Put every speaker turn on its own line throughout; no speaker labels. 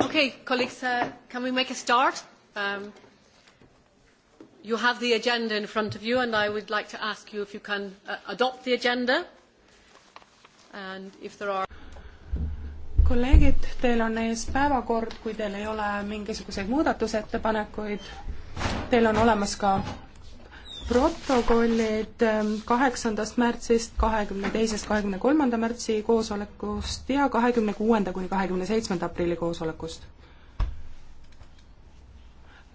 Okay, colleagues, uh, can we make a start? Um, you have the agenda in front of you, and I would like to ask you if you can uh, adopt the agenda. And if there are
kolleegid, teil on ees päevakord, kui teil ei ole mingisuguseid muudatusettepanekuid, teil on olemas ka protokollid ähm, kaheksandast märtsist, kahekümne teisest, kahekümne kolmanda märtsi koosolekust ja kahekümne kuuenda kuni kahekümne seitsmenda aprilli koosolekust.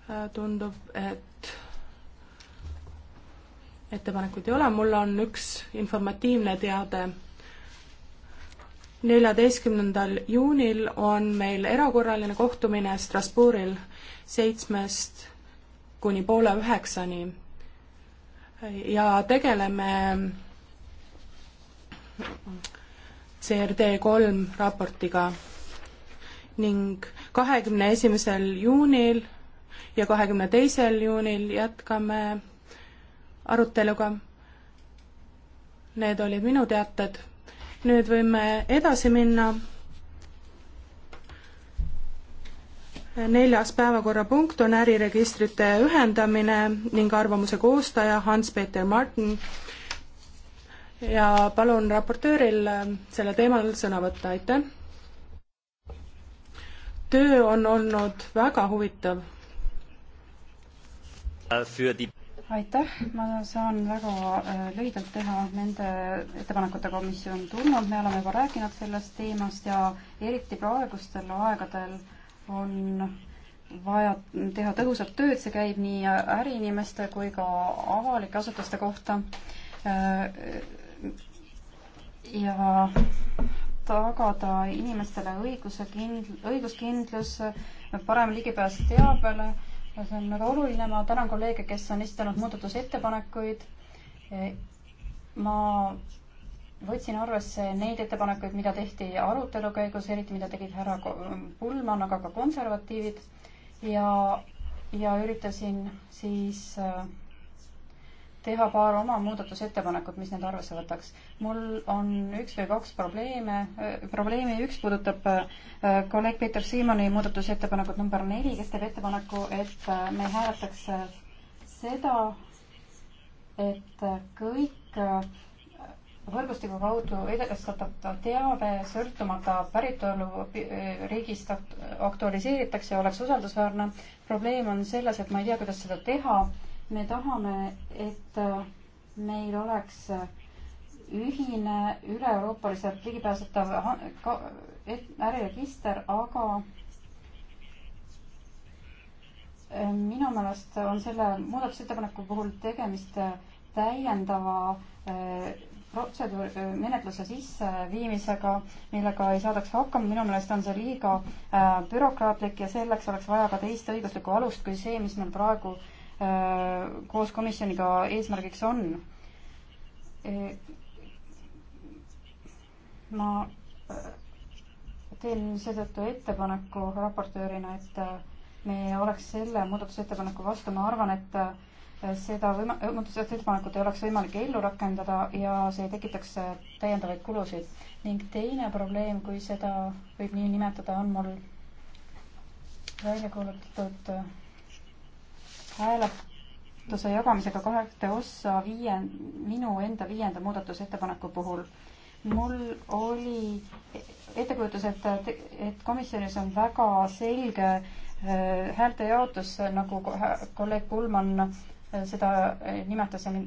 Äh, tundub, et ettepanekuid ei ole, mul on üks informatiivne teade. neljateistkümnendal juunil on meil erakorraline kohtumine Strasbourgil seitsmest kuni poole üheksani ja tegeleme CRD kolm raportiga ning kahekümne esimesel juunil ja kahekümne teisel juunil jätkame aruteluga. Need olid minu teated. nüüd võime edasi minna neljas päevakorrapunkt on äriregistrite ühendamine ning arvamuse koostaja Hans-Peter Martin. ja palun raportööril selle teemal sõna võtta, aitäh! töö on olnud väga huvitav. aitäh, ma saan väga äh,
lühidalt teha nende ettepanekutega, mis on tulnud, me oleme juba rääkinud sellest teemast ja eriti praegustel aegadel äh, on vaja teha tõhusat tööd, see käib nii äriinimeste kui ka avalike asutuste kohta. ja tagada inimestele õiguse kind-, õiguskindlus, parem ligipääs teabele, see on väga oluline, ma tänan kolleege, kes on esitanud muudatusettepanekuid. ma võtsin arvesse neid ettepanekuid, mida tehti arutelu käigus, eriti mida tegid härra Pullmann, aga ka konservatiivid ja, ja üritasin siis äh, teha paar oma muudatusettepanekut, mis need arvesse võtaks. mul on üks või kaks probleeme, äh, probleemi üks puudutab äh, kolleeg Peeter Siimoni muudatusettepanekut number neli, kes teeb ettepaneku, et me hääletaks seda, et kõik võrgustiku kaudu edastatav teave sõltumata päritolu eh, riigist aktualiseeritakse ja oleks usaldusväärne. probleem on selles, et ma ei tea, kuidas seda teha. me tahame, et eh, meil oleks ühine üle-euroopaliselt ligipääsetav äriregister, aga eh, minu meelest on selle muudatusettepaneku puhul tegemist täiendava äh, protseduuri, äh, menetluse sisseviimisega, millega ei saadaks hakkama, minu meelest on see liiga äh, bürokraatlik ja selleks oleks vaja ka teist õiguslikku alust kui see, mis meil praegu äh, koos komisjoniga eesmärgiks on e,. ma äh, teen seetõttu ettepaneku raportöörina, et äh, me oleks selle muudatusettepaneku vastu, ma arvan, et äh, seda võima-, muudatusettepanekut ei oleks võimalik ellu rakendada ja see tekitaks täiendavaid kulusid. ning teine probleem, kui seda võib nii nimetada, on mul välja kuulutatud äh, hääletuse jagamisega kaheksa ossa viie, minu enda viienda muudatusettepaneku puhul. mul oli ettekujutus, et, et komisjonis on väga selge äh, häälte jaotus, nagu kolleeg Kulman seda eh, nimetasin,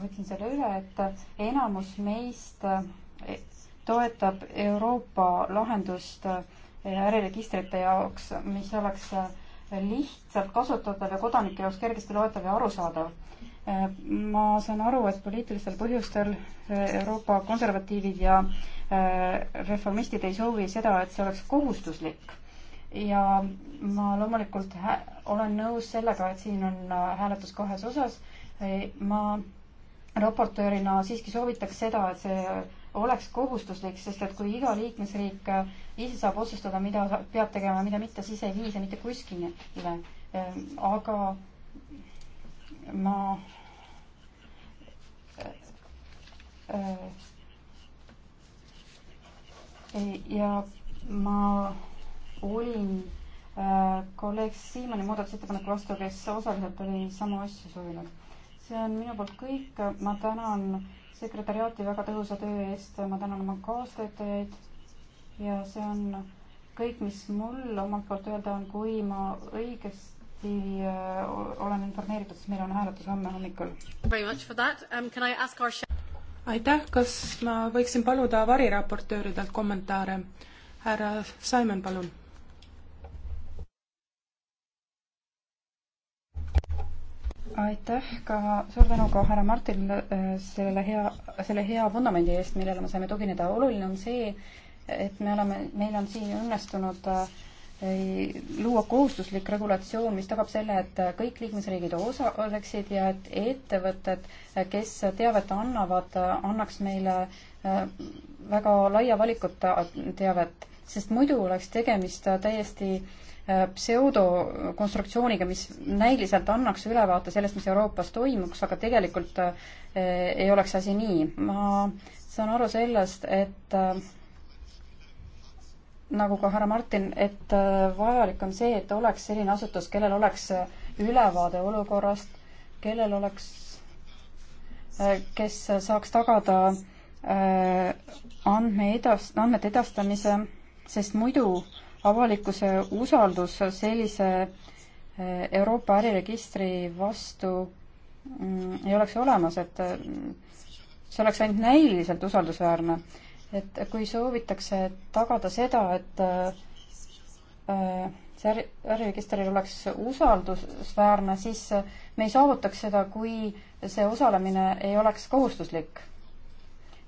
võtsin selle üle, et eh, enamus meist eh, toetab Euroopa lahendust äriregistrite jaoks, mis oleks lihtsalt kasutatav ja kodanike jaoks kergesti loetav ja arusaadav. ma saan aru, et poliitilistel põhjustel Euroopa konservatiivid ja reformistid ei soovi seda, et see oleks kohustuslik ja ma loomulikult olen nõus sellega, et siin on äh, hääletus kahes osas. ma raportöörina siiski soovitaks seda, et see oleks kohustuslik, sest et kui iga liikmesriik äh, ise saab otsustada, mida peab tegema ja mida mitte, siis ei vii see mitte kuskile. Äh, aga ma ja ma olin äh, kolleeg Siimani muudatusettepaneku vastu, kes osaliselt oli samu asju soovinud. see on minu poolt kõik, ma tänan sekretäriaati väga tõhusa töö eest, ma tänan oma kaastöötajaid ja see on kõik, mis mul omalt poolt öelda on, kui ma õigesti
äh, olen informeeritud, siis meil on hääletus homme hommikul.
Um,
aitäh, kas ma võiksin paluda variraportööridelt kommentaare? härra Simon, palun
aitäh ka, suur tänu ka härra Martinile äh, selle hea, selle hea vundamendi eest, millele me saime tugineda. oluline on see, et me oleme, meil on siin õnnestunud äh, luua kohustuslik regulatsioon, mis tagab selle, et kõik liikmesriigid osaleksid ja et ettevõtted, kes teavet annavad, annaks meile äh, väga laia valikut teavet, sest muidu oleks tegemist täiesti äh, pseudokonstruktsiooniga, mis näiliselt annaks ülevaate sellest, mis Euroopas toimuks, aga tegelikult eh, ei oleks asi nii. ma saan aru sellest, et eh, nagu ka härra Martin, et eh, vajalik on see, et oleks selline asutus, kellel oleks ülevaade olukorrast, kellel oleks, kes saaks tagada andme edas-, andmete edastamise, sest muidu äh, avalikkuse usaldus sellise eh, Euroopa äriregistri vastu mm, ei oleks olemas, et mm, see oleks ainult näiliselt usaldusväärne. et kui soovitakse tagada seda, et eh, see äri, äriregistril oleks usaldusväärne, siis me ei saavutaks seda, kui see osalemine ei oleks kohustuslik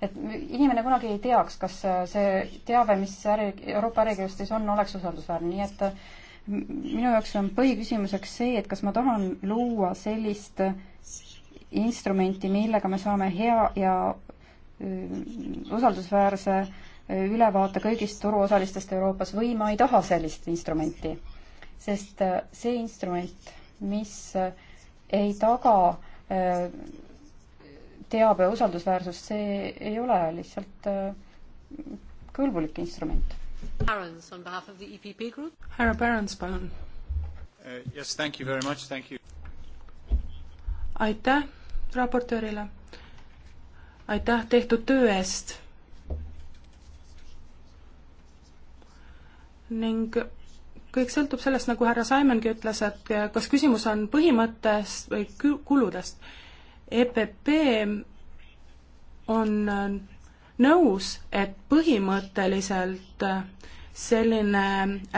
et inimene kunagi ei teaks, kas äh, see teave, mis äri, Euroopa äriregistris on, oleks usaldusväärne, nii et minu jaoks on põhiküsimuseks see, et kas ma tahan luua sellist instrumenti, millega me saame hea ja äh, usaldusväärse äh, ülevaate kõigist turuosalistest Euroopas või ma ei taha sellist instrumenti. sest see instrument, mis ei taga teabe usaldusväärsust, see ei ole lihtsalt äh, kõlbulik instrument.
E härra Barons, palun.
Uh,
aitäh raportöörile. aitäh tehtud töö eest. ning kõik sõltub sellest, nagu härra Simongi ütles, et kas küsimus on põhimõttest või kuludest EPP on nõus, et põhimõtteliselt selline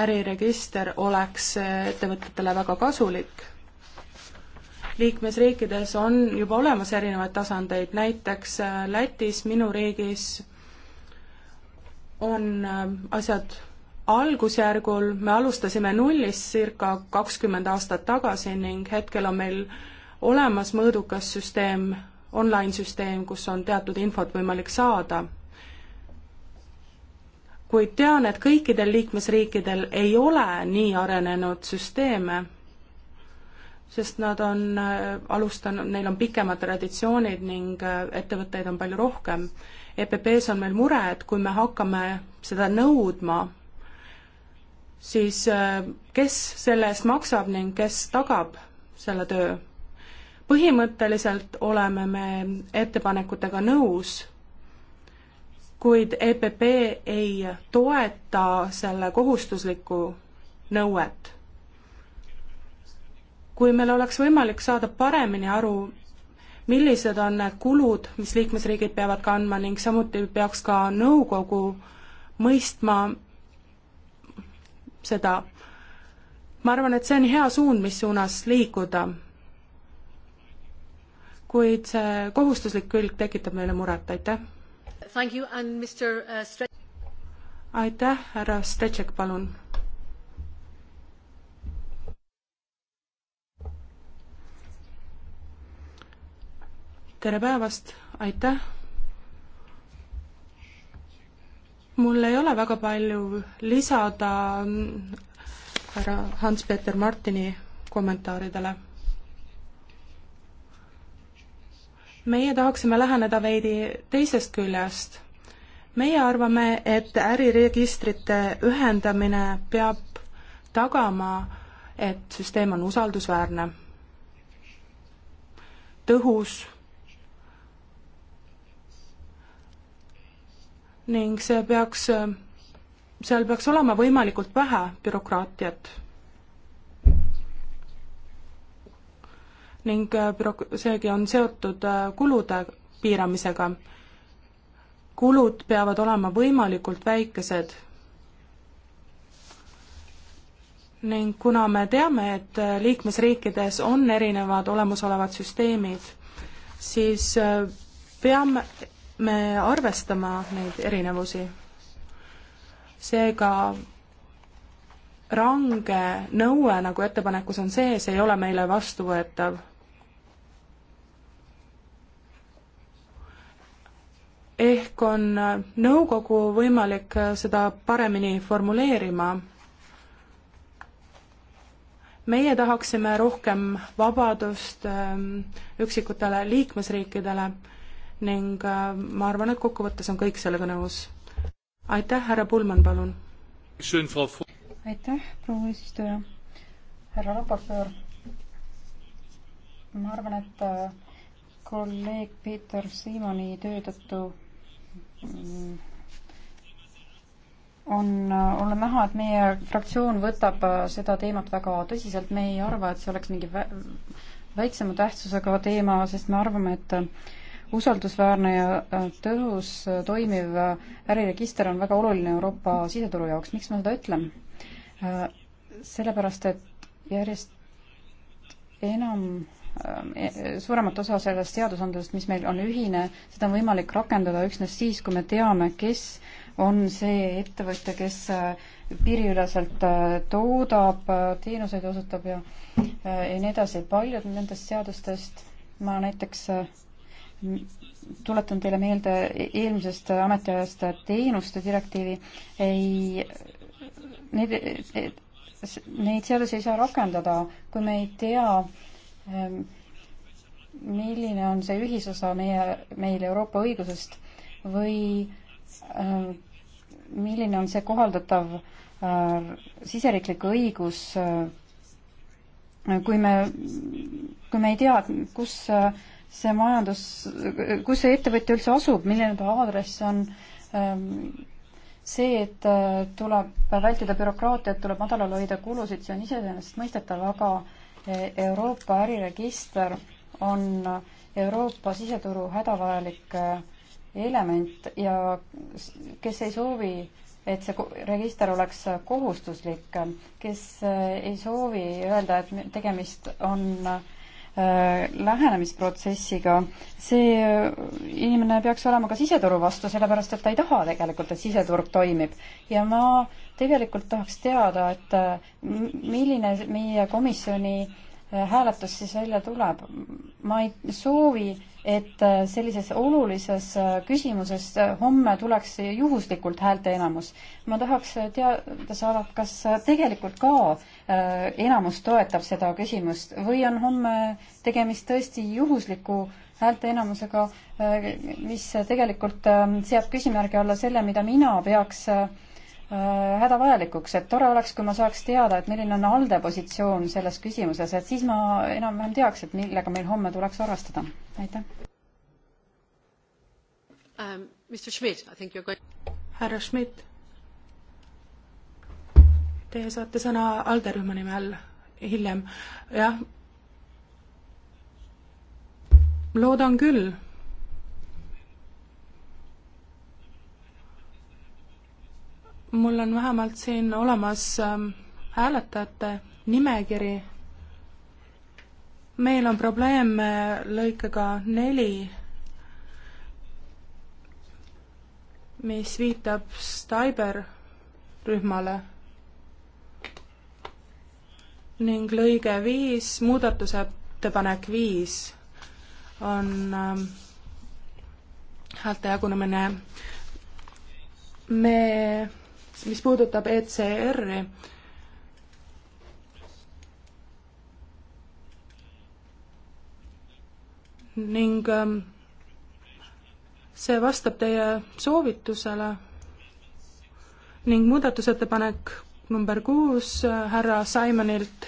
äriregister oleks ettevõtetele väga kasulik. liikmesriikides on juba olemas erinevaid tasandeid, näiteks Lätis, minu riigis, on asjad algusjärgul, me alustasime nullist circa kakskümmend aastat tagasi ning hetkel on meil olemas mõõdukas süsteem, online-süsteem, kus on teatud infot võimalik saada, kuid tean, et kõikidel liikmesriikidel ei ole nii arenenud süsteeme, sest nad on äh, alustanud, neil on pikemad traditsioonid ning äh, ettevõtteid on palju rohkem. EPP-s on meil mure, et kui me hakkame seda nõudma, siis äh, kes selle eest maksab ning kes tagab selle töö? põhimõtteliselt oleme me ettepanekutega nõus, kuid EPP ei toeta selle kohustuslikku nõuet. kui meil oleks võimalik saada paremini aru, millised on need kulud, mis liikmesriigid peavad kandma ning samuti peaks ka nõukogu mõistma seda, ma arvan, et see on hea suund, mis suunas liikuda kuid see kohustuslik külg tekitab meile muret, aitäh!
Uh,
aitäh, härra Stetšek, palun! tere päevast, aitäh! mul ei ole väga palju lisada mm, härra Hans-Peter Martini kommentaaridele meie tahaksime läheneda veidi teisest küljest. meie arvame, et äriregistrite ühendamine peab tagama, et süsteem on usaldusväärne, tõhus ning see peaks, seal peaks olema võimalikult vähe bürokraatiat ning äh, bürok-, seegi on seotud äh, kulude piiramisega. kulud peavad olema võimalikult väikesed. ning kuna me teame, et äh, liikmesriikides on erinevad olemasolevad süsteemid, siis peame me arvestama neid erinevusi. seega range nõue, nagu ettepanekus on sees, ei ole meile vastuvõetav. ehk on nõukogu võimalik seda paremini formuleerima. meie tahaksime rohkem vabadust ähm, üksikutele liikmesriikidele ning äh, ma arvan, et kokkuvõttes on kõik sellega nõus. aitäh, härra Pullmann, palun! aitäh, proua eesistuja, härra raportöör.
ma arvan, et äh, kolleeg Peeter Siimoni töö tõttu mm, on, äh, on näha, et meie fraktsioon võtab äh, seda teemat väga tõsiselt, me ei arva, et see oleks mingi vä väiksema tähtsusega teema, sest me arvame, et usaldusväärne ja tõhus toimiv äriregister on väga oluline Euroopa siseturu jaoks, miks ma seda ütlen? Äh, sellepärast, et järjest enam äh, e-, suuremat osa sellest seadusandlusest, mis meil on ühine, seda on võimalik rakendada üksnes siis, kui me teame, kes on see ettevõtja, kes äh, piiriüleselt toodab, teenuseid osutab ja, ja nii edasi. paljud nendest seadustest ma näiteks tuletan teile meelde e-, eelmisest ametiajast teenuste direktiivi, ei neid, neid seadusi ei saa rakendada, kui me ei tea, ähm, milline on see ühisosa meie, meil Euroopa õigusest või ähm, milline on see kohaldatav äh, siseriiklik õigus, äh, kui me, kui me ei tea, kus äh, see majandus, kus see ettevõtja üldse asub, milline ta aadress on, ähm, see, et äh, tuleb vältida bürokraatiat, tuleb madalal hoida kulusid, see on iseenesestmõistetav, aga äh, Euroopa äriregister on Euroopa siseturu hädavajalik äh, element ja kes ei soovi, et see register oleks kohustuslik, kes ei soovi öelda, et tegemist on äh, Äh, lähenemisprotsessiga, see äh, inimene peaks olema ka siseturu vastu, sellepärast et ta ei taha tegelikult, et siseturg toimib. ja ma tegelikult tahaks teada, et äh, milline meie komisjoni hääletus siis välja tuleb. ma ei soovi, et sellises olulises küsimuses homme tuleks juhuslikult häälteenamus. ma tahaks teada saada, kas tegelikult ka Äh, enamus toetab seda küsimust või on homme tegemist tõesti juhusliku häälteenamusega, äh, mis tegelikult ähm, seab küsimärgi alla selle, mida mina peaks äh, hädavajalikuks, et tore oleks, kui ma saaks teada, et milline on ALDE positsioon selles küsimuses, et siis ma enam-vähem teaks, et millega meil homme tuleks arvestada. aitäh um,.
härra Schmidt, Teie saate sõna alderühma nimel hiljem, jah. loodan küll. mul on vähemalt siin olemas ähm, hääletajate nimekiri. meil on probleem äh, lõikega neli mis viitab Staiber rühmale ning lõige viis, muudatusettepanek viis on ähm, häälte jagunemine. me, mis puudutab ECR-i, ning ähm, see vastab teie soovitusele ning muudatusettepanek number kuus härra Simonilt.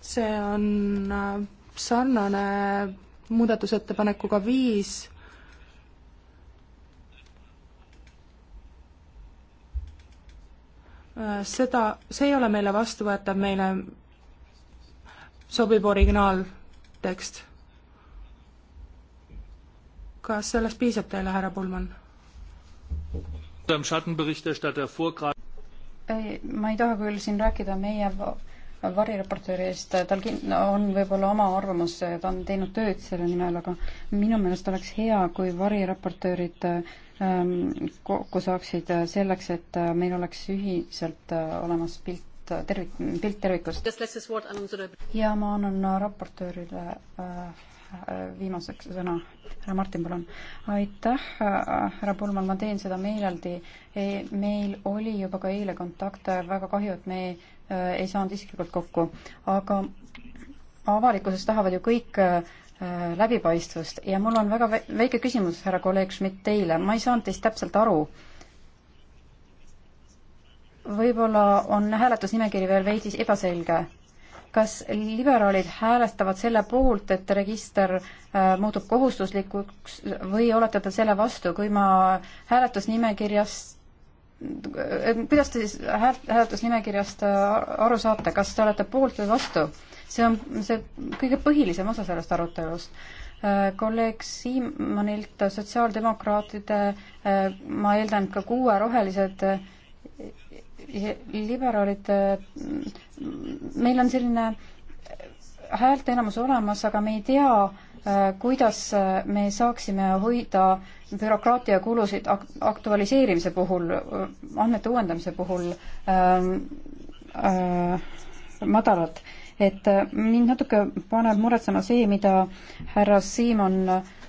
see on äh, sarnane muudatusettepanekuga viis äh, seda, see ei ole meile vastuvõetav, meile sobib originaaltekst kas sellest piisab teile, härra Pullmann?
ei, ma ei taha küll siin rääkida meie varireportööri eest, tal kin-, on võib-olla oma arvamus, ta on teinud tööd selle nimel, aga minu meelest oleks hea, kui varireportöörid ähm, kokku saaksid selleks, et meil oleks ühiselt äh, olemas pilt paremat tervik, pilt tervikust. ja ma annan äh, raportöörile äh, äh, viimaseks sõna. härra Martin, palun. aitäh, äh, härra Pulman, ma teen seda meeleldi. E, meil oli juba ka eile kontakte, väga kahju, et me ei saanud isiklikult kokku, aga avalikkuses tahavad ju kõik läbipaistvust ja mul on väga väike küsimus, härra kolleeg Schmidt, teile. ma ei saanud teist täpselt aru võib-olla on hääletusnimekiri veel veidi ebaselge. kas liberaalid häälestavad selle poolt, et register äh, muutub kohustuslikuks või olete te selle vastu, kui ma hääletusnimekirjast äh, kuidas te siis hääletusnimekirjast äh, aru saate, kas te olete poolt või vastu? see on see kõige põhilisem osa sellest arutelust äh, kolleeg Siimanilt sotsiaaldemokraatide, ma eeldan ka kuue rohelised liberaalid, meil on selline häälte enamus olemas, aga me ei tea, kuidas me saaksime hoida bürokraatia kulusid aktualiseerimise puhul, andmete uuendamise puhul ähm, äh, madalad. et mind natuke paneb muretsema see, mida härra Siimon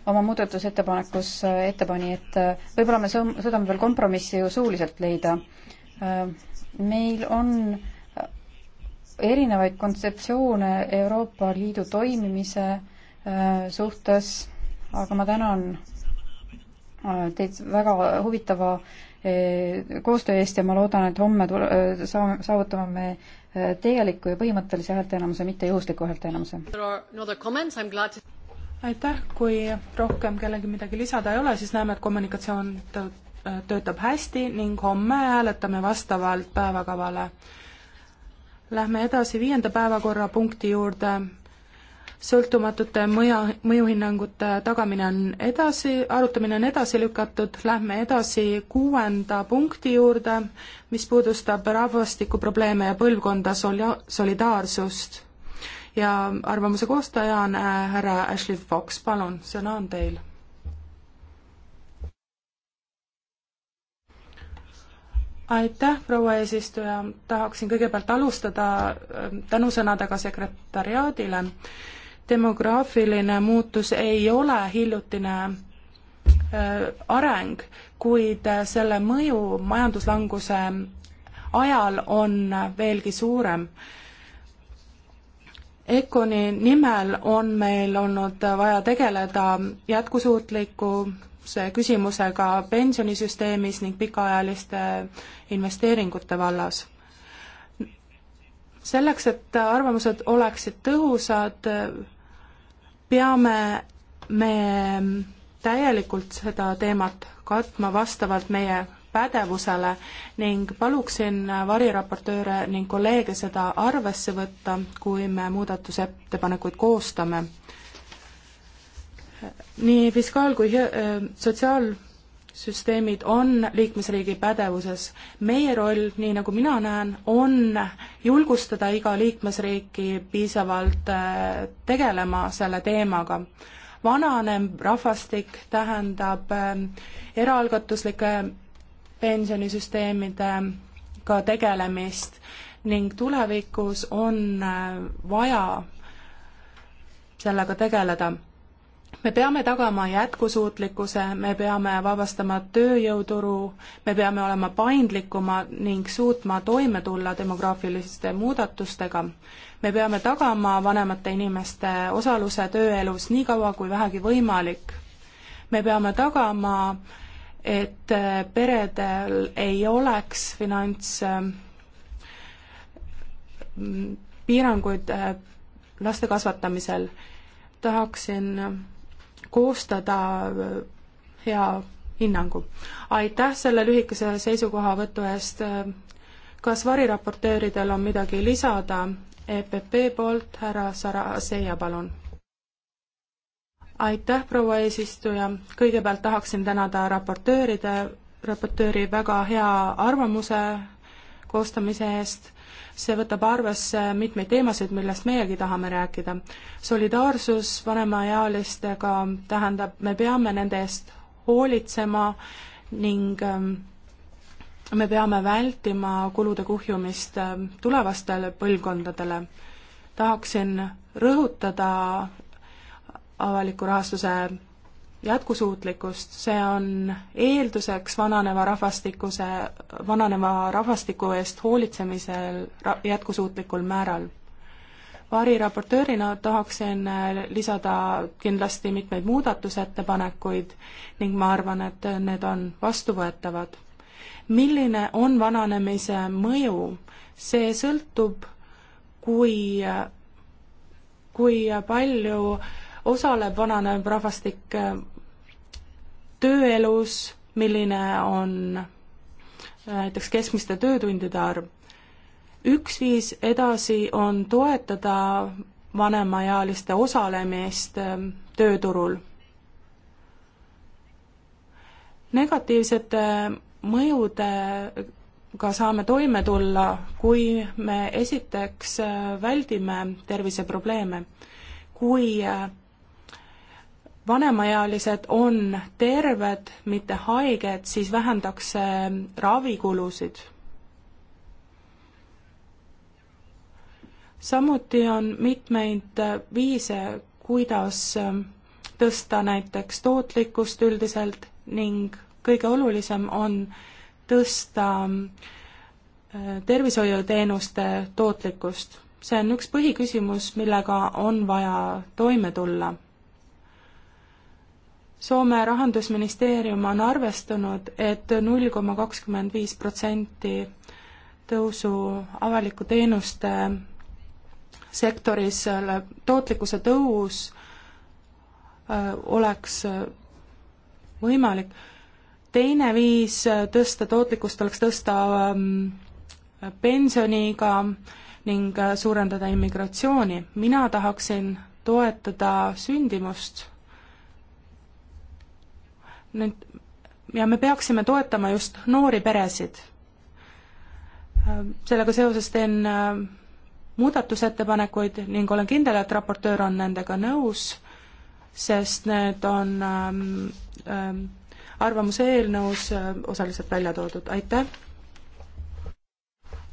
oma muudatusettepanekus ette pani, et võib-olla me saame, suudame veel kompromissi ju suuliselt leida Äh, meil on äh, erinevaid kontseptsioone Euroopa Liidu toimimise äh, suhtes, aga ma tänan teid väga huvitava koostöö eest ja ma loodan, et homme tule-, saa-, saavutame me tegeliku ja põhimõttelise häälteenamuse, mitte juhusliku häälteenamuse.
aitäh, kui rohkem kellelgi midagi lisada ei ole, siis näeme, et kommunikatsioon tõ-, Äh, töötab hästi ning homme hääletame vastavalt päevakavale. Lähme edasi viienda päevakorrapunkti juurde. sõltumatute mõja, mõjuhinnangute tagamine on edasi, arutamine on edasi lükatud, lähme edasi kuuenda punkti juurde, mis puudustab rahvastikuprobleeme ja põlvkonda soli-, solidaarsust. ja arvamuse koostaja on äh, härra Ashley Fox, palun, sõna on teil aitäh, proua eesistuja, tahaksin kõigepealt alustada äh, tänusõnadega sekretariaadile. demograafiline muutus ei ole hiljutine äh, areng, kuid äh, selle mõju majanduslanguse ajal on veelgi suurem. EKONi nimel on meil olnud vaja tegeleda jätkusuutliku see küsimusega pensionisüsteemis ning pikaajaliste investeeringute vallas. selleks, et arvamused oleksid tõhusad, peame me täielikult seda teemat katma vastavalt meie pädevusele ning paluksin variraportööre ning kolleege seda arvesse võtta, kui me muudatusettepanekuid koostame nii fiskaal- kui äh, sotsiaalsüsteemid on liikmesriigi pädevuses. meie roll, nii nagu mina näen, on julgustada iga liikmesriiki piisavalt äh, tegelema selle teemaga. vananev rahvastik tähendab äh, eraalgatuslike pensionisüsteemidega tegelemist ning tulevikus on vaja sellega tegeleda me peame tagama jätkusuutlikkuse, me peame vabastama tööjõuturu, me peame olema paindlikumad ning suutma toime tulla demograafiliste muudatustega. me peame tagama vanemate inimeste osaluse tööelus nii kaua kui vähegi võimalik. me peame tagama, et peredel ei oleks finants ähm, piiranguid äh, laste kasvatamisel tahaksin äh, koostada äh, hea hinnangu. aitäh selle lühikese seisukohavõtu eest, kas variraportööridel on midagi lisada? EPP poolt härra Sara Seia, palun. aitäh, proua eesistuja, kõigepealt tahaksin tänada raportööride, raportööri väga hea arvamuse koostamise eest, see võtab arvesse mitmeid teemasid, millest meiegi tahame rääkida. solidaarsus vanemaealistega tähendab, me peame nende eest hoolitsema ning ähm, me peame vältima kulude kuhjumist ähm, tulevastele põlvkondadele. tahaksin rõhutada avaliku rahastuse jätkusuutlikkust, see on eelduseks vananeva rahvastikuse, vananeva rahvastiku eest hoolitsemisel ra-, jätkusuutlikul määral. variraportöörina tahaksin äh, lisada kindlasti mitmeid muudatusettepanekuid ning ma arvan, et need on vastuvõetavad. milline on vananemise mõju, see sõltub, kui, kui palju osaleb vananev rahvastik äh, tööelus, milline on äh, näiteks keskmiste töötundide arv. üks viis edasi on toetada vanemaealiste osalemist ähm, tööturul. negatiivsete mõjudega saame toime tulla, kui me esiteks äh, väldime terviseprobleeme. kui äh, vanemaealised on terved, mitte haiged, siis vähendaks see ravikulusid. samuti on mitmeid viise, kuidas tõsta näiteks tootlikkust üldiselt ning kõige olulisem on tõsta äh, tervishoiuteenuste tootlikkust. see on üks põhiküsimus, millega on vaja toime tulla Soome rahandusministeerium on arvestanud et, et null koma kakskümmend viis protsenti tõusu avaliku teenuste sektoris tootlikkuse tõus oleks võimalik. teine viis tõsta tootlikkust oleks tõsta pensioniiga ning suurendada immigratsiooni. mina tahaksin toetada sündimust nüüd ja me peaksime toetama just noori peresid. sellega seoses teen äh, muudatusettepanekuid ning olen kindel, et raportöör on nendega nõus, sest need on ähm, ähm arvamuse eelnõus äh, osaliselt välja toodud, aitäh!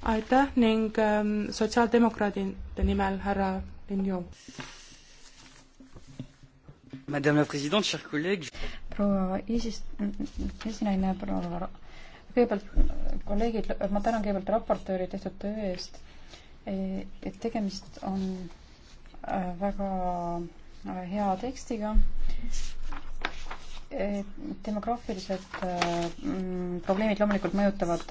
aitäh ning ähm, sotsiaaldemokraadide nimel härra Linn Joo.
Madame la Présidente, chers collègues. proua Isis, esinaine, proua, kõigepealt kolleegid, ma tänan kõigepealt raportööri tehtud töö eest. Eh, et tegemist on äh, väga äh, hea tekstiga. Eh, demograafilised äh, mm, probleemid loomulikult mõjutavad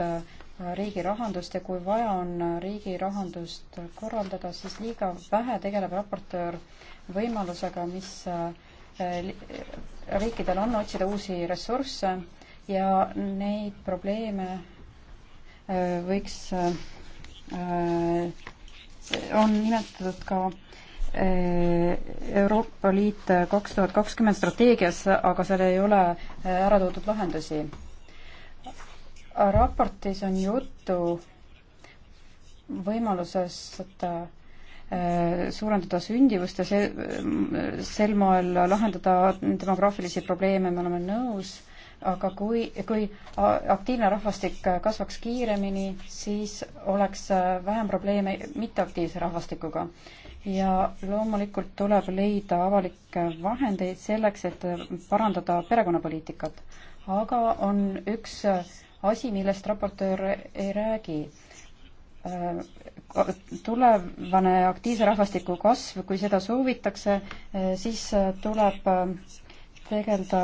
riigi rahandust ja kui vaja on riigi rahandust korraldada, siis liiga vähe tegeleb raportöör võimalusega, mis äh, Äh, riikidel on otsida uusi ressursse ja neid probleeme äh, võiks, äh, on nimetatud ka Euroopa Liit kaks tuhat kakskümmend strateegias, aga seal ei ole ära toodud lahendusi. raportis on juttu võimalusest Äh, suurendada sündivust ja see, äh, sel moel lahendada demograafilisi probleeme, me oleme nõus, aga kui, kui aktiivne rahvastik kasvaks kiiremini, siis oleks äh, vähem probleeme mitteaktiivse rahvastikuga. ja loomulikult tuleb leida avalikke vahendeid selleks, et parandada perekonnapoliitikat. aga on üks asi, millest raportöör ei räägi Äh, tulevane aktiivse rahvastiku kasv, kui seda soovitakse, äh, siis äh, tuleb tegeleda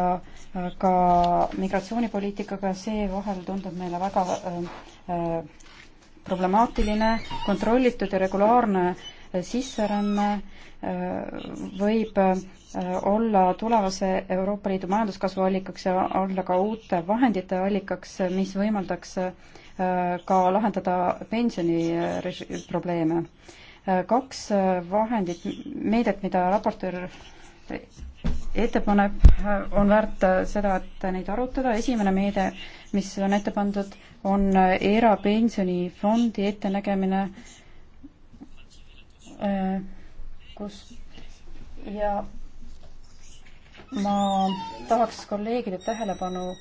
ka migratsioonipoliitikaga, see vahel tundub meile väga problemaatiline, kontrollitud ja regulaarne sisseränne võib olla tulevase Euroopa Liidu majanduskasvu allikaks ja olla ka uute vahendite allikaks, mis võimaldaks äh, Äh, ka lahendada pensioni äh, probleeme. Äh, kaks vahendit, meedet, mida raportöör ette paneb, on väärt seda, et neid arutada, esimene meede, mis on ette pandud, on erapensionifondi ettenägemine, kus ja ma tahaks kolleegide tähelepanu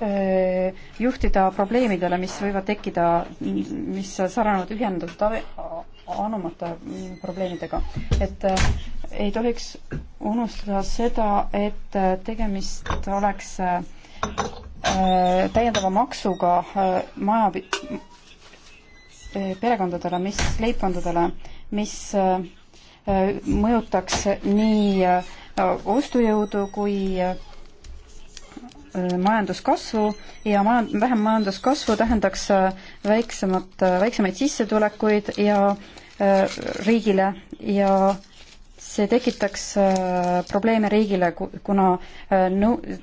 Äh, juhtida probleemidele, mis võivad tekkida, mis sarnanevad ühendatud anumate probleemidega. et äh, ei tohiks unustada seda, et äh, tegemist oleks täiendava maksuga maja, perekondadele, mis, leibkondadele, mis mõjutaks nii ostujõudu kui Äh, majanduskasvu ja majand-, vähem majanduskasvu tähendaks äh, väiksemat, äh, väiksemaid sissetulekuid ja riigile ja see tekitaks probleeme riigile, kuna nõu-,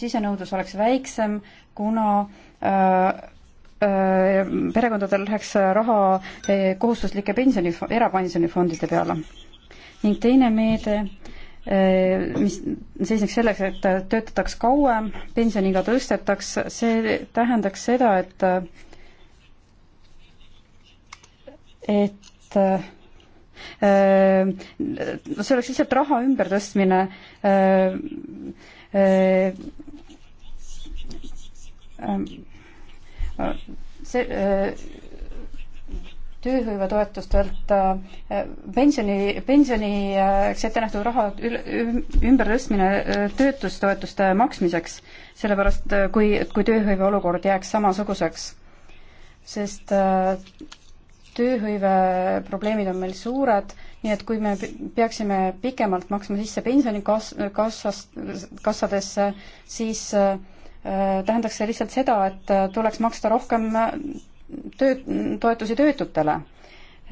sisenõudlus oleks väiksem, kuna äh, perekondadel läheks raha kohustuslike pensioni, erapensionifondide peale. ning teine meede Äh, mis seisneks selleks, et töötataks kauem, pensioniiga tõstetaks, see tähendaks seda, et et äh, see oleks lihtsalt raha ümbertõstmine äh, see tööhõivetoetustelt äh, pensioni, pensioniks äh, ette nähtud raha ümbertõstmine äh, töötustoetuste maksmiseks, sellepärast kui, kui tööhõive olukord jääks samasuguseks. sest tööhõive probleemid on meil suured, nii et kui me peaksime pikemalt maksma sisse pensionikass-, kassast, kassadesse, siis tähendaks see lihtsalt seda, et tuleks maksta rohkem tööt-, toetusi töötutele.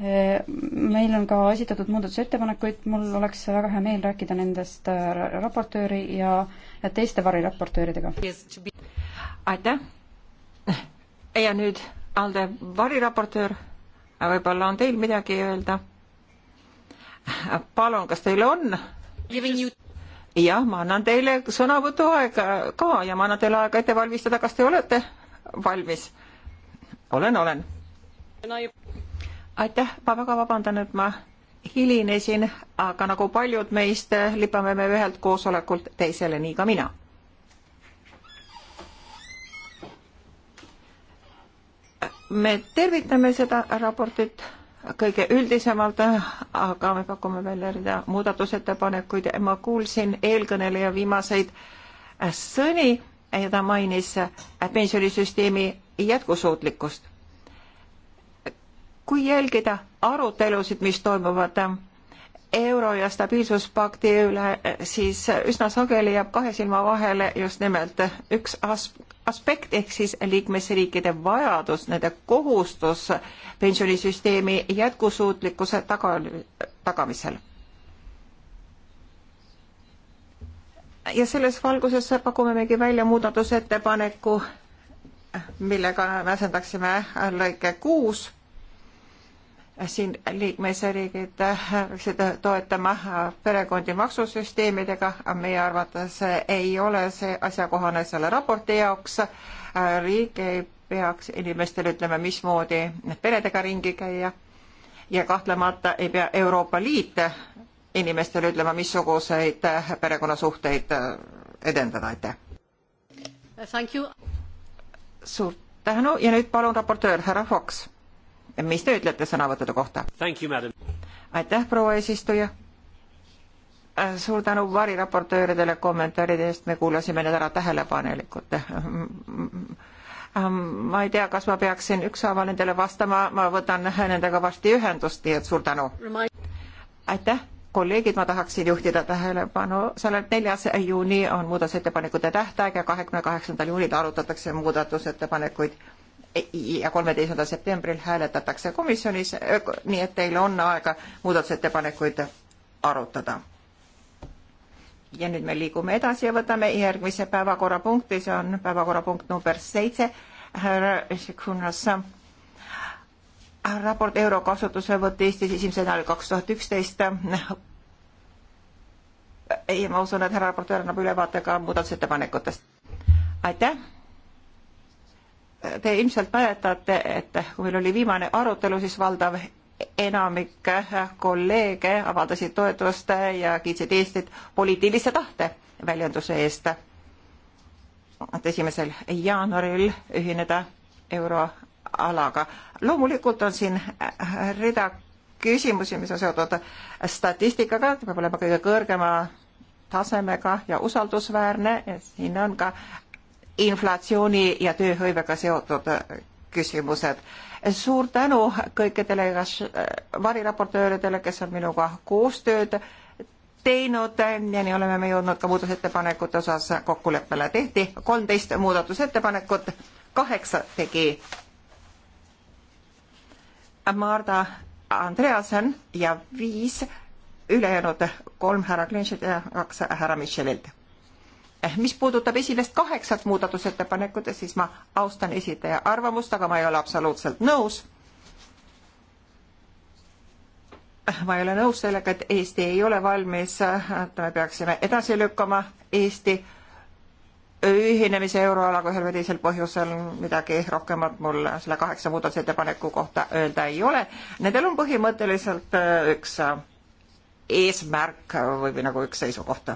Meil on ka esitatud muudatusettepanekuid, mul oleks väga hea meel rääkida nendest äh, raportööri ja teiste variraportööridega. aitäh!
ja nüüd Alde variraportöör, võib-olla on teil midagi öelda? palun, kas teil on? jah, ma annan teile sõnavõtuaega ka ja ma annan teile aega ette valmistada, kas te olete valmis? olen, olen. aitäh, ma väga vabandan, et ma hilinesin, aga nagu paljud meist, lipame me ühelt koosolekult teisele, nii ka mina. me tervitame seda raportit kõige üldisemalt, aga me pakume välja rida muudatusettepanekuid. ma kuulsin eelkõneleja viimaseid sõni ja ta mainis pensionisüsteemi jätkusuutlikkust. kui jälgida arutelusid, mis toimuvad euro ja stabiilsuspakti üle, siis üsna sageli jääb kahe silma vahele just nimelt üks as-, aspekt ehk siis liikmesriikide vajadus, nende kohustus pensionisüsteemi jätkusuutlikkuse taga, tagamisel. ja selles valguses pakumemegi välja muudatusettepaneku millega me asendaksime lõike kuus siin liikmesriigid peaksid toetama perekondi maksusüsteemidega, meie arvates ei ole see asjakohane selle raporti jaoks. riik ei peaks inimestele ütlema, mismoodi peredega ringi käia ja kahtlemata ei pea Euroopa Liit inimestele ütlema, missuguseid perekonnasuhteid edendada, aitäh suur tänu ja nüüd palun raportöör härra Fox, mis te ütlete sõnavõttude kohta? aitäh, proua eesistuja äh, suur tänu variraportööridele kommentaaride eest, me kuulasime need ära tähelepanelikult. Äh, äh, ma ei tea, kas ma peaksin ükshaaval nendele vastama, ma võtan nendega varsti ühendust, nii et suur tänu. aitäh kolleegid, ma tahaksin juhtida tähelepanu sellele, et neljas juuni on muudatusettepanekute tähtaeg ja kahekümne kaheksandal juunil arutatakse muudatusettepanekuid ja kolmeteisendal septembril hääletatakse komisjonis, nii et teil on aega muudatusettepanekuid arutada. ja nüüd me liigume edasi ja võtame järgmise päevakorrapunkti, see on päevakorrapunkt number seitse, härra Šekunas raport euro kasutuselevõtt Eestis esimesel nädalal kaks tuhat üksteist. ei, ma usun, et härra raportöör annab ülevaate ka muudatusettepanekutest. aitäh. Te ilmselt mäletate, et kui meil oli viimane arutelu, siis valdav enamik kolleege avaldasid toetust ja kiitsid Eestit poliitilise tahte väljenduse eest, et esimesel jaanuaril ühineda euro alaga. loomulikult on siin äh, rida küsimusi, mis on seotud statistikaga, ta peab olema kõige kõrgema tasemega ja usaldusväärne, siin on ka inflatsiooni ja tööhõivega seotud küsimused. suur tänu kõikidele äh, variraportööridele, kes on minuga koostööd teinud ja nii oleme me jõudnud ka muudatusettepanekute osas kokkuleppele. tehti kolmteist muudatusettepanekut, kaheksa tegi Marda Andreasen ja viis ülejäänud kolm härra Klinšilt ja kaks härra Michelilt. Eh, mis puudutab esimest kaheksat muudatusettepanekut, siis ma austan esitaja arvamust, aga ma ei ole absoluutselt nõus. Eh, ma ei ole nõus sellega, et Eesti ei ole valmis, eh, et me peaksime edasi lükkama Eesti äh, ühinemise euroalaga ühel või teisel põhjusel midagi rohkemat mul selle kaheksa muudatusettepaneku kohta öelda ei ole. Nendel on põhimõtteliselt äh, üks äh, eesmärk või, või nagu üks seisukoht.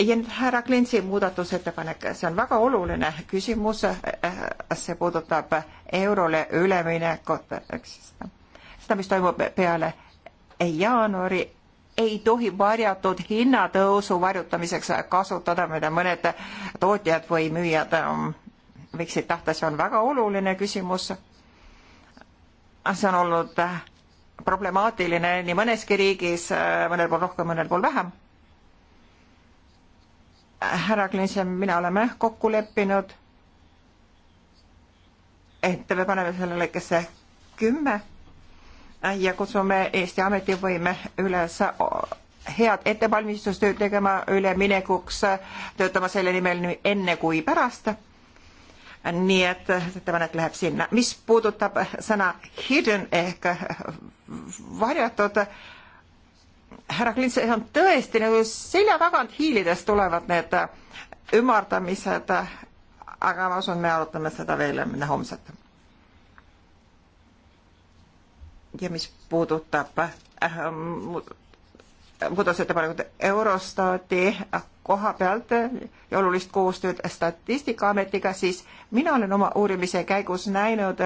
ja nüüd härra Klintsi muudatusettepanek, see on väga oluline küsimus, äh, see puudutab eurole üleminekut, eks noh, seda, mis toimub peale jaanuari ei tohi varjatud hinnatõusu varjutamiseks kasutada, mida mõned tootjad või müüjad ähm, võiksid tahta, see on väga oluline küsimus. see on olnud äh, problemaatiline nii mõneski riigis, äh, mõnel pool rohkem, mõnel pool vähem. Äh, härra Klinš ja mina oleme kokku leppinud, et me paneme selle lõikesse kümme ja kutsume Eesti ametivõime üles head ettevalmistustööd tegema üleminekuks, töötama selle nimel nii enne kui pärast. nii et ettepanek läheb sinna. mis puudutab sõna hidden ehk varjatud, härra Klint, see on tõesti nagu selja tagant hiilides tulevad need ümardamised, aga ma usun, me arutame seda veel enne homset ja mis puudutab äh, muudatusettepanekut Eurostaati koha pealt ja olulist koostööd Statistikaametiga, siis mina olen oma uurimise käigus näinud,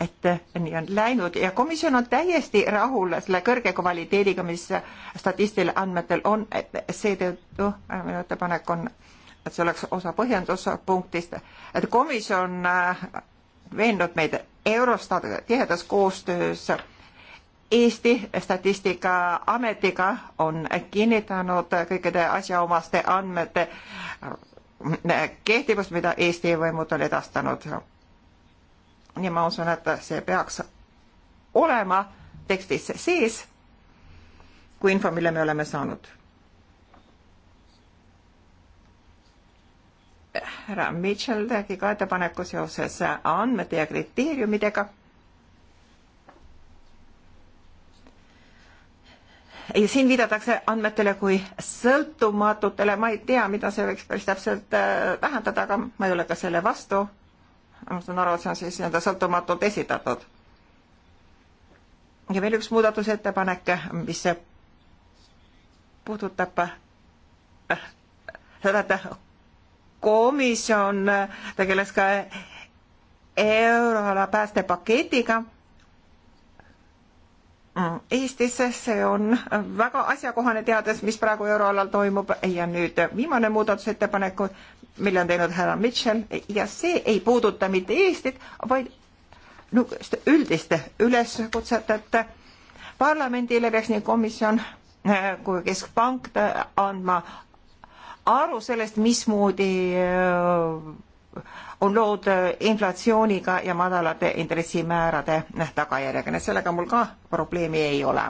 et nii on läinud ja komisjon on täiesti rahul selle kõrge kvaliteediga, mis statistil andmetel on, et seetõttu äh, minu ettepanek on, et see oleks osa põhjenduspunktist, et komisjon äh, veennud meid, Eurostat tihedas koostöös Eesti Statistikaametiga on kinnitanud kõikide asjaomaste andmete äh, kehtivust, mida Eesti võimud on edastanud. ja ma usun, et see peaks olema tekstis sees kui info, mille me oleme saanud härra Mitchell tegi ka ettepaneku seoses andmete ja kriteeriumidega. ja siin viidatakse andmetele kui sõltumatutele, ma ei tea, mida see võiks päris täpselt tähendada, äh, aga ma ei ole ka selle vastu. ma saan aru, et see on siis nii-öelda sõltumatult esitatud. ja veel üks muudatusettepanek, mis puudutab äh, seda, et komisjon tegeles ka euroala päästepaketiga. Eestis see on väga asjakohane, teades, mis praegu euroalal toimub ja nüüd viimane muudatusettepanek, mille on teinud härra Mitchell ja see ei puuduta mitte Eestit, vaid niisugust üldist üleskutset, et parlamendile peaks nii komisjon kui keskpank andma aru sellest, mismoodi äh, on lood äh, inflatsiooniga ja madalate intressimäärade äh, tagajärjega, nii et sellega mul ka probleemi ei ole.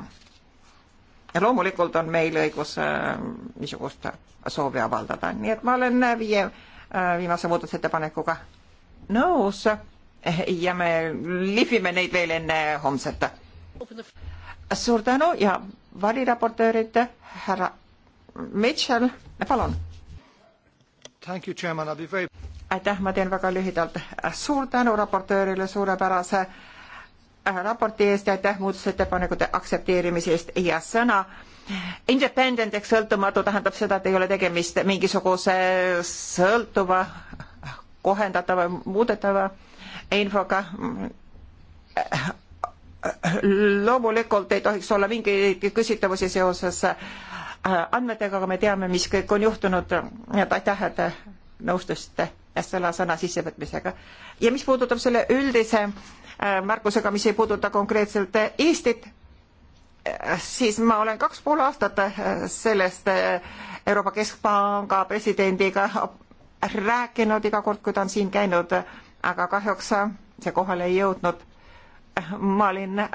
ja loomulikult on meil õigus niisugust soovi avaldada, nii et ma olen viie viimase muudatusettepanekuga nõus ja me lihvime neid veel enne homset. suur tänu ja variraportöörid härra Mitchell, palun. Very... aitäh, ma teen väga lühidalt. suur tänu raportöörile suurepärase äh, raporti eest ja aitäh muudusettepanekute aktsepteerimise eest ja sõna independent ehk sõltumatu tähendab seda, et ei ole tegemist mingisuguse sõltuva, kohendatava, muudetava infoga. loomulikult ei tohiks olla mingeid küsitavusi seoses äh, andmetega, aga me teame, mis kõik on juhtunud. aitäh, et nõustusite selle sõna sissevõtmisega. ja mis puudutab selle üldise äh, märkusega, mis ei puuduta konkreetselt Eestit, äh, siis ma olen kaks pool aastat äh, sellest Euroopa Keskpanga presidendiga rääkinud iga kord, kui ta on siin käinud, aga kahjuks see kohale ei jõudnud. ma olin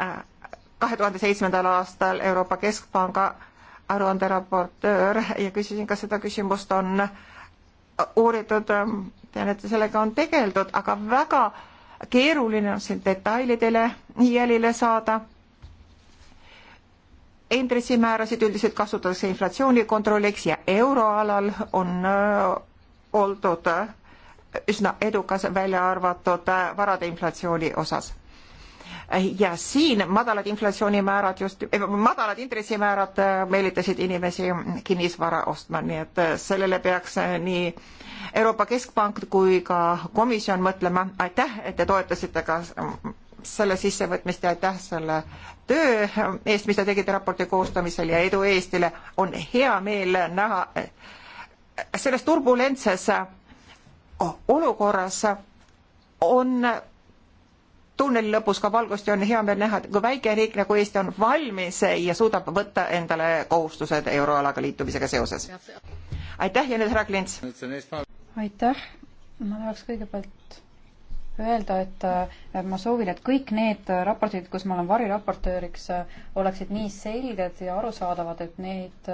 kahe tuhande seitsmendal aastal Euroopa Keskpanga aruande raportöör ja küsisin, kas seda küsimust on uuritud, tean, et sellega on tegeldud, aga väga keeruline on siin detailidele jälile saada. intressimäärasid üldiselt kasutatakse inflatsiooni kontrolliks ja euroalal on äh, oldud äh, üsna edukas, välja arvatud äh, varade inflatsiooni osas Äh, ja siin madalad inflatsioonimäärad just, äh, madalad intressimäärad äh, meelitasid inimesi kinnisvara ostma, nii et sellele peaks nii Euroopa Keskpank kui ka komisjon mõtlema. aitäh, et te toetasite ka selle sissevõtmist ja aitäh selle töö eest, mis te tegite raporti koostamisel ja edu Eestile. on hea meel näha selles turbulentses olukorras on tunneli lõpus ka valgust ja on hea meel näha, et kui väike riik nagu Eesti on valmis ja suudab võtta endale kohustused euroalaga liitumisega seoses. aitäh ja nüüd härra Klints.
aitäh, ma tahaks kõigepealt öelda, et ma soovin, et kõik need raportid, kus ma olen variraportööriks, oleksid nii selged ja arusaadavad, et neid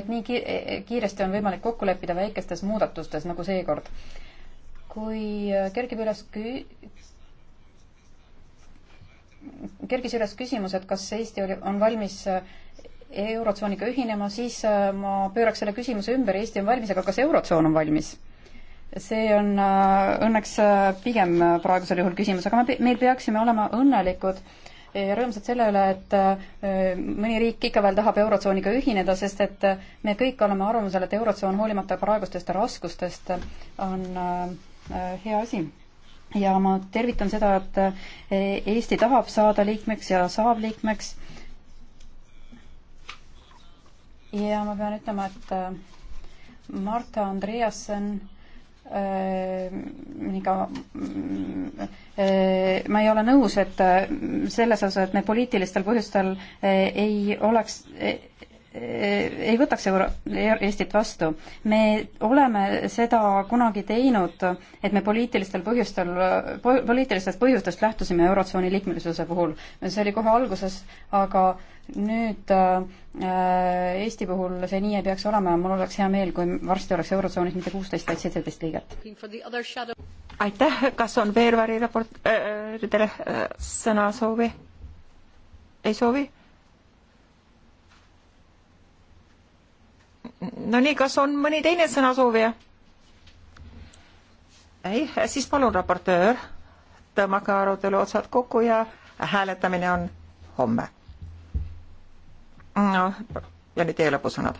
et nii kiiresti on võimalik kokku leppida väikestes muudatustes nagu seekord. kui kerkib üles kü-, kerkis üles küsimus, et kas Eesti oli, on valmis äh, Eurotsooniga ühinema, siis äh, ma pööraks selle küsimuse ümber, Eesti on valmis, aga kas Eurotsoon on valmis? see on äh, õnneks pigem praegusel juhul küsimus, aga me, meil peaksime olema õnnelikud ja rõõmsad selle üle, et mõni riik ikka veel tahab Eurotsooniga ühineda, sest et me kõik oleme arvamusel, et Eurotsoon hoolimata praegustest raskustest on hea asi ja ma tervitan seda, et e, Eesti tahab saada liikmeks ja saab liikmeks. ja ma pean ütlema, et e, Marta Andreasen ega e, ma ei ole nõus, et selles osas, et me poliitilistel põhjustel ei oleks, Eh, ei võtaks euro-, Eestit vastu. me oleme seda kunagi teinud, et me poliitilistel põhjustel, poliitilistest põhjustest lähtusime Eurotsooni liikmelisuse puhul. see oli kohe alguses, aga nüüd äh, Eesti puhul see nii ei peaks olema ja mul oleks hea meel, kui varsti oleks Eurotsoonis mitte kuusteist, vaid seitseteist liiget. aitäh, kas on veel variraportööridel äh, äh, äh, sõnasoovi?
ei soovi? Nonii, kas on mõni teine sõnasoovija? ei, siis palun, raportöör, tõmmake arutelu otsad kokku ja hääletamine on homme. no ja nüüd teie lõpusõnad.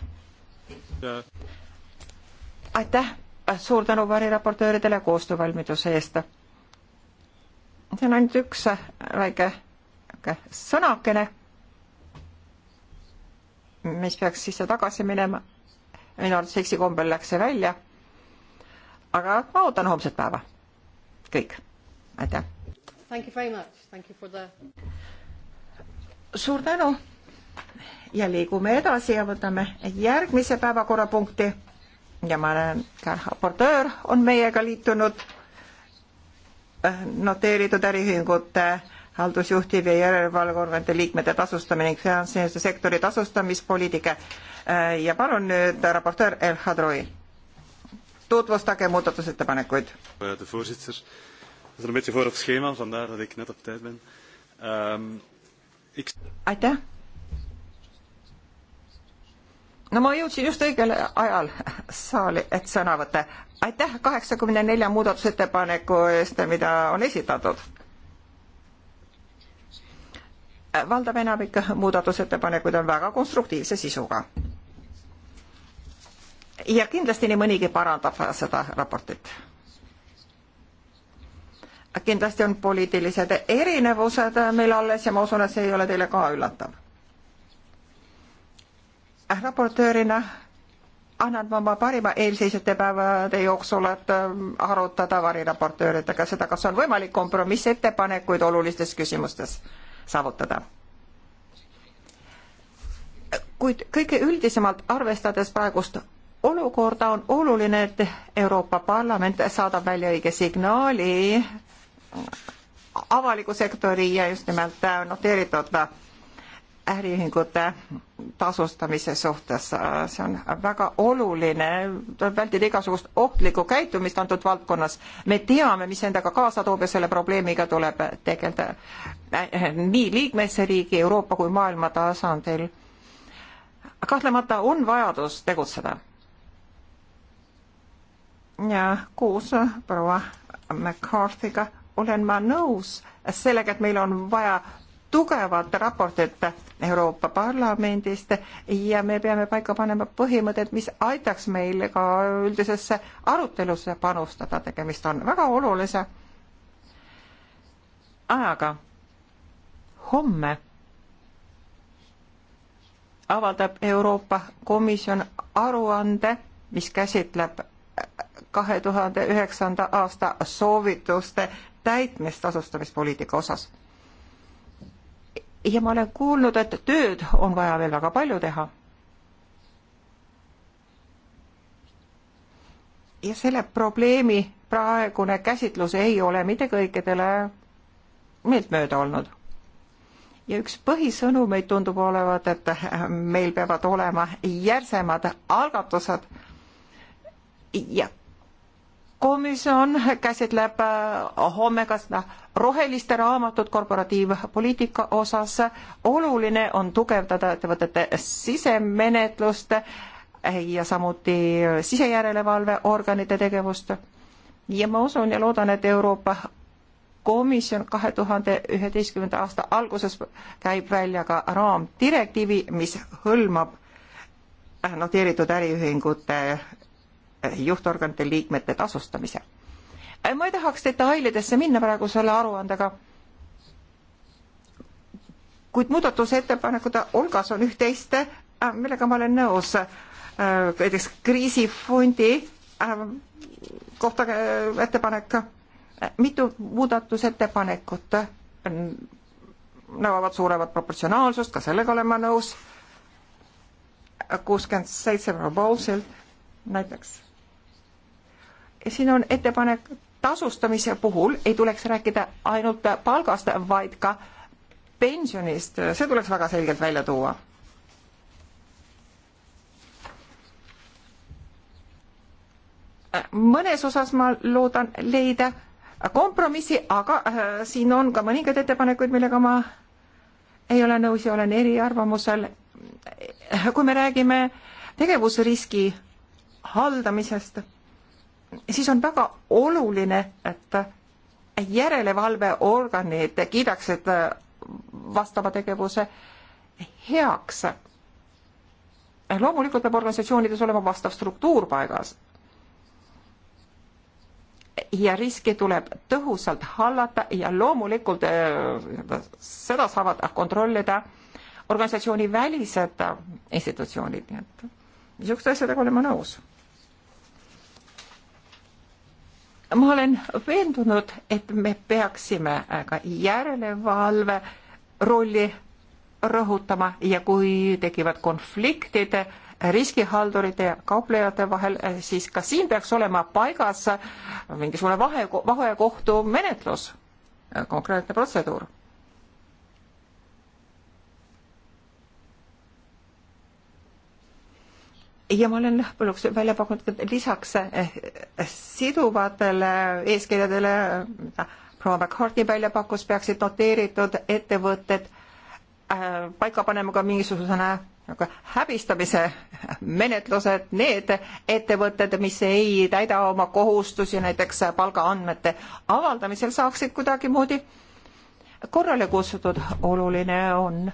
aitäh, suur tänu variraportööridele koostöövalmiduse eest. see on ainult üks väike sõnakene, mis peaks sisse tagasi minema minu arvates eksikombel läks see välja. aga ma ootan homset päeva. kõik, aitäh.
The...
suur tänu ja liigume edasi ja võtame järgmise päevakorrapunkti ja ma näen, ka raportöör on meiega liitunud noteeritud äriühingute haldusjuhtiv ja järelevalveorganite liikmete tasustamine ning finantsilise sektori tasustamispoliitika. Äh, ja palun nüüd raportöör El Hadroi, tutvustage muudatusettepanekuid. Äh, ehm, aitäh. no ma jõudsin just õigel ajal saali, et sõna võtta. aitäh kaheksakümne nelja muudatusettepaneku eest, mida on esitatud valdav enamik muudatusettepanekuid on väga konstruktiivse sisuga. ja kindlasti nii mõnigi parandab seda raportit. kindlasti on poliitilised erinevused meil alles ja ma usun, et see ei ole teile ka üllatav. raportöörina annan ma oma parima eelseisvate päevade jooksul, et äh, arutada variraportööridega seda, kas on võimalik kompromissettepanekuid olulistes küsimustes saavutada. kuid kõige üldisemalt arvestades praegust olukorda on oluline, et Euroopa Parlament saadab välja õige signaali avaliku sektori ja just nimelt noteeritud äriühingute tasustamise suhtes, see on väga oluline, tuleb vältida igasugust ohtlikku käitumist antud valdkonnas. me teame, mis endaga kaasa toob ja selle probleemiga tuleb tegeleda nii liikmesriigi, Euroopa kui maailma tasandil. kahtlemata on vajadus tegutseda. ja koos proua McCarthy'ga olen ma nõus sellega, et meil on vaja tugevat raportit Euroopa Parlamendist ja me peame paika panema põhimõtted, mis aitaks meil ka üldisesse arutelusse panustada, tegemist on väga olulise ajaga. homme avaldab Euroopa Komisjon aruande, mis käsitleb kahe tuhande üheksanda aasta soovituste täitmist asustamispoliitika osas ja ma olen kuulnud, et tööd on vaja veel väga palju teha. ja selle probleemi praegune käsitlus ei ole mitte kõikidele meeltmööda olnud. ja üks põhisõnumeid tundub olevat, et meil peavad olema järsemad algatused ja komisjon käsitleb äh, homme kas noh, roheliste raamatut korporatiivpoliitika osas. oluline on tugevdada ettevõtete sisemenetlust ja samuti sisejärelevalveorganite tegevust. ja ma usun ja loodan, et Euroopa Komisjon kahe tuhande üheteistkümnenda aasta alguses käib välja ka raamdirektiivi, mis hõlmab äh, noteeritud äriühingute juhtorganite liikmete tasustamise. Äh, ma ei tahaks detailidesse minna praegu selle aruandega, kuid muudatusettepanekute hulgas on üht-teist, äh, millega ma olen nõus, äh, näiteks kriisifondi kohta ettepanek, mitu muudatusettepanekut nõuavad suuremat proportsionaalsust, ka sellega olen ma nõus kuuskümmend seitse Rebowsilt näiteks siin on ettepanek tasustamise puhul ei tuleks rääkida ainult palgast, vaid ka pensionist, see tuleks väga selgelt välja tuua. mõnes osas ma loodan leida kompromissi, aga äh, siin on ka mõningaid ettepanekuid, millega ma ei ole nõus ja olen eriarvamusel. kui me räägime tegevusriski haldamisest siis on väga oluline, et järelevalveorganid kiidaksid äh, vastava tegevuse heaks. loomulikult peab organisatsioonides olema vastav struktuur paigas. ja riski tuleb tõhusalt hallata ja loomulikult äh, seda saavad kontrollida organisatsiooni välised institutsioonid, nii et niisuguste asjadega olen ma nõus ma olen veendunud, et me peaksime ka järelevalve rolli rõhutama ja kui tekivad konfliktid riskihaldurite ja kauplejate vahel, siis ka siin peaks olema paigas mingisugune vahe, vahekohtu menetlus, konkreetne protseduur ja ma olen lõppuks välja pakkunud ka lisaks eh, eh, siduvatele eeskirjadele, mida proua McCartney välja pakkus, peaksid noteeritud ettevõtted eh, paika panema ka mingisugusena aga nagu häbistamise menetlused, need ettevõtted, mis ei täida oma kohustusi näiteks palgaandmete avaldamisel, saaksid kuidagimoodi korrale kutsutud. oluline on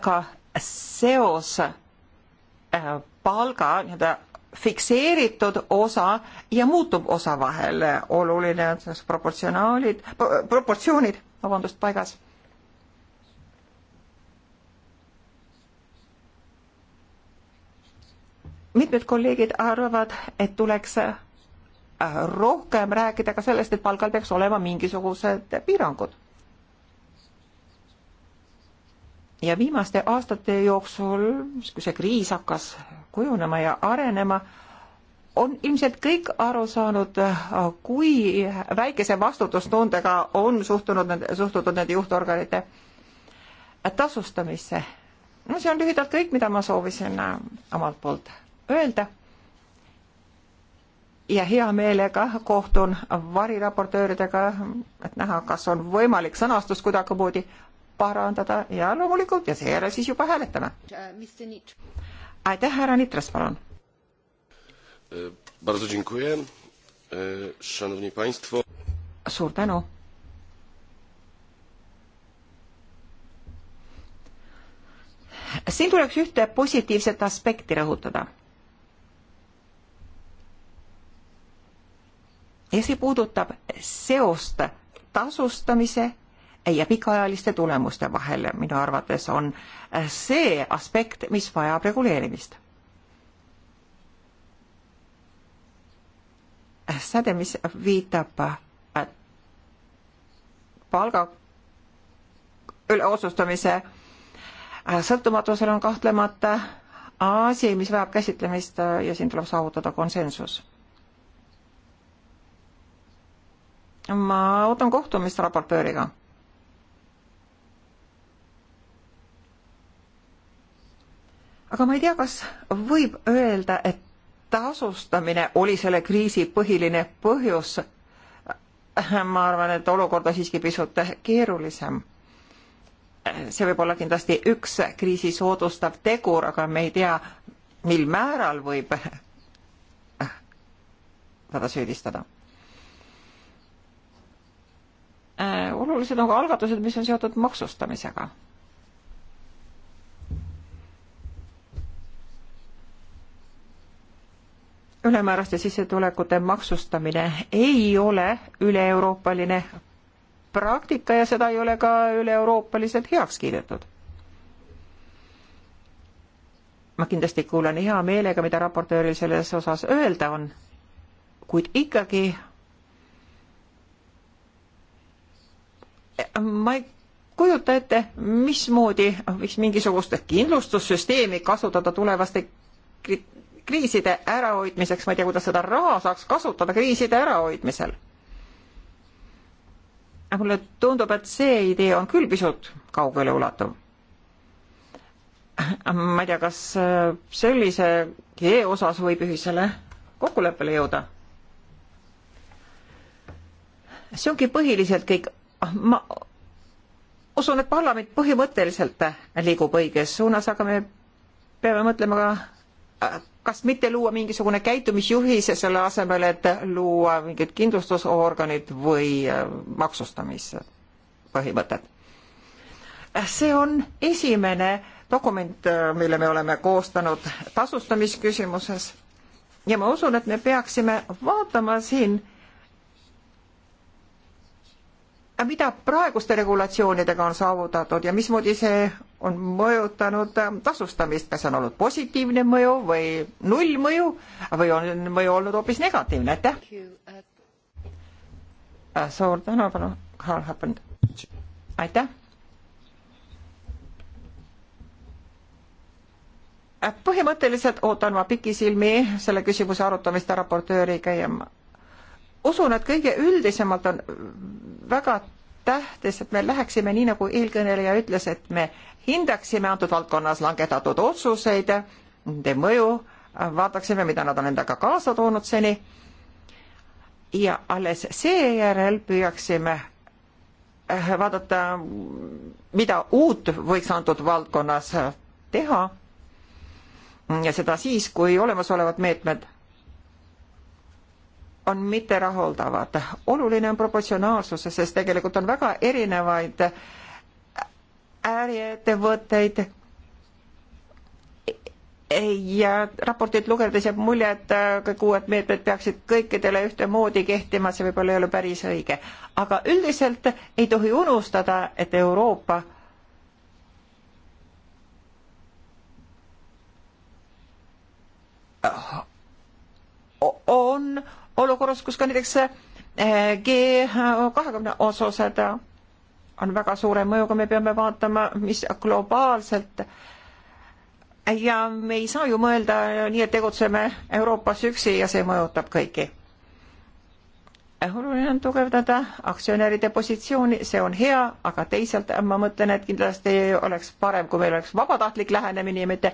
ka seos äh, palga nii-öelda fikseeritud osa ja muutuv osa vahel oluline on siis proportsionaalid, proportsioonid, vabandust, paigas mitmed kolleegid arvavad, et tuleks äh, rohkem rääkida ka sellest, et palgal peaks olema mingisugused piirangud. ja viimaste aastate jooksul, kui see kriis hakkas kujunema ja arenema, on ilmselt kõik aru saanud, kui väikese vastutustundega on suhtunud, suhtutud nende juhtorganite tasustamisse. no see on lühidalt kõik, mida ma soovisin äh, omalt poolt öelda. ja hea meelega kohtun variraportööridega, et näha, kas on võimalik sõnastust kuidagimoodi parandada ja loomulikult ja seejärel siis juba hääletame. aitäh, härra Nitras, palun. suur tänu. siin tuleks ühte positiivset aspekti rõhutada ja see puudutab seost tasustamise ja pikaajaliste tulemuste vahel minu arvates on äh, see aspekt, mis vajab reguleerimist. Äh, säde, mis viitab äh, palga üle otsustamise sõltumatusel on kahtlemata asi, mis vajab käsitlemist ja siin tuleb saavutada konsensus ma ootan kohtumist raportööriga. aga ma ei tea, kas võib öelda, et tasustamine oli selle kriisi põhiline põhjus. ma arvan, et olukord on siiski pisut keerulisem. see võib olla kindlasti üks kriisi soodustav tegur, aga me ei tea, mil määral võib teda süüdistada. olulised on ka algatused, mis on seotud maksustamisega ülemääraste sissetulekute maksustamine ei ole üle-euroopaline praktika ja seda ei ole ka üle-euroopaliselt heaks kiidetud. ma kindlasti kuulan hea meelega, mida raportööril selles osas öelda on, kuid ikkagi ma ei kujuta ette, mismoodi võiks mingisugust kindlustussüsteemi kasutada tulevaste kriiside ärahoidmiseks, ma ei tea, kuidas seda raha saaks kasutada kriiside ärahoidmisel. mulle tundub, et see idee on küll pisut kaugeleulatuv. ma ei tea, kas äh, sellise idee osas võib ühisele kokkuleppele jõuda. see ongi põhiliselt kõik, ah, ma usun, et parlament põhimõtteliselt liigub õiges suunas, aga me peame mõtlema ka äh, kas mitte luua mingisugune käitumisjuhis ja selle asemel, et luua mingid kindlustusorganid või äh, maksustamispõhimõtted. see on esimene dokument, äh, mille me oleme koostanud tasustamisküsimuses ja ma usun, et me peaksime vaatama siin, äh, mida praeguste regulatsioonidega on saavutatud ja mismoodi see on mõjutanud äh, tasustamist, kas on olnud positiivne mõju või nullmõju või on mõju olnud hoopis negatiivne, aitäh. Äh, äh, suur tänu, palun, Karl Happen. aitäh. põhimõtteliselt ootan ma pikisilmi selle küsimuse arutamist raportööriga ja ma usun, et kõige üldisemalt on väga tähtis, et me läheksime nii, nagu eelkõneleja ütles, et me hindaksime antud valdkonnas langetatud otsuseid, nende mõju, vaataksime, mida nad on endaga kaasa toonud seni ja alles seejärel püüaksime äh, vaadata, mida uut võiks antud valdkonnas teha ja seda siis, kui olemasolevad meetmed on mitterahuldavad. oluline on proportsionaalsus, sest tegelikult on väga erinevaid äriettevõtteid ja raportit lugedes jääb mulje, et äh, kõik uued meetmed peaksid kõikidele ühtemoodi kehtima, see võib-olla ei ole päris õige. aga üldiselt ei tohi unustada, et Euroopa on olukorras, kus ka näiteks eh, G eh, kahekümne osased on väga suure mõjuga, me peame vaatama, mis globaalselt ja me ei saa ju mõelda nii, et tegutseme Euroopas üksi ja see mõjutab kõiki. oluline on tugevdada aktsionäride positsiooni, see on hea, aga teisalt ma mõtlen, et kindlasti oleks parem, kui meil oleks vabatahtlik lähenemine ja mitte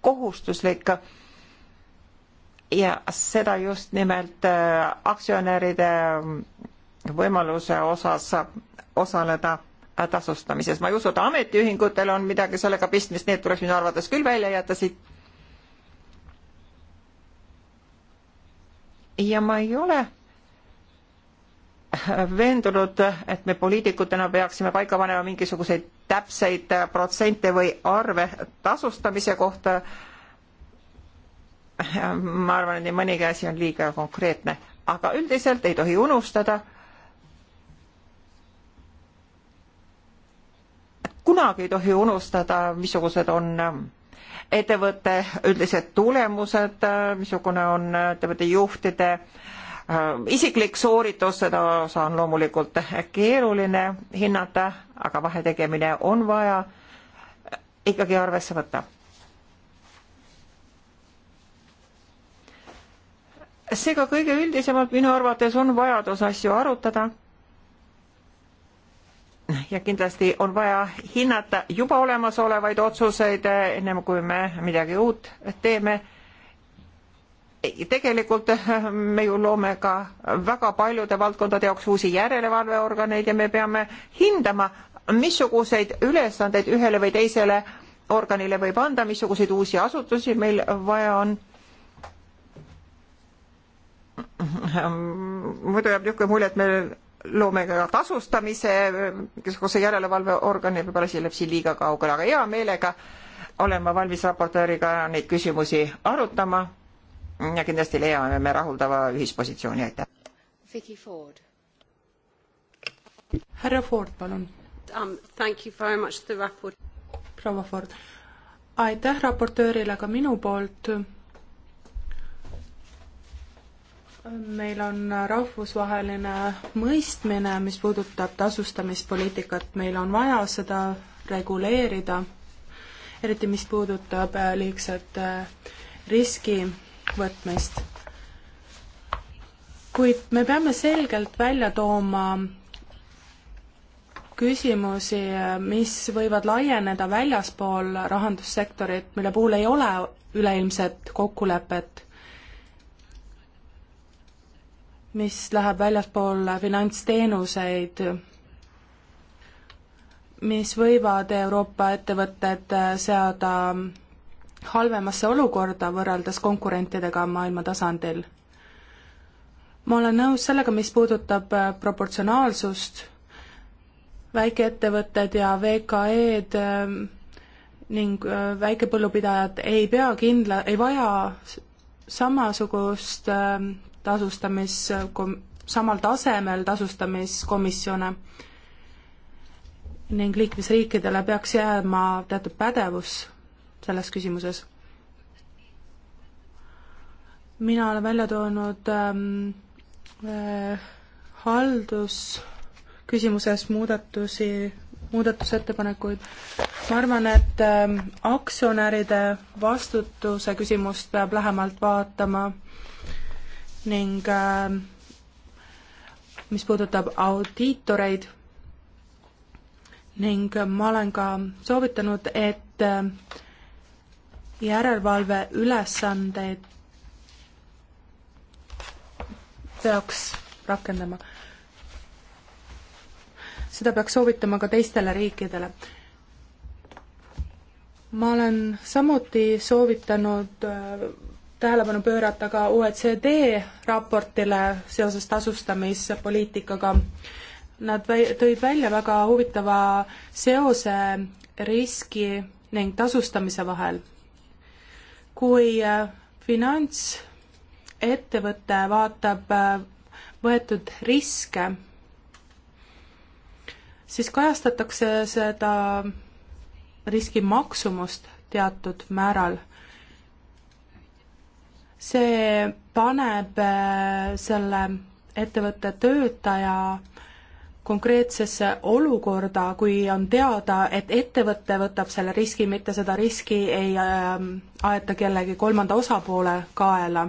kohustuslik äh, ja seda just nimelt äh, aktsionäride mm, võimaluse osas saab osaleda äh, tasustamises. ma ei usu, et ametiühingutel on midagi sellega pistmist, need tuleks minu arvates küll välja jätta siit. ja ma ei ole veendunud, et me poliitikutena peaksime paika panema mingisuguseid täpseid äh, protsente või arve tasustamise kohta äh, ma arvan, et nii mõnigi asi on liiga konkreetne, aga üldiselt ei tohi unustada, kunagi ei tohi unustada, missugused on ähm, ettevõtte üldised tulemused, äh, missugune on äh, ettevõtte juhtide äh, isiklik sooritus, seda osa on loomulikult keeruline hinnata, aga vahetegemine on vaja ikkagi arvesse võtta seega kõige üldisemalt minu arvates on vajadus asju arutada ja kindlasti on vaja hinnata juba olemasolevaid otsuseid, ennem kui me midagi uut teeme. tegelikult me ju loome ka väga paljude valdkondade jaoks uusi järelevalveorganeid ja me peame hindama, missuguseid ülesandeid ühele või teisele organile võib anda, missuguseid uusi asutusi meil vaja on Ehm, muidu jääb niisugune mulje, et me loome ka tasustamise, niisuguse järelevalveorgani, võib-olla see läheb siin liiga kaugele, aga hea meelega olen ma valmis raportööriga neid küsimusi arutama ja kindlasti leiame me rahuldava ühispositsiooni, aitäh. Vicky Ford. härra Ford, palun um,. Thank you very much to the raport.
proua Ford, aitäh raportöörile ka minu poolt meil on rahvusvaheline mõistmine, mis puudutab tasustamispoliitikat, meil on vaja seda reguleerida, eriti mis puudutab äh, liigset äh, riski võtmist. kuid me peame selgelt välja tooma küsimusi, äh, mis võivad laieneda väljaspool rahandussektorit, mille puhul ei ole üleilmset kokkulepet mis läheb väljaspool finantsteenuseid, mis võivad Euroopa ettevõtted seada halvemasse olukorda võrreldes konkurentidega maailma tasandil. ma olen nõus sellega, mis puudutab äh, proportsionaalsust, väikeettevõtted ja VKE-d äh, ning äh, väikepõllupidajad ei pea kindla, ei vaja samasugust tasustamiskom-, samal tasemel tasustamiskomisjone ning liikmesriikidele peaks jääma teatud pädevus selles küsimuses. mina olen välja toonud ähm, äh, haldusküsimuses muudatusi, muudatusettepanekuid. ma arvan, et ähm, aktsionäride vastutuse küsimust peab lähemalt vaatama äh, ning ähm, mis puudutab audiitoreid ning äh, ma olen ka soovitanud, et äh, järelevalve ülesandeid peaks rakendama. seda peaks soovitama ka teistele riikidele. ma olen samuti soovitanud äh, tähelepanu pöörata ka OECD raportile seoses tasustamispoliitikaga. Nad tõid välja väga huvitava seose riski ning tasustamise vahel. kui äh, finantsettevõte vaatab äh, võetud riske, siis kajastatakse seda riski maksumust teatud määral see paneb äh, selle ettevõtte töötaja konkreetsesse olukorda, kui on teada, et ettevõte võtab selle riski, mitte seda riski ei ähm, aeta kellegi kolmanda osapoole kaela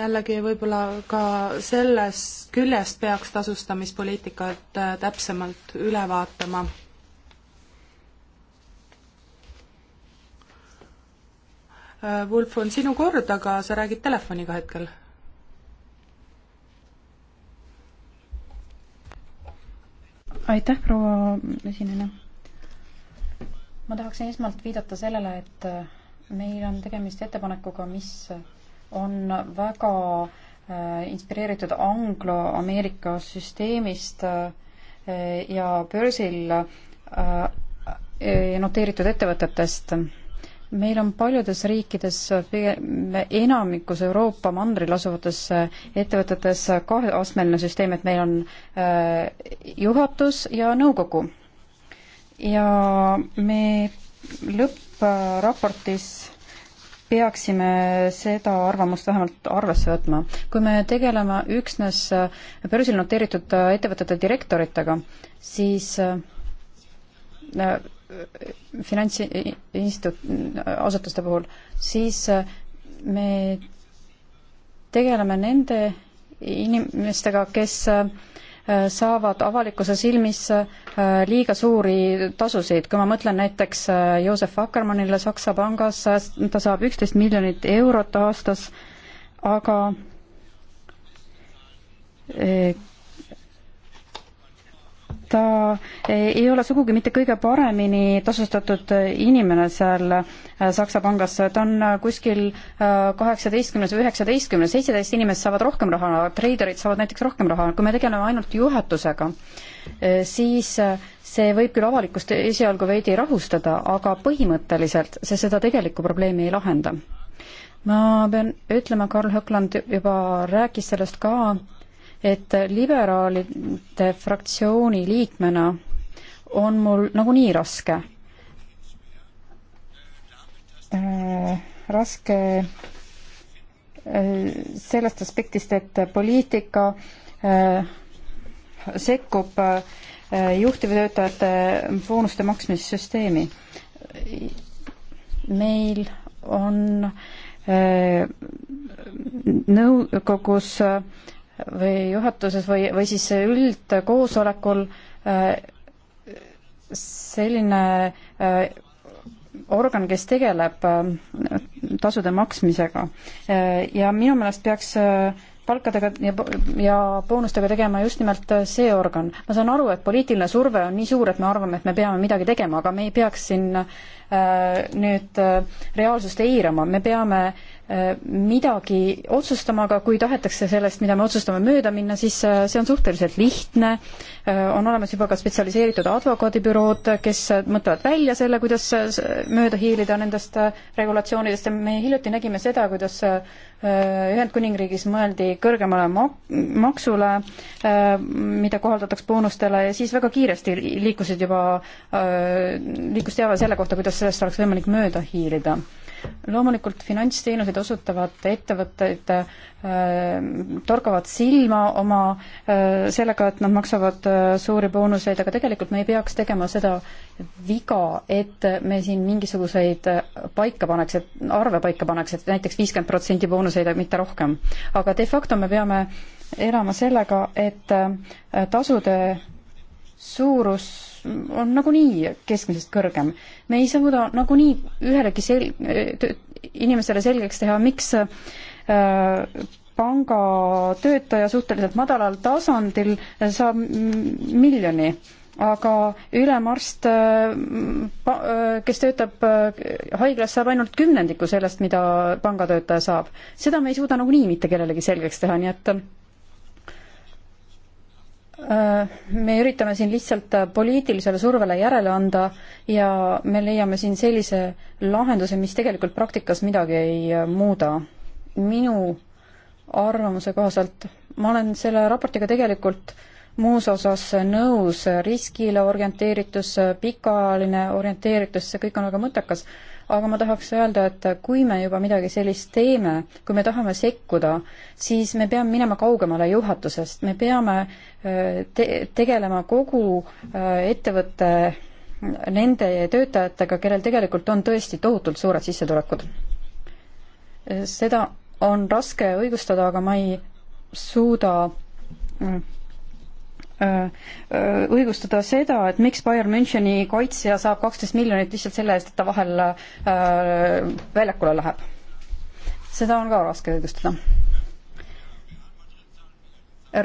jällegi võib-olla ka sellest küljest peaks tasustamispoliitikat äh, täpsemalt üle vaatama Äh, Wolf, on sinu kord, aga sa räägid telefoniga hetkel.
aitäh, proua esineja. ma tahaksin esmalt viidata sellele, et äh, meil on tegemist ettepanekuga, mis on väga äh, inspireeritud angloameerika süsteemist ja börsil noteeritud ettevõtetest meil on paljudes riikides, enamikus Euroopa mandril asuvates ettevõtetes kaheastmeline süsteem, et meil on äh, juhatus ja nõukogu. ja me lõppraportis peaksime seda arvamust vähemalt arvesse võtma. kui me tegeleme üksnes äh, börsil noteeritud äh, ettevõtete direktoritega, siis finantsinstituut, asutuste puhul, siis äh, me tegeleme nende inimestega, kes äh, saavad avalikkuse silmis äh, liiga suuri tasusid. kui ma mõtlen näiteks Joosef Akkermannile Saksa pangas, ta saab üksteist miljonit eurot aastas, aga ta ei ole sugugi mitte kõige paremini tasustatud inimene seal äh, Saksa pangas, ta on äh, kuskil äh, kaheksateistkümnes või üheksateistkümnes, seitseteist inimest saavad rohkem raha, treiderid saavad näiteks rohkem raha, kui me tegeleme ainult juhatusega, siis see võib küll avalikkust esialgu veidi rahustada, aga põhimõtteliselt see seda tegelikku probleemi ei lahenda. ma pean ütlema, Karl Hökland juba rääkis sellest ka, et liberaalide fraktsiooni liikmena on mul nagunii raske äh,, raske äh, sellest aspektist, et poliitika äh, sekkub äh, juhtivtöötajate boonuste maksmissüsteemi. meil on äh, nõukogus äh, või juhatuses või, või siis üldkoosolekul äh, selline äh, organ, kes tegeleb äh, tasude maksmisega. ja minu meelest peaks palkadega ja, ja boonustega tegema just nimelt see organ. ma saan aru, et poliitiline surve on nii suur, et me arvame, et me peame midagi tegema, aga me ei peaks siin äh, Äh, nüüd äh, reaalsust eirama, me peame äh, midagi otsustama, aga kui tahetakse sellest, mida me otsustame, mööda minna, siis see on suhteliselt lihtne, on olemas juba ka spetsialiseeritud advokaadibürood, kes mõtlevad välja selle, kuidas mööda hiilida nendest regulatsioonidest ja me hiljuti nägime seda, kuidas Ühendkuningriigis mõeldi kõrgemale mak-, maksule, mida kohaldatakse boonustele ja siis väga kiiresti liikusid juba, liikus teave selle kohta, kuidas sellest oleks võimalik mööda hiilida. loomulikult finantsteenused osutavad ettevõtted äh, torkavad silma oma äh, sellega, et nad maksavad äh, suuri boonuseid, aga tegelikult me ei peaks tegema seda viga, et me siin mingisuguseid äh, paika paneks, et arve paika paneks, et näiteks viiskümmend protsenti boonuseid, mitte rohkem. aga de facto me peame elama sellega, et äh, tasude suurus on nagunii keskmisest kõrgem. me ei suuda nagunii ühelegi sel-, inimesele selgeks teha, miks äh, pangatöötaja suhteliselt madalal tasandil saab miljoni, aga ülemarst, äh, äh, kes töötab haiglas, saab ainult kümnendiku sellest, mida pangatöötaja saab. seda me ei suuda nagunii mitte kellelegi selgeks teha, nii et Äh, me üritame siin lihtsalt poliitilisele survele järele anda ja me leiame siin sellise lahenduse, mis tegelikult praktikas midagi ei äh, muuda. minu arvamuse kohaselt ma olen selle raportiga tegelikult muus osas nõus, riskile orienteeritus, pikaajaline orienteeritus, see kõik on väga mõttekas, aga ma tahaks öelda, et kui me juba midagi sellist teeme, kui me tahame sekkuda, siis me peame minema kaugemale juhatusest, me peame äh, te-, tegelema kogu äh, ettevõtte nende töötajatega, kellel tegelikult on tõesti tohutult suured sissetulekud. seda on raske õigustada, aga ma ei suuda mm, Äh, õigustada seda, et miks Bayern Müncheni kaitsja saab kaksteist miljonit lihtsalt selle eest, et ta vahel äh, väljakule läheb. seda on ka raske õigustada.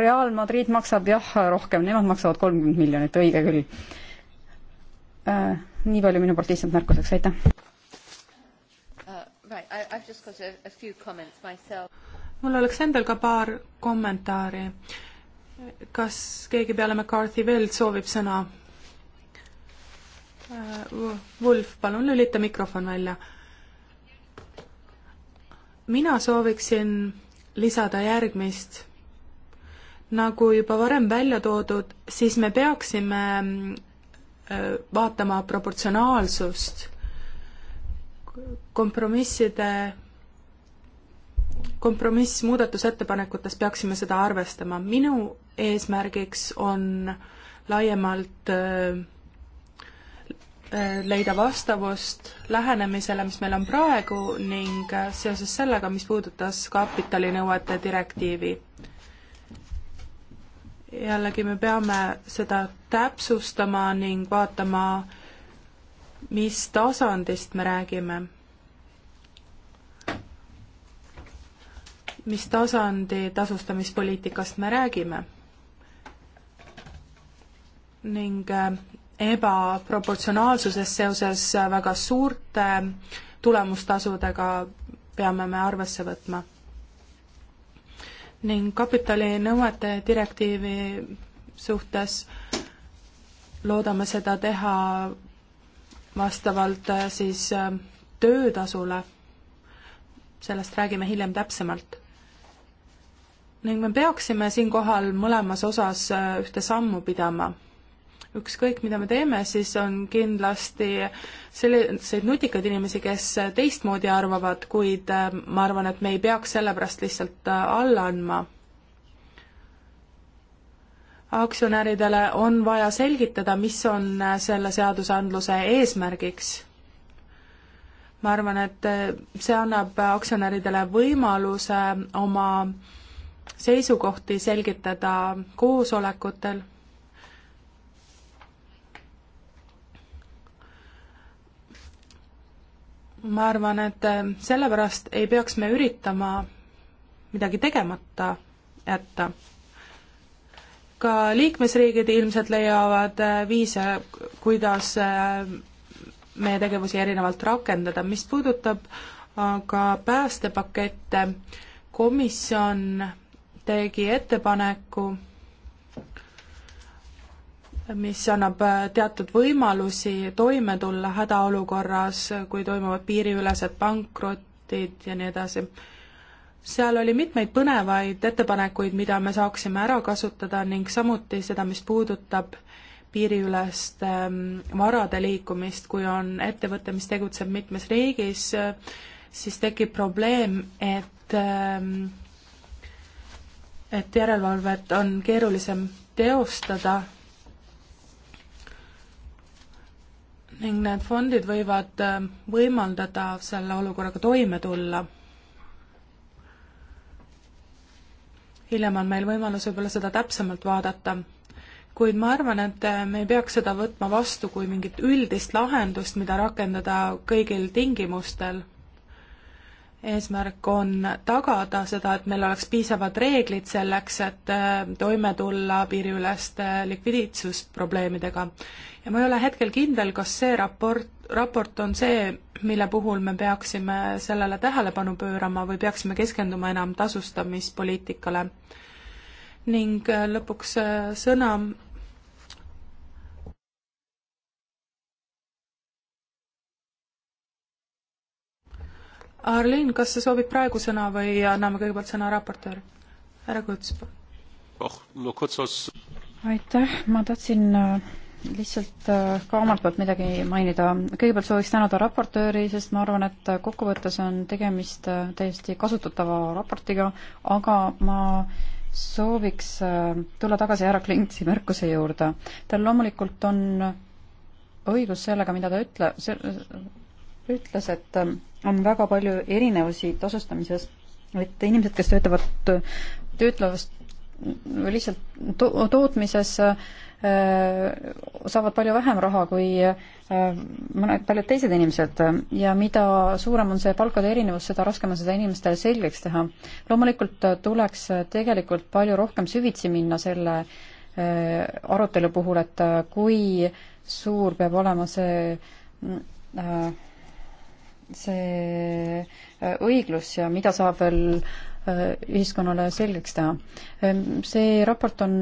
Real Madrid maksab jah rohkem, nemad maksavad kolmkümmend miljonit, õige küll. Äh, nii palju minu poolt lihtsalt märkuseks, aitäh. Uh,
mul oleks endal ka paar kommentaari kas keegi peale McCarthy veel soovib sõna? Äh, Wolf, palun lülita mikrofon välja. mina sooviksin lisada järgmist. nagu juba varem välja toodud, siis me peaksime äh, vaatama proportsionaalsust kompromisside kompromissmuudatusettepanekutes peaksime seda arvestama. minu eesmärgiks on laiemalt äh, äh, leida vastavust lähenemisele, mis meil on praegu ning äh, seoses sellega, mis puudutas kapitalinõuete direktiivi. jällegi me peame seda täpsustama ning vaatama, mis tasandist me räägime mis tasandi tasustamispoliitikast me räägime. ning äh, ebaproportsionaalsuses seoses äh, väga suurte tulemustasudega peame me arvesse võtma. ning kapitalinõuete direktiivi suhtes loodame seda teha vastavalt äh, siis töötasule, sellest räägime hiljem täpsemalt ning me peaksime siinkohal mõlemas osas äh, ühte sammu pidama. ükskõik, mida me teeme, siis on kindlasti selliseid nutikaid inimesi, kes äh, teistmoodi arvavad, kuid äh, ma arvan, et me ei peaks selle pärast lihtsalt alla andma aktsionäridele on vaja selgitada, mis on selle seadusandluse eesmärgiks. ma arvan, et see annab aktsionäridele võimaluse oma seisukohti selgitada koosolekutel. ma arvan, et sellepärast ei peaks me üritama midagi tegemata jätta. ka liikmesriigid ilmselt leiavad viise, kuidas meie tegevusi erinevalt rakendada, mis puudutab aga päästepakette, komisjon tegi ettepaneku, mis annab teatud võimalusi toime tulla hädaolukorras, kui toimuvad piiriülesed pankrotid ja nii edasi. seal oli mitmeid põnevaid ettepanekuid, mida me saaksime ära kasutada ning samuti seda, mis puudutab piiriülest mm, varade liikumist, kui on ettevõte, mis tegutseb mitmes riigis, siis tekib probleem, et mm, et järelevalvet on keerulisem teostada ning need fondid võivad äh, võimaldada selle olukorraga toime tulla. hiljem on meil võimalus võib-olla seda täpsemalt vaadata, kuid ma arvan, et äh, me ei peaks seda võtma vastu kui mingit üldist lahendust, mida rakendada kõigil tingimustel eesmärk on tagada seda, et meil oleks piisavad reeglid selleks, et äh, toime tulla piiriüleste likviidsusprobleemidega. ja ma ei ole hetkel kindel, kas see raport, raport on see, mille puhul me peaksime sellele tähelepanu pöörama või peaksime keskenduma enam tasustamispoliitikale. ning äh, lõpuks äh, sõna Arlin, kas sa soovid praegu sõna või anname kõigepealt sõna raportööri? härra Kuts. Oh, aitäh, ma tahtsin äh,
lihtsalt äh, ka omalt poolt midagi mainida. kõigepealt sooviks tänada raportööri, sest ma arvan, et äh, kokkuvõttes on tegemist täiesti kasutatava raportiga, aga ma sooviks tulla tagasi härra Klintsi märkuse juurde. tal loomulikult on õigus sellega, mida ta ütle-, ütles, et ähm, on väga palju erinevusi tasustamises, et inimesed, kes töötavad töötlevast lihtsalt to tootmises äh, saavad palju vähem raha kui äh, mõned paljud teised inimesed ja mida suurem on see palkade erinevus, seda raskem on seda inimestele selgeks teha. loomulikult tuleks tegelikult palju rohkem süvitsi minna selle äh, arutelu puhul, et kui suur peab olema see äh, see äh, õiglus ja mida saab veel äh, ühiskonnale selgeks teha. Ähm, see raport on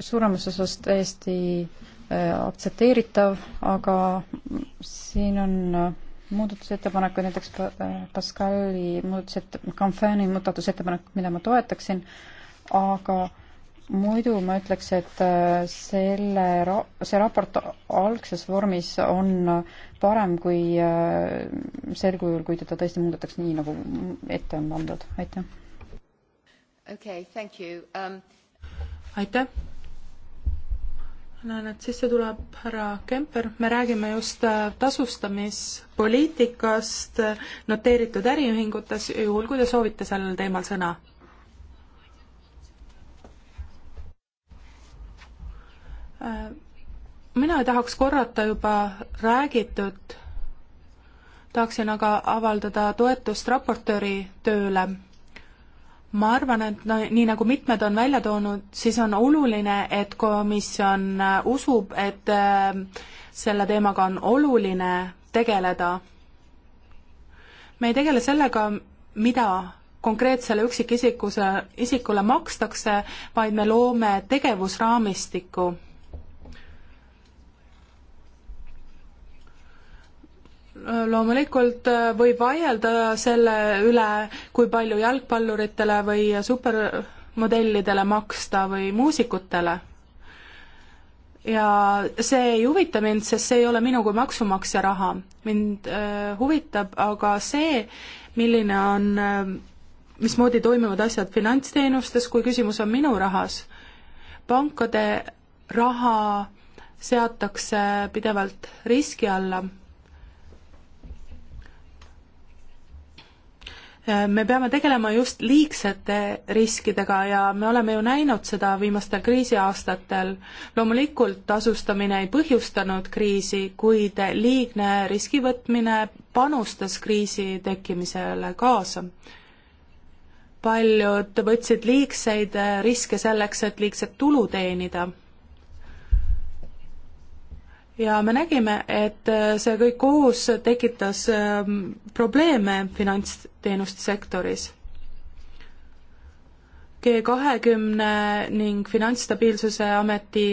suuremas osas täiesti äh, aktsepteeritav, aga siin on muudatusettepanekuid, näiteks Pascali muudatuset-, Canfani muudatusettepanekut, mida ma toetaksin, aga äh, muidu ma ütleks, et äh, selle ra-, see raport algses vormis on äh, parem kui äh, sel kujul, kui teda tõesti muudetakse nii, nagu ette on pandud, aitäh.
okei okay,, thank you um.... aitäh. näen, et sisse tuleb härra Kemper, me räägime just tasustamispoliitikast noteeritud äriühingutes, juhul kui te soovite sellel teemal sõna mina ei tahaks korrata juba räägitut, tahaksin aga avaldada toetust raportööri tööle. ma arvan, et no, nii nagu mitmed on välja toonud, siis on oluline, et komisjon usub, et äh, selle teemaga on oluline tegeleda. me ei tegele sellega, mida konkreetsele üksikisikuse, isikule makstakse, vaid me loome tegevusraamistiku loomulikult äh, võib vaielda selle üle, kui palju jalgpalluritele või supermodellidele maksta või muusikutele. ja see ei huvita mind, sest see ei ole minu kui maksumaksja raha. mind äh, huvitab aga see, milline on äh, mismoodi toimivad asjad finantsteenustes, kui küsimus on minu rahas. pankade raha seatakse pidevalt riski alla me peame tegelema just liigsete riskidega ja me oleme ju näinud seda viimastel kriisiaastatel. loomulikult tasustamine ei põhjustanud kriisi, kuid liigne riski võtmine panustas kriisi tekkimisele kaasa. paljud võtsid liigseid riske selleks, et liigset tulu teenida ja me nägime, et äh, see kõik koos tekitas ähm, probleeme finantsteenuste sektoris. G kahekümne ning Finantsstabiilsuse Ameti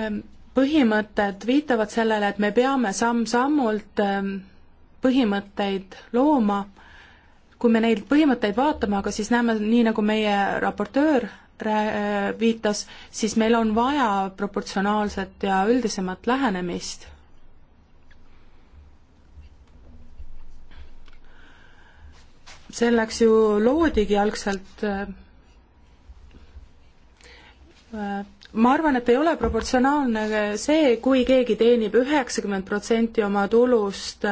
ähm, põhimõtted viitavad sellele, et me peame samm-sammult ähm, põhimõtteid looma, kui me neid põhimõtteid vaatame, aga siis näeme, nii nagu meie raportöör Äh, viitas, siis meil on vaja proportsionaalset ja üldisemat lähenemist. selleks ju loodigi algselt äh, äh, ma arvan, et ei ole proportsionaalne see, kui keegi teenib üheksakümmend protsenti oma tulust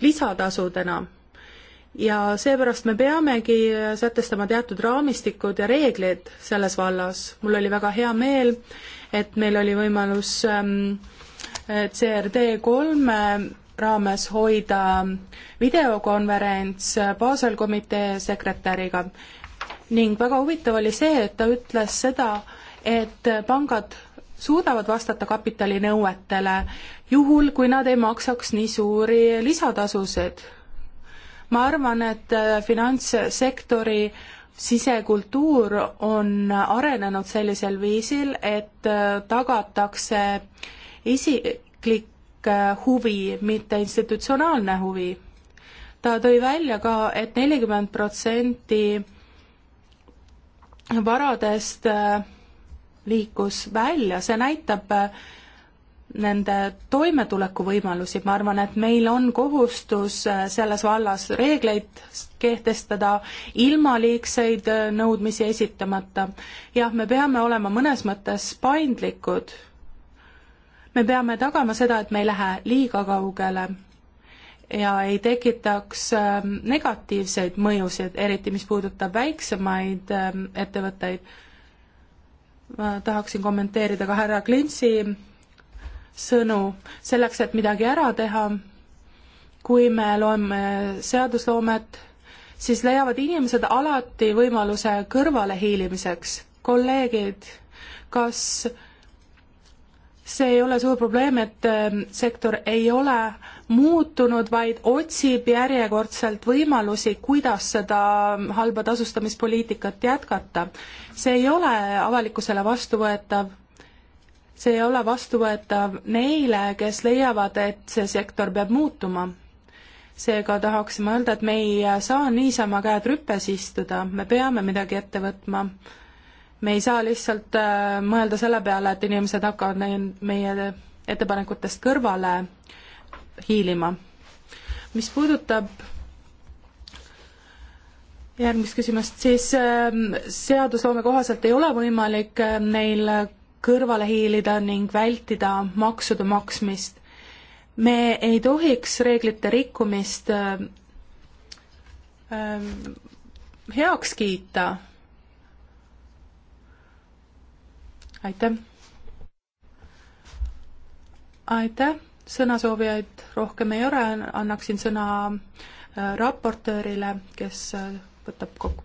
lisatasudena ja seepärast me peamegi sätestama teatud raamistikud ja reeglid selles vallas. mul oli väga hea meel, et meil oli võimalus ähm, CRD kolme raames hoida videokonverents Basel komitee sekretäriga ning väga huvitav oli see, et ta ütles seda, et pangad suudavad vastata kapitalinõuetele, juhul kui nad ei maksaks nii suuri lisatasusid ma arvan, et äh, finantssektori sisekultuur on arenenud sellisel viisil, et äh, tagatakse isiklik äh, huvi, mitte institutsionaalne huvi. ta tõi välja ka et, et nelikümmend protsenti varadest liikus välja, see näitab, nende toimetulekuvõimalusi, ma arvan, et meil on kohustus äh, selles vallas reegleid kehtestada ilma liigseid äh, nõudmisi esitamata. jah, me peame olema mõnes mõttes paindlikud. me peame tagama seda, et me ei lähe liiga kaugele ja ei tekitaks ähm, negatiivseid mõjusid, eriti mis puudutab väiksemaid ähm, ettevõtteid. ma tahaksin kommenteerida ka härra Klintsi sõnu selleks, et midagi ära teha. kui me loeme seadusloomet, siis leiavad inimesed alati võimaluse kõrvalehiilimiseks. kolleegid, kas see ei ole suur probleem, et ähm, sektor ei ole muutunud, vaid otsib järjekordselt võimalusi, kuidas seda halba tasustamispoliitikat jätkata. see ei ole avalikkusele vastuvõetav see ei ole vastuvõetav neile, kes leiavad, et see sektor peab muutuma. seega tahaksime öelda, et me ei saa niisama käed rüpes istuda, me peame midagi ette võtma. me ei saa lihtsalt äh, mõelda selle peale, et inimesed hakkavad meie ettepanekutest kõrvale hiilima. mis puudutab järgmist küsimust, siis ähm, seadusloome kohaselt ei ole võimalik äh, neil kõrvale hiilida ning vältida maksude maksmist. me ei tohiks reeglite rikkumist äh, äh, heaks kiita. aitäh. aitäh, sõnasoovijaid rohkem ei ole, annaksin sõna äh, raportöörile, kes võtab kokku.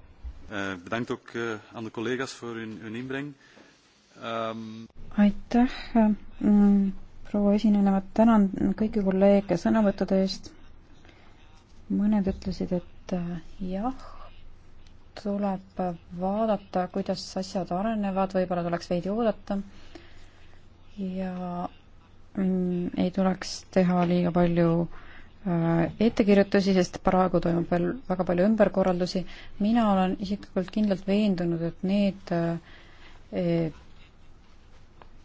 Bedankt ook aan de collega's voor hun, hun inbreng. Uh, um....
aitäh, äh, mm, proua esineja, ma tänan kõiki kolleege sõnavõttude eest. mõned ütlesid, et äh, jah, tuleb vaadata, kuidas asjad arenevad, võib-olla tuleks veidi oodata ja mm, ei tuleks teha liiga palju äh, ettekirjutusi, sest praegu toimub veel väga palju ümberkorraldusi. mina olen isiklikult kindlalt veendunud, et need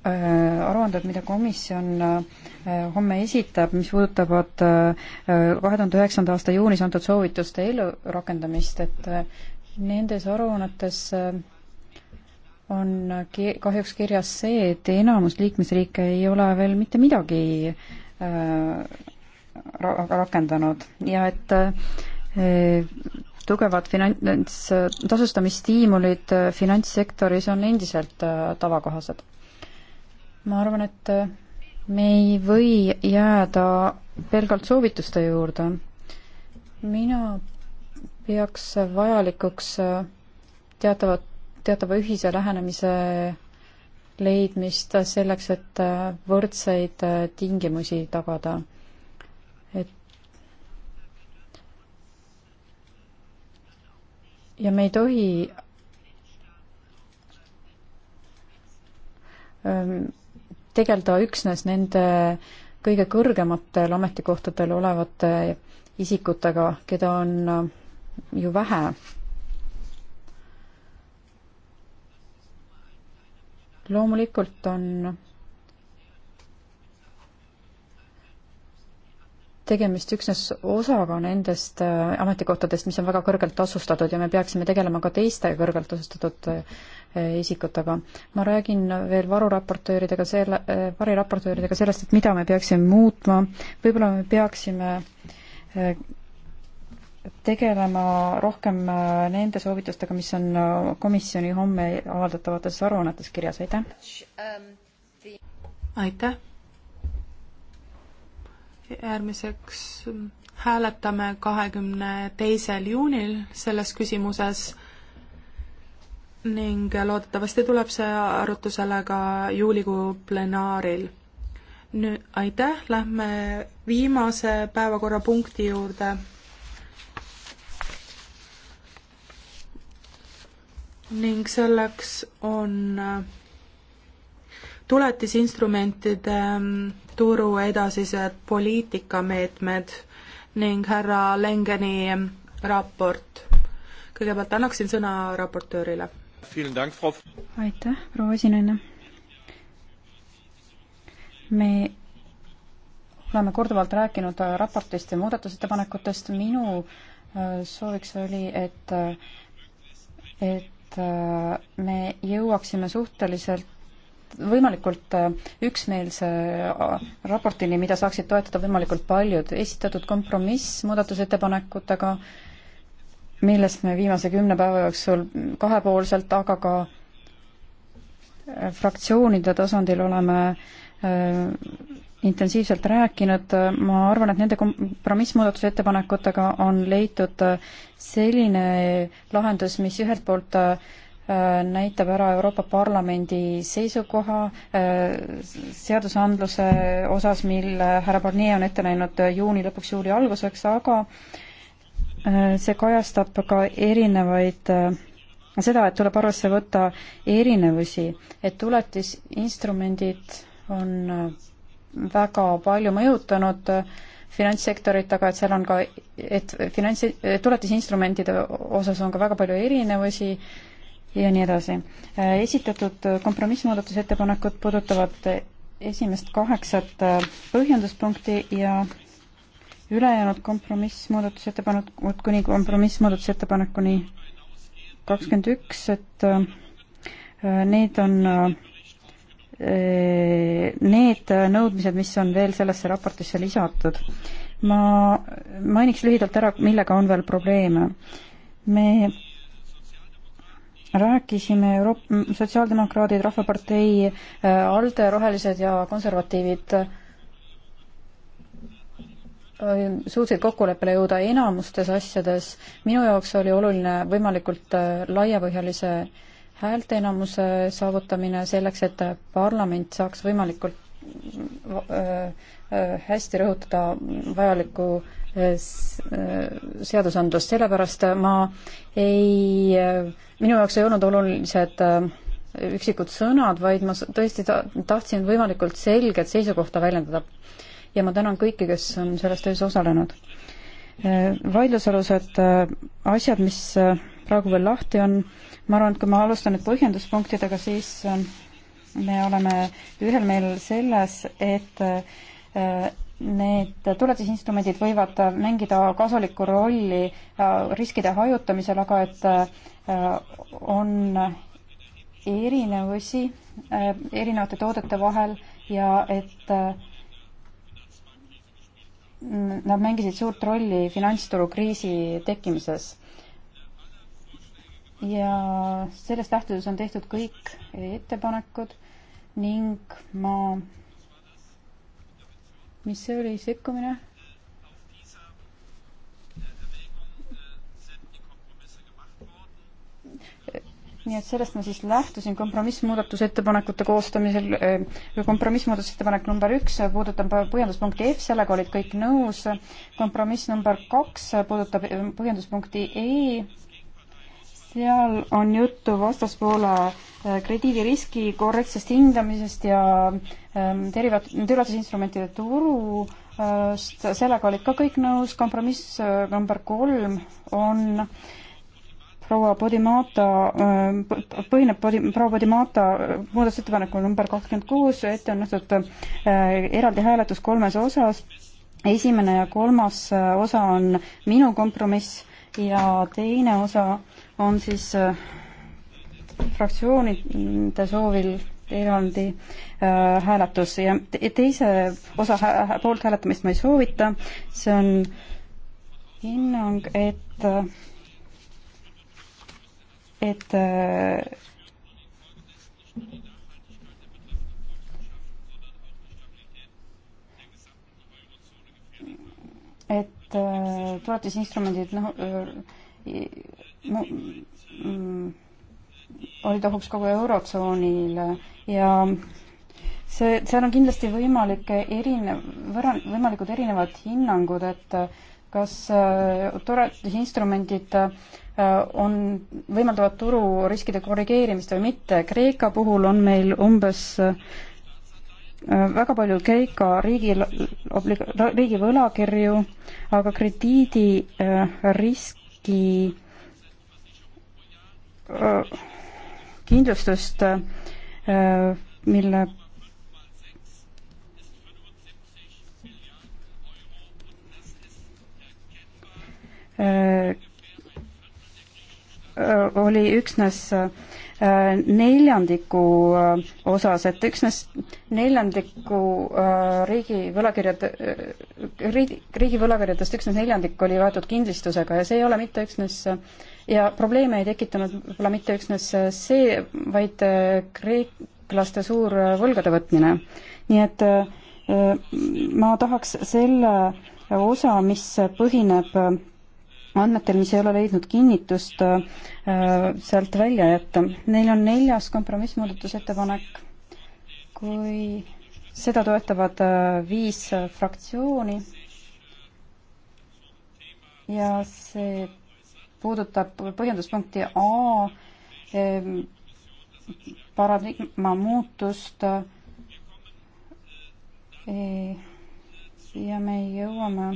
Äh, aruanded, mida komisjon äh, homme esitab, mis puudutavad äh, kahe tuhande üheksanda aasta juunis antud soovituste ellurakendamist, et nendes aruannetes on ki-, kahjuks kirjas see, et enamus liikmesriike ei ole veel mitte midagi ra-, rakendanud ja et tugevad finants, tasustamisstiimulid finantssektoris on endiselt tavakohased ma arvan, et äh, me ei või jääda pelgalt soovituste juurde. mina peaks vajalikuks äh, teatavat, teatava ühise lähenemise leidmist selleks, et äh, võrdseid tingimusi tagada. et ja me ei tohi ähm, tegeleda üksnes nende kõige kõrgematel ametikohtadel olevate isikutega, keda on äh, ju vähe. loomulikult on tegemist üksnes osaga nendest äh, ametikohtadest, mis on väga kõrgelt tasustatud ja me peaksime tegelema ka teiste kõrgelt tasustatud äh, Äh, isikutega. ma räägin veel varuraportööridega selle, äh, variraportööridega sellest, et mida me peaksime muutma, võib-olla me peaksime äh, tegelema rohkem nende soovitustega, mis on komisjoni homme avaldatavates aruannetes kirjas, aitäh!
aitäh! järgmiseks hääletame kahekümne teisel juunil selles küsimuses ning loodetavasti tuleb see arutusele ka juulikuu plenaaril. nüüd aitäh, lähme viimase päevakorrapunkti juurde. ning selleks on tuletisinstrumentide mm, turu edasised poliitikameetmed ning härra Lengeni mm, raport. kõigepealt annaksin sõna raportöörile
aitäh, proua esinaine. me oleme korduvalt rääkinud äh, raportist ja muudatusettepanekutest, minu äh, sooviks oli, et, äh, et me jõuaksime suhteliselt võimalikult üksmeelse raportini, mida saaksid toetada võimalikult paljud. esitatud kompromiss muudatusettepanekutega äh, millest me viimase kümne päeva jooksul kahepoolselt, aga ka äh, fraktsioonide tasandil oleme äh, intensiivselt rääkinud, ma arvan, et nende kompromissmuudatuse ettepanekutega on leitud äh, selline lahendus, mis ühelt poolt näitab ära Euroopa Parlamendi seisukoha seadusandluse osas, mille härra Barnier on ette näinud juuni lõpuks, juuli alguseks, aga see kajastab ka erinevaid seda, et tuleb arvesse võtta erinevusi, et tuletisinstrumendid on väga palju mõjutanud finantssektorit, aga et seal on ka, et finants, tuletisinstrumentide osas on ka väga palju erinevusi ja nii edasi. esitatud kompromissmuudatusettepanekud puudutavad esimest kaheksat põhjenduspunkti ja ülejäänud kompromissmuudatusettepanekud kuni kompromissmuudatusettepanekuni kakskümmend üks, et äh, need on äh, need nõudmised, mis on veel sellesse raportisse lisatud. ma mainiks lühidalt ära, millega on veel probleeme. me rääkisime Euroop-, Sotsiaaldemokraadid, Rahvapartei, äh, ALDE, Rohelised ja Konservatiivid äh, Äh, suutsid kokkuleppele jõuda enamustes asjades. minu jaoks oli oluline võimalikult äh, laiapõhjalise häälteenamuse saavutamine selleks, et parlament saaks võimalikult äh, hästi rõhutada vajalikku seadusandlust, sellepärast ma ei, minu jaoks ei olnud olulised üksikud sõnad, vaid ma tõesti tahtsin võimalikult selget seisukohta väljendada ja ma tänan kõiki, kes on selles töös osalenud. Äh, vaidlusalused äh, asjad, mis äh, praegu veel lahti on, ma arvan, et kui ma alustan nüüd põhjenduspunktidega, siis me oleme ühel meelel selles, et need tuletisinstrumendid võivad mängida kasulikku rolli riskide hajutamisel, aga et on erinevusi erinevate toodete vahel ja et nad mängisid suurt rolli finantsturukriisi tekkimises. ja sellest lähtudes on tehtud kõik ettepanekud ning ma, mis see oli, sekkumine? nii et sellest ma siis lähtusin kompromissmuudatusettepanekute koostamisel. Äh, kompromissmuudatusettepanek number üks puudutab põhjenduspunkti F, sellega olid kõik nõus. kompromiss number kaks puudutab äh, põhjenduspunkti E. seal on juttu vastaspoole äh, krediidiriski korrektsest hindamisest ja ähm, derivat-, töölasinstrumentide turust, sellega olid ka kõik nõus. kompromiss number kolm on proua Podimata, äh, põhineb Podi-, proua Podimata äh, muudatusettepanekul number kakskümmend kuus, ette on nähtud äh, eraldi hääletus kolmes osas, esimene ja kolmas osa on minu kompromiss ja teine osa on siis fraktsioonide soovil eraldi äh, hääletus ja te teise osa hä poolt hääletamist ma ei soovita, see on hinnang, et äh, et et äh, toetusinstrumendid noh, äh, mm, olid ohuks kogu Eurotsoonile ja see, seal on kindlasti võimalik erinev, võimalikud erinevad hinnangud, et kas äh, toetusinstrumendid äh, Äh, on, võimaldavad tururiskide korrigeerimist või mitte. Kreeka puhul on meil umbes äh, väga palju Kreeka riigi, riigi võlakirju, aga krediidiriski äh, kindlustust, mille Äh, oli üksnes äh, neljandiku äh, osas, et üksnes neljandiku riigi võlakirjad, riigi, riigi võlakirjadest üksnes neljandik oli võetud kindlustusega ja see ei ole mitte üksnes ja probleeme ei tekitanud võib-olla mitte üksnes see, vaid kreeklaste suur võlgade võtmine. nii et ma tahaks selle osa, mis põhineb andmetel, mis ei ole leidnud kinnitust äh, sealt välja jätta. Neil on neljas kompromissmuudatusettepanek, kui seda toetavad äh, viis fraktsiooni ja see puudutab põhjenduspunkti A ähm, paradigma muutust äh, ja me jõuame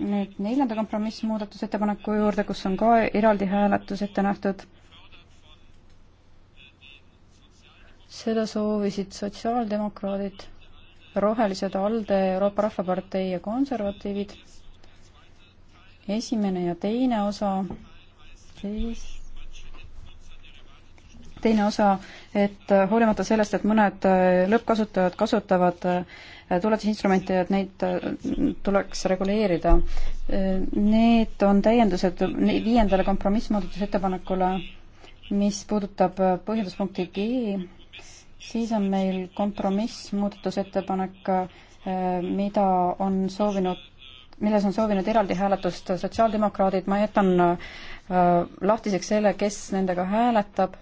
nüüd neljanda kompromissmuudatusettepaneku juurde, kus on ka eraldi hääletus ette nähtud. seda soovisid sotsiaaldemokraadid, rohelised ALDE, Euroopa Rahvapartei ja konservatiivid. esimene ja teine osa, siis teine osa, et hoolimata sellest, et mõned äh, lõppkasutajad kasutavad äh, tuletisinstrumente ja et neid äh, tuleks reguleerida. Need on täiendused viiendale kompromissmuudatusettepanekule, mis puudutab põhjenduspunkti G, siis on meil kompromissmuudatusettepanek, mida on soovinud milles on soovinud eraldi hääletust sotsiaaldemokraadid, ma jätan äh, lahtiseks selle, kes nendega hääletab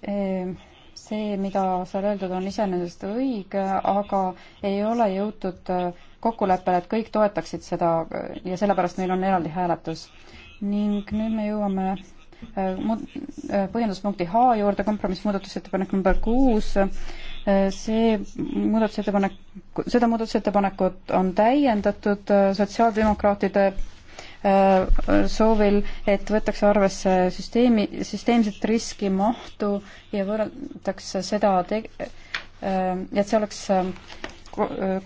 Ehm, see, mida seal öeldud, on iseenesest õige, aga ei ole jõutud äh, kokkuleppele, et kõik toetaksid seda äh, ja sellepärast meil on eraldi hääletus. ning nüüd me jõuame äh, põhjenduspunkti H juurde, kompromissmuudatusettepanek number kuus, see muudatusettepanek, seda muudatusettepanekut on täiendatud sotsiaaldemokraatide Äh, soovil, et võetakse arvesse süsteemi, süsteemset riski, mahtu ja võrreldakse seda, äh, et see oleks äh,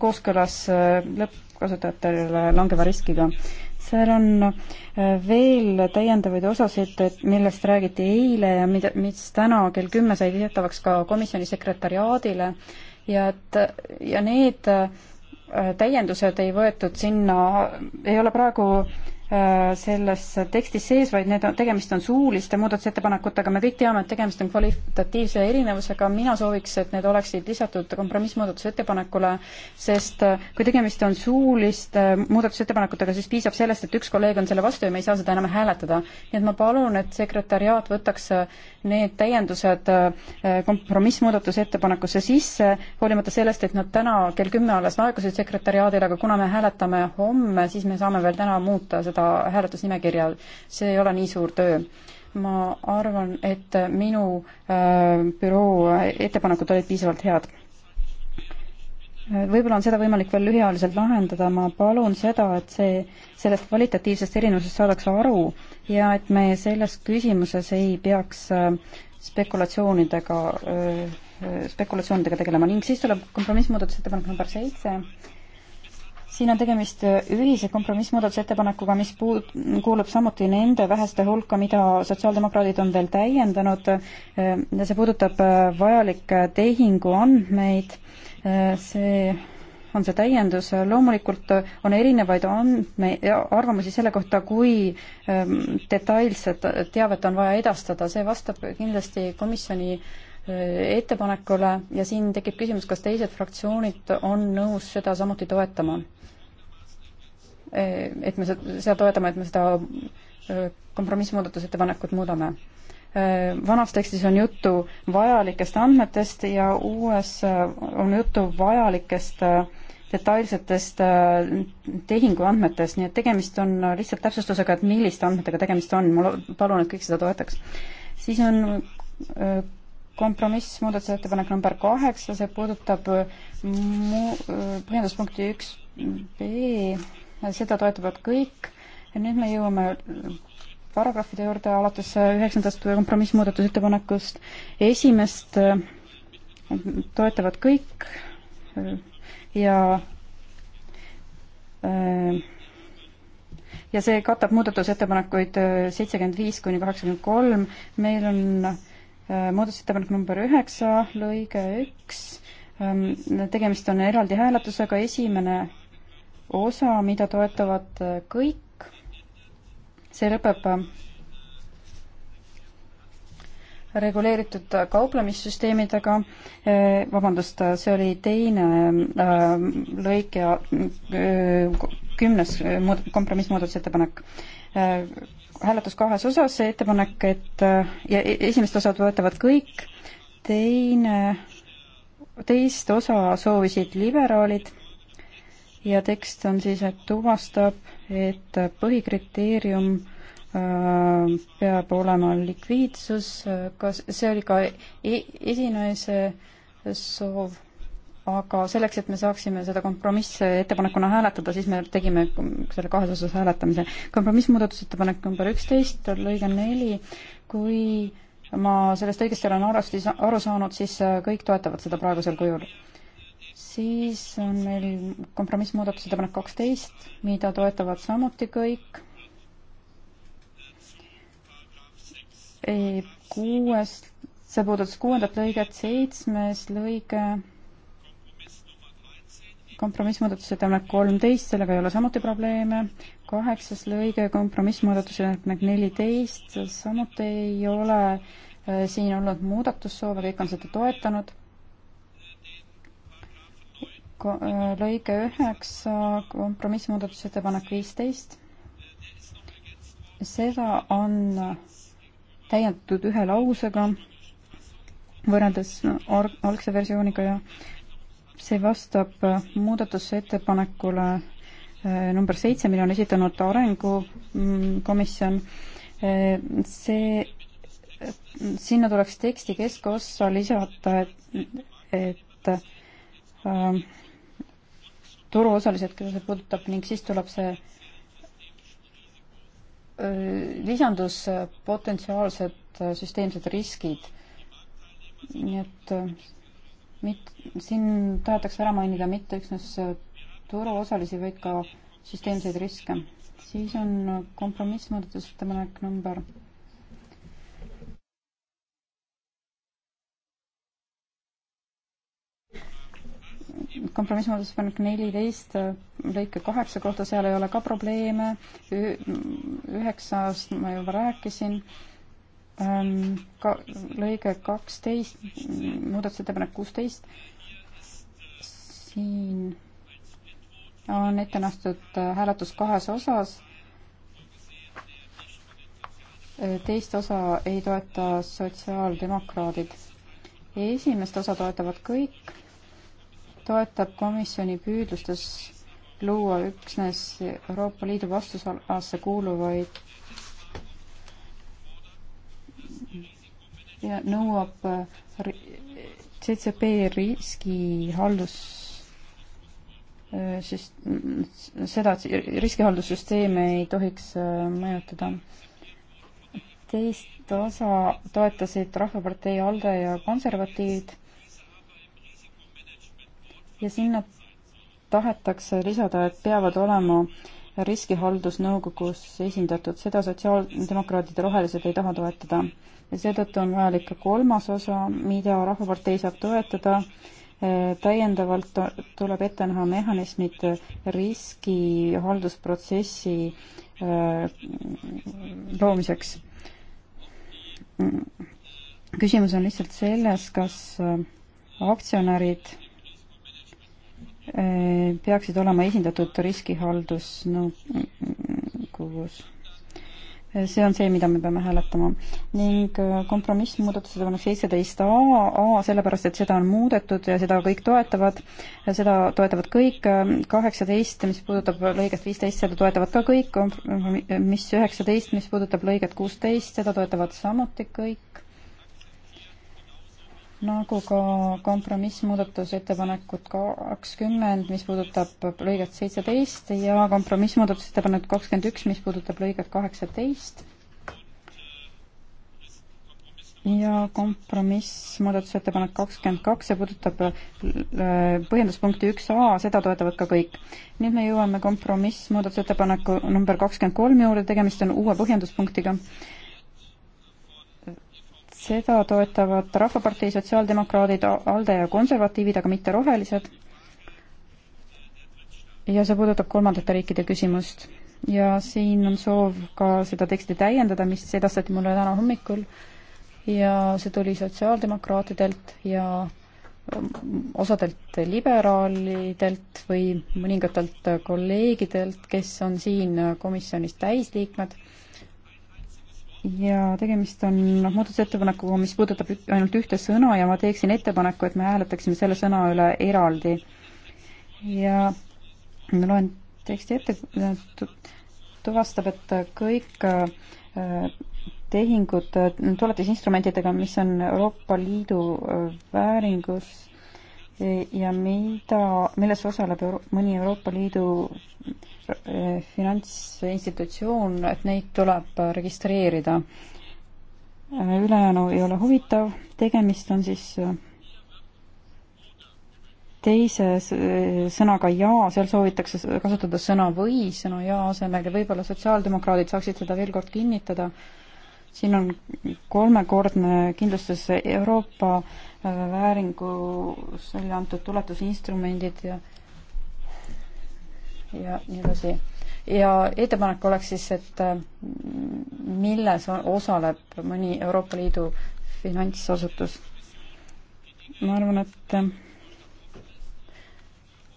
kooskõlas lõppkasutajatele langeva riskiga. seal on veel täiendavaid osasid, millest räägiti eile ja mida, mis täna kell kümme sai teatavaks ka komisjoni sekretariaadile ja et ja need täiendused ei võetud sinna, ei ole praegu Äh, selles tekstis sees, vaid need on, tegemist on suuliste muudatusettepanekutega, me kõik teame, et tegemist on kvalitatiivse erinevusega, mina sooviks, et need oleksid lisatud kompromissmuudatusettepanekule, sest äh, kui tegemist on suuliste muudatusettepanekutega, siis piisab sellest, et üks kolleeg on selle vastu ja me ei saa seda enam hääletada. nii et ma palun, et sekretäriaat võtaks äh, need täiendused kompromissmuudatusettepanekusse sisse, hoolimata sellest, et nad täna kell kümme alles laekusid sekretäriaadile, aga kuna me hääletame homme, siis me saame veel täna muuta seda osaleda hääletusnimekirjal. see ei ole nii suur töö. ma arvan, et minu äh, büroo ettepanekud olid piisavalt head võib-olla on seda võimalik veel lühiajaliselt lahendada, ma palun seda, et see, sellest kvalitatiivsest erinevusest saadakse aru ja et me selles küsimuses ei peaks äh, spekulatsioonidega, äh, spekulatsioonidega tegelema ning siis tuleb kompromissmuudatusettepanek number seitse, siin on tegemist ühise kompromissmuudatusettepanekuga, mis puud-, kuulub samuti nende väheste hulka, mida sotsiaaldemokraadid on veel täiendanud ja see puudutab äh, vajalikke tehinguandmeid, äh, see on see täiendus, loomulikult on erinevaid andme, arvamusi selle kohta, kui ähm, detailset teavet on vaja edastada, see vastab kindlasti komisjoni äh, ettepanekule ja siin tekib küsimus, kas teised fraktsioonid on nõus seda samuti toetama. et me seda toetame, et me seda äh, kompromissmuudatusettepanekut muudame. Äh, vanas tekstis on juttu vajalikest andmetest ja uues äh, on juttu vajalikest detailsetest tehinguandmetest, nii et tegemist on lihtsalt täpsustusega, et milliste andmetega tegemist on, ma palun, et kõik seda toetaks. siis on kompromiss, muudatusettepanek number kaheksa, see puudutab äh, mu-, äh, põhjenduspunkti üks B, seda toetavad kõik ja nüüd me jõuame äh, paragrahvide juurde alates üheksandast kompromissmuudatusettepanekust. esimest toetavad kõik ja ja see katab muudatusettepanekuid seitsekümmend viis kuni kaheksakümmend kolm. meil on Äh, muudatusettepanek number üheksa, lõige üks, ähm, tegemist on eraldi hääletusega, esimene osa, mida toetavad äh, kõik, see lõpeb äh, reguleeritud kauplemissüsteemidega, vabandust, see oli teine lõik ja kümnes kompromissmuudatusettepanek hääletus kahes osas, see ettepanek, et äh, ja e-, esimest osa toetavad kõik, teine, teist osa soovisid liberaalid ja tekst on siis, et tuvastab, et põhikriteerium äh, peab olema likviidsus, äh, kas see oli ka e esinaise soov aga selleks, et me saaksime seda kompromissettepanekuna hääletada, siis me tegime selle kahes osas hääletamise. kompromissmuudatusettepanek number üksteist, lõige neli, kui ma sellest õigesti olen arvesti, aru saanud, siis äh, kõik toetavad seda praegusel kujul. siis on meil kompromissmuudatusettepanek kaksteist, mida toetavad samuti kõik. E kuues, see puudutas kuuendat lõiget, seitsmes lõige kompromissmuudatusettepanek kolmteist, sellega ei ole samuti probleeme. kaheksas lõige, kompromissmuudatusettepanek neliteist, samuti ei ole äh, siin olnud muudatussoove, kõik on seda toetanud. Äh, lõige üheksa, kompromissmuudatusettepanek viisteist. seda on täiendatud ühe lausega võrreldes algse versiooniga ja see vastab äh, muudatusettepanekule äh, number seitse, mille on esitanud Arengukomisjon. Mm, äh, see, sinna tuleks teksti keskossa lisada, et, et äh, turuosalised, keda see puudutab ning siis tuleb see lisandus potentsiaalsed süsteemsed riskid. nii et mit-, siin tahetakse ära mainida mitte üksnes turuosalisi, vaid ka süsteemseid riske. siis on kompromissmuudatusettepanek number kompromissmuudatusettepanek neliteist lõike kaheksa kohta, seal ei ole ka probleeme, üheksast ma juba rääkisin ka lõige kaksteist, muudatusettepanek kuusteist, siin on ette nähtud äh, hääletus kahes osas, äh, teist osa ei toeta sotsiaaldemokraadid. esimest osa toetavad kõik, toetab komisjoni püüdlustes luua üksnes Euroopa Liidu vastusalasse kuuluvaid ja nõuab äh, CCP riskihaldus äh, siis seda, et riskihaldussüsteeme ei tohiks äh, mõjutada. teist osa toetasid Rahvapartei ALDE ja konservatiivid ja sinna tahetakse lisada, et peavad olema äh, riskihaldusnõukogus esindatud, seda sotsiaaldemokraadid ja rohelised ei taha toetada. ja seetõttu on vajalik ka kolmas osa, mida Rahvapartei saab toetada, äh, täiendavalt tuleb ette näha mehhanismid riskihaldusprotsessi äh, loomiseks. Mm. küsimus on lihtsalt selles, kas äh, aktsionärid Eh, peaksid olema esindatud riskihaldusnõukogus no, eh, see on see, mida me peame hääletama. ning eh, kompromiss muudatusettepanek seitseteist A, A sellepärast, et seda on muudetud ja seda kõik toetavad, seda toetavad kõik, kaheksateist, mis puudutab lõiget viisteist, seda toetavad ka kõik, kompromiss üheksateist, mis puudutab lõiget kuusteist, seda toetavad samuti kõik nagu ka kompromissmuudatusettepanekut kakskümmend, mis puudutab lõiget seitseteist ja kompromissmuudatusettepanek kakskümmend üks, mis puudutab lõiget kaheksateist. ja kompromissmuudatusettepanek kakskümmend kaks, see puudutab äh, põhjenduspunkti üks A, seda toetavad ka kõik. nüüd me jõuame kompromissmuudatusettepaneku number kakskümmend kolm juurde, tegemist on uue põhjenduspunktiga seda toetavad Rahvapartei, Sotsiaaldemokraadid, ALDE ja konservatiivid, aga mitte rohelised. ja see puudutab kolmandate riikide küsimust. ja siin on soov ka seda teksti täiendada, mis edastati mulle täna hommikul ja see tuli sotsiaaldemokraatidelt ja osadelt liberaalidelt või mõningatelt kolleegidelt, kes on siin komisjonis täisliikmed ja tegemist on noh, muudatusettepanekuga, mis puudutab ainult ühte sõna ja ma teeksin ettepaneku, et me hääletaksime selle sõna üle eraldi. ja ma loen teksti ette, tuvastab, et kõik äh, tehingud äh, tuletisinstrumentidega, mis on Euroopa Liidu äh, vääringus ja mida, milles osaleb Euro mõni Euroopa Liidu eh, finantsinstitutsioon, et neid tuleb registreerida. ülejäänu ei ole huvitav, tegemist on siis eh, teise eh, sõnaga ja, seal soovitakse kasutada sõna või, sõna ja asemel ja võib-olla sotsiaaldemokraadid saaksid seda veel kord kinnitada siin on kolmekordne kindlustus Euroopa äh, vääringus välja antud tuletusinstrumendid ja ja nii edasi. ja ettepanek oleks siis, et äh, milles osaleb mõni Euroopa Liidu finantsasutus. ma arvan, et äh,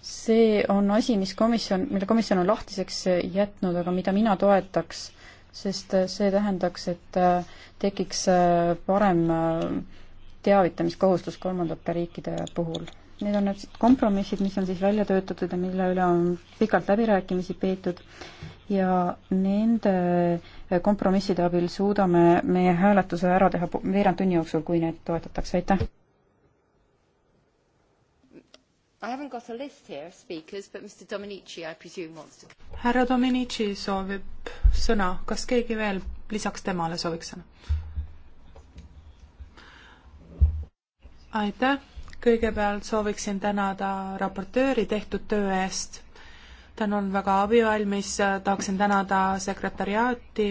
see on asi, mis komisjon, mille komisjon on lahtiseks jätnud, aga mida mina toetaks sest äh, see tähendaks, et äh, tekiks äh, parem teavitamiskohustus kolmandate riikide puhul. Need on need kompromissid, mis on siis välja töötatud ja mille üle on pikalt läbirääkimisi peetud ja nende kompromisside abil suudame meie hääletuse ära teha veerand tunni jooksul, kui neid toetatakse, aitäh!
I haven't got a list here of speakers, but Mr Dominici I presume wants to.
härra Dominici soovib sõna, kas keegi veel lisaks temale sooviks sõna? aitäh, kõigepealt sooviksin tänada raportööri tehtud töö eest. tal on väga abivalmis, tahaksin tänada sekretariaati.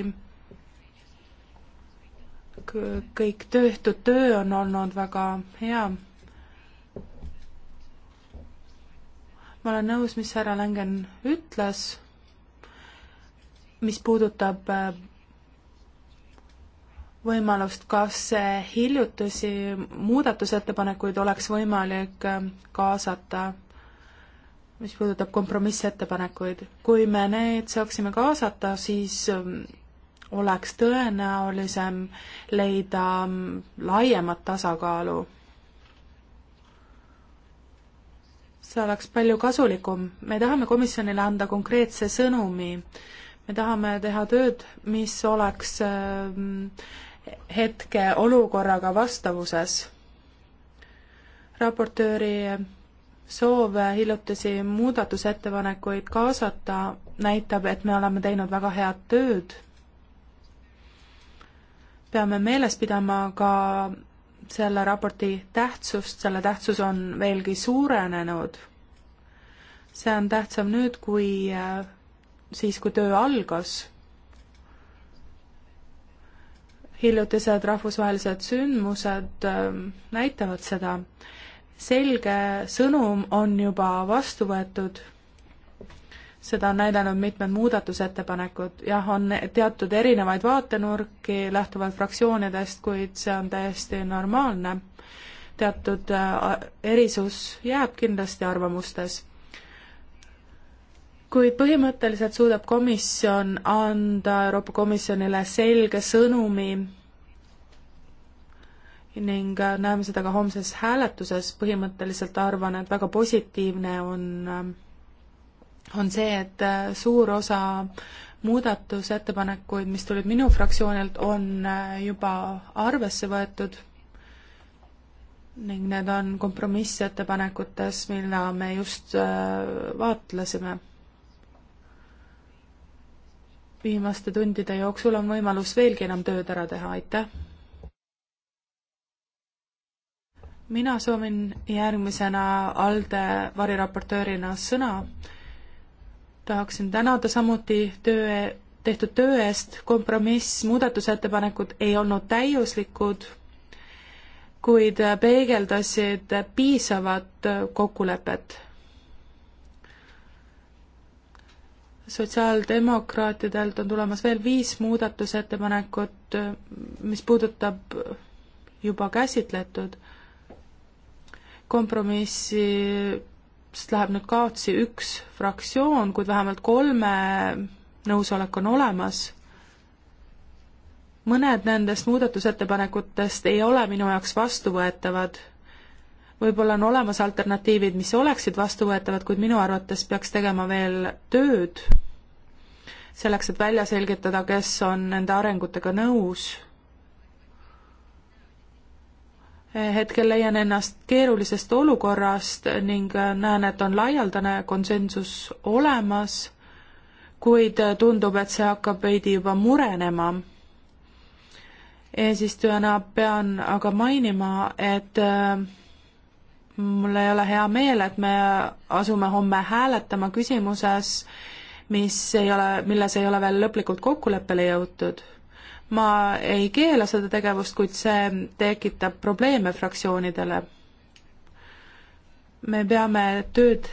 kõik tehtud töö on olnud väga hea ma olen nõus, mis härra Längen ütles, mis puudutab äh, võimalust, kas hiljutusi muudatusettepanekuid oleks võimalik äh, kaasata, mis puudutab kompromissettepanekuid. kui me need saaksime kaasata, siis ähm, oleks tõenäolisem leida ähm, laiemat tasakaalu see oleks palju kasulikum. me tahame komisjonile anda konkreetse sõnumi. me tahame teha tööd, mis oleks ähm, hetke olukorraga vastavuses. raportööri soov hiljutisi muudatusettepanekuid kaasata näitab, et me oleme teinud väga head tööd. peame meeles pidama ka selle raporti tähtsust, selle tähtsus on veelgi suurenenud. see on tähtsam nüüd, kui äh, siis, kui töö algas. hiljutised rahvusvahelised sündmused ähm, näitavad seda. selge sõnum on juba vastu võetud seda on näidanud mitmed muudatusettepanekud, jah, on teatud erinevaid vaatenurki lähtuvalt fraktsioonidest, kuid see on täiesti normaalne. teatud äh, erisus jääb kindlasti arvamustes. kuid põhimõtteliselt suudab komisjon anda Euroopa Komisjonile selge sõnumi ning näeme seda ka homses hääletuses, põhimõtteliselt arvan, et väga positiivne on äh, on see, et äh, suur osa muudatusettepanekuid, mis tulid minu fraktsioonilt, on äh, juba arvesse võetud ning need on kompromissettepanekutes, mille me just äh, vaatlesime. viimaste tundide jooksul on võimalus veelgi enam tööd ära teha, aitäh! mina soovin järgmisena ALDE variraportöörina sõna tahaksin tänada samuti töö, tehtud töö eest, kompromiss, muudatusettepanekud ei olnud täiuslikud, kuid peegeldasid piisavat kokkulepet. sotsiaaldemokraatidelt on tulemas veel viis muudatusettepanekut, mis puudutab juba käsitletud kompromissi sest läheb nüüd kaotsi üks fraktsioon, kuid vähemalt kolme nõusolek on olemas. mõned nendest muudatusettepanekutest ei ole minu jaoks vastuvõetavad. võib-olla on olemas alternatiivid, mis oleksid vastuvõetavad, kuid minu arvates peaks tegema veel tööd selleks, et välja selgitada, kes on nende arengutega nõus hetkel leian ennast keerulisest olukorrast ning näen, et on laialdane konsensus olemas, kuid tundub, et see hakkab veidi juba murenema. eesistujana pean aga mainima, et äh, mul ei ole hea meel, et me asume homme hääletama küsimuses, mis ei ole, milles ei ole veel lõplikult kokkuleppele jõutud ma ei keela seda tegevust, kuid see tekitab probleeme fraktsioonidele. me peame tööd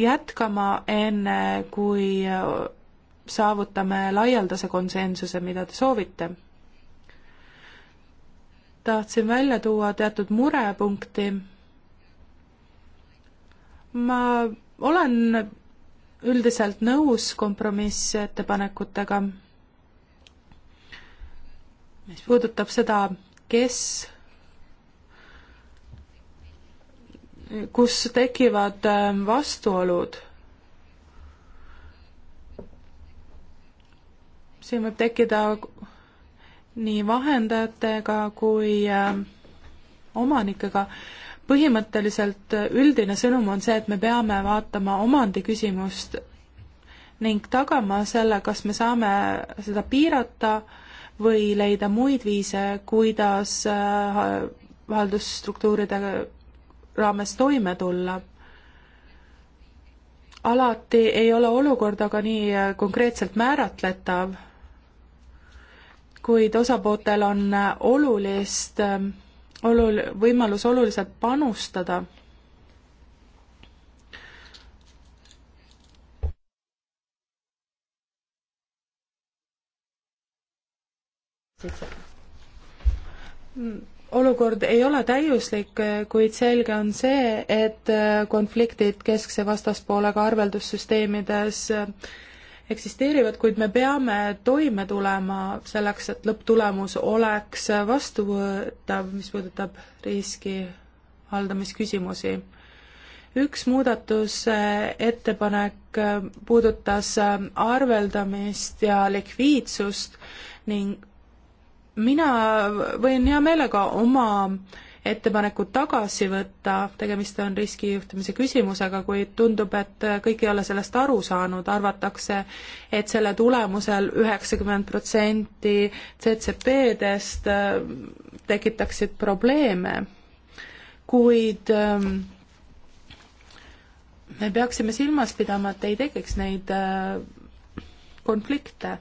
jätkama, enne kui saavutame laialdase konsensuse, mida te soovite. tahtsin välja tuua teatud murepunkti. ma olen üldiselt nõus kompromissettepanekutega mis puudutab seda, kes, kus tekivad ähm, vastuolud, siin võib tekkida nii vahendajatega kui ähm, omanikega. põhimõtteliselt äh, üldine sõnum on see, et me peame vaatama omandiküsimust ning tagama selle, kas me saame seda piirata äh, või leida muid viise, kuidas äh, haldusstruktuuride raames toime tulla. alati ei ole olukord aga nii äh, konkreetselt määratletav, kuid osapooltel on äh, olulist, olul-, võimalus oluliselt panustada seitse. olukord ei ole täiuslik, kuid selge on see, et konfliktid keskse vastaspoolega arveldussüsteemides eksisteerivad, kuid me peame toime tulema selleks, et lõpptulemus oleks vastuvõetav, mis puudutab riski haldamisküsimusi üks muudatusettepanek puudutas arveldamist ja likviidsust ning mina võin hea meelega oma ettepanekud tagasi võtta, tegemist on riskijuhtimise küsimusega, kuid tundub, et kõik ei ole sellest aru saanud, arvatakse, et selle tulemusel üheksakümmend protsenti CCP-dest äh, tekitaksid probleeme, kuid ähm, me peaksime silmas pidama, et ei tekiks neid äh, konflikte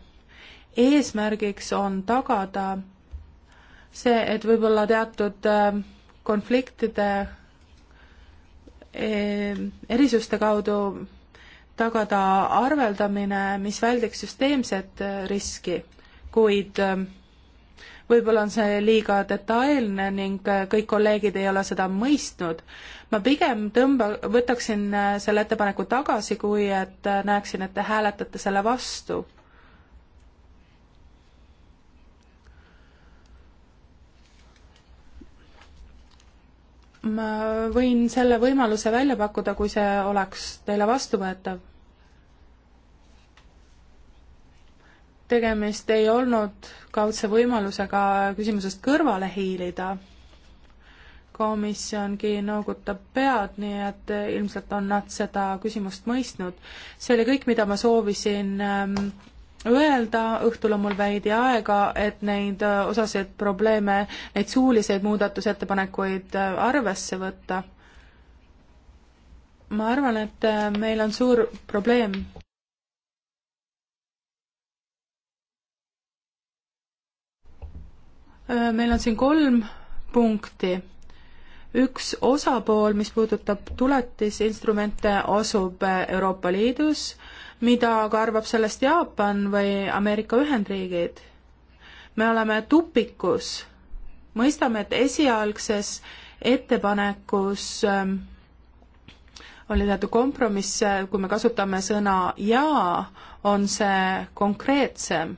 eesmärgiks on tagada see, et võib-olla teatud äh, konfliktide äh, erisuste kaudu tagada arveldamine, mis väldiks süsteemset äh, riski, kuid võib-olla on see liiga detailne ning kõik kolleegid ei ole seda mõistnud. ma pigem tõmba, võtaksin selle ettepaneku tagasi, kui et näeksin, et te hääletate selle vastu ma võin selle võimaluse välja pakkuda, kui see oleks teile vastuvõetav. tegemist ei olnud kaudse võimalusega küsimusest kõrvale hiilida. komisjongi noogutab pead, nii et ilmselt on nad seda küsimust mõistnud. see oli kõik, mida ma soovisin ähm, öelda, õhtul on mul veidi aega, et neid äh, osasid probleeme, neid suuliseid muudatusettepanekuid äh, arvesse võtta. ma arvan, et äh, meil on suur probleem. meil on siin kolm punkti üks osapool, mis puudutab tuletisinstrumente, asub Euroopa Liidus mida aga arvab sellest Jaapan või Ameerika Ühendriigid. me oleme tupikus, mõistame, et esialgses ettepanekus ähm, oli teatud kompromiss, äh, kui me kasutame sõna jaa, on see konkreetsem.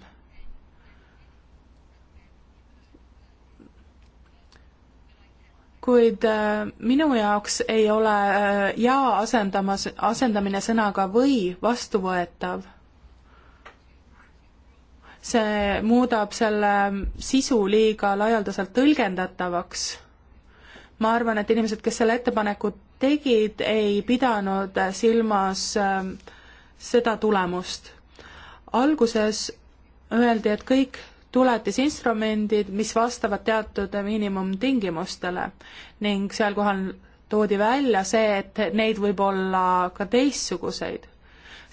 kuid äh, minu jaoks ei ole äh, ja asendamas, asendamine sõnaga või vastuvõetav. see muudab selle sisu liiga laialdaselt tõlgendatavaks. ma arvan, et inimesed, kes selle ettepaneku tegid, ei pidanud silmas äh, seda tulemust. alguses öeldi, et kõik tuletisinstrumendid, mis vastavad teatud miinimumtingimustele ning seal kohal toodi välja see, et neid võib olla ka teistsuguseid.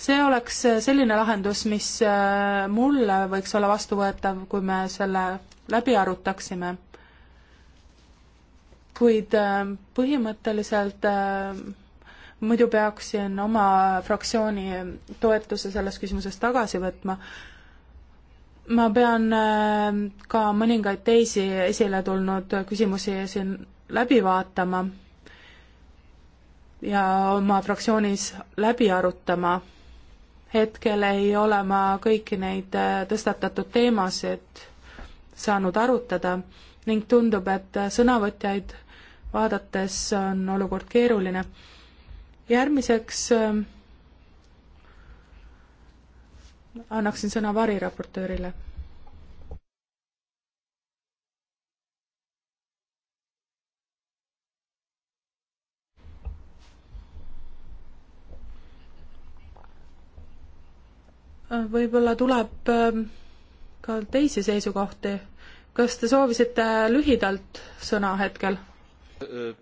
see oleks selline lahendus, mis äh, mulle võiks olla vastuvõetav, kui me selle läbi arutaksime. kuid äh, põhimõtteliselt äh, muidu peaksin oma fraktsiooni toetuse selles küsimuses tagasi võtma ma pean äh, ka mõningaid teisi esile tulnud küsimusi siin läbi vaatama ja oma fraktsioonis läbi arutama. hetkel ei ole ma kõiki neid äh, tõstatatud teemasid saanud arutada ning tundub, et sõnavõtjaid vaadates on olukord keeruline. järgmiseks äh, annaksin sõna variraportöörile. võib-olla tuleb ähm, ka teisi seisukohti. kas te soovisite lühidalt sõna hetkel? Äh,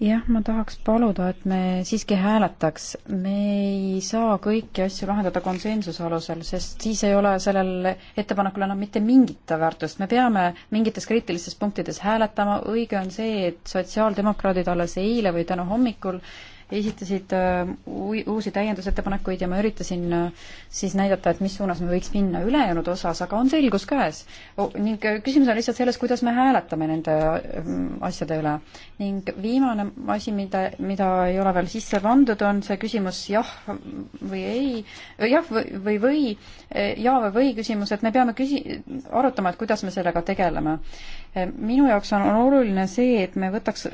jah, ma tahaks paluda, et me siiski hääletaks. me ei saa kõiki asju lahendada konsensuse alusel, sest siis ei ole sellel ettepanekul enam mitte mingit väärtust. me peame mingites kriitilistes punktides hääletama, õige on see, et sotsiaaldemokraadid alles eile või täna hommikul äh, esitasid äh, uusi täiendusettepanekuid ja ma üritasin äh, siis näidata, et mis suunas me võiks minna ülejäänud osas, aga on selgus käes. ning äh, küsimus on lihtsalt selles, kuidas me hääletame nende asjade üle. ning viimane asi, mida, mida ei ole veel sisse pandud, on see küsimus jah või ei, jah või, või või, jaa või või küsimus, et me peame küsi-, arutama, et kuidas me sellega tegeleme. minu jaoks on, on oluline see, et me võtaks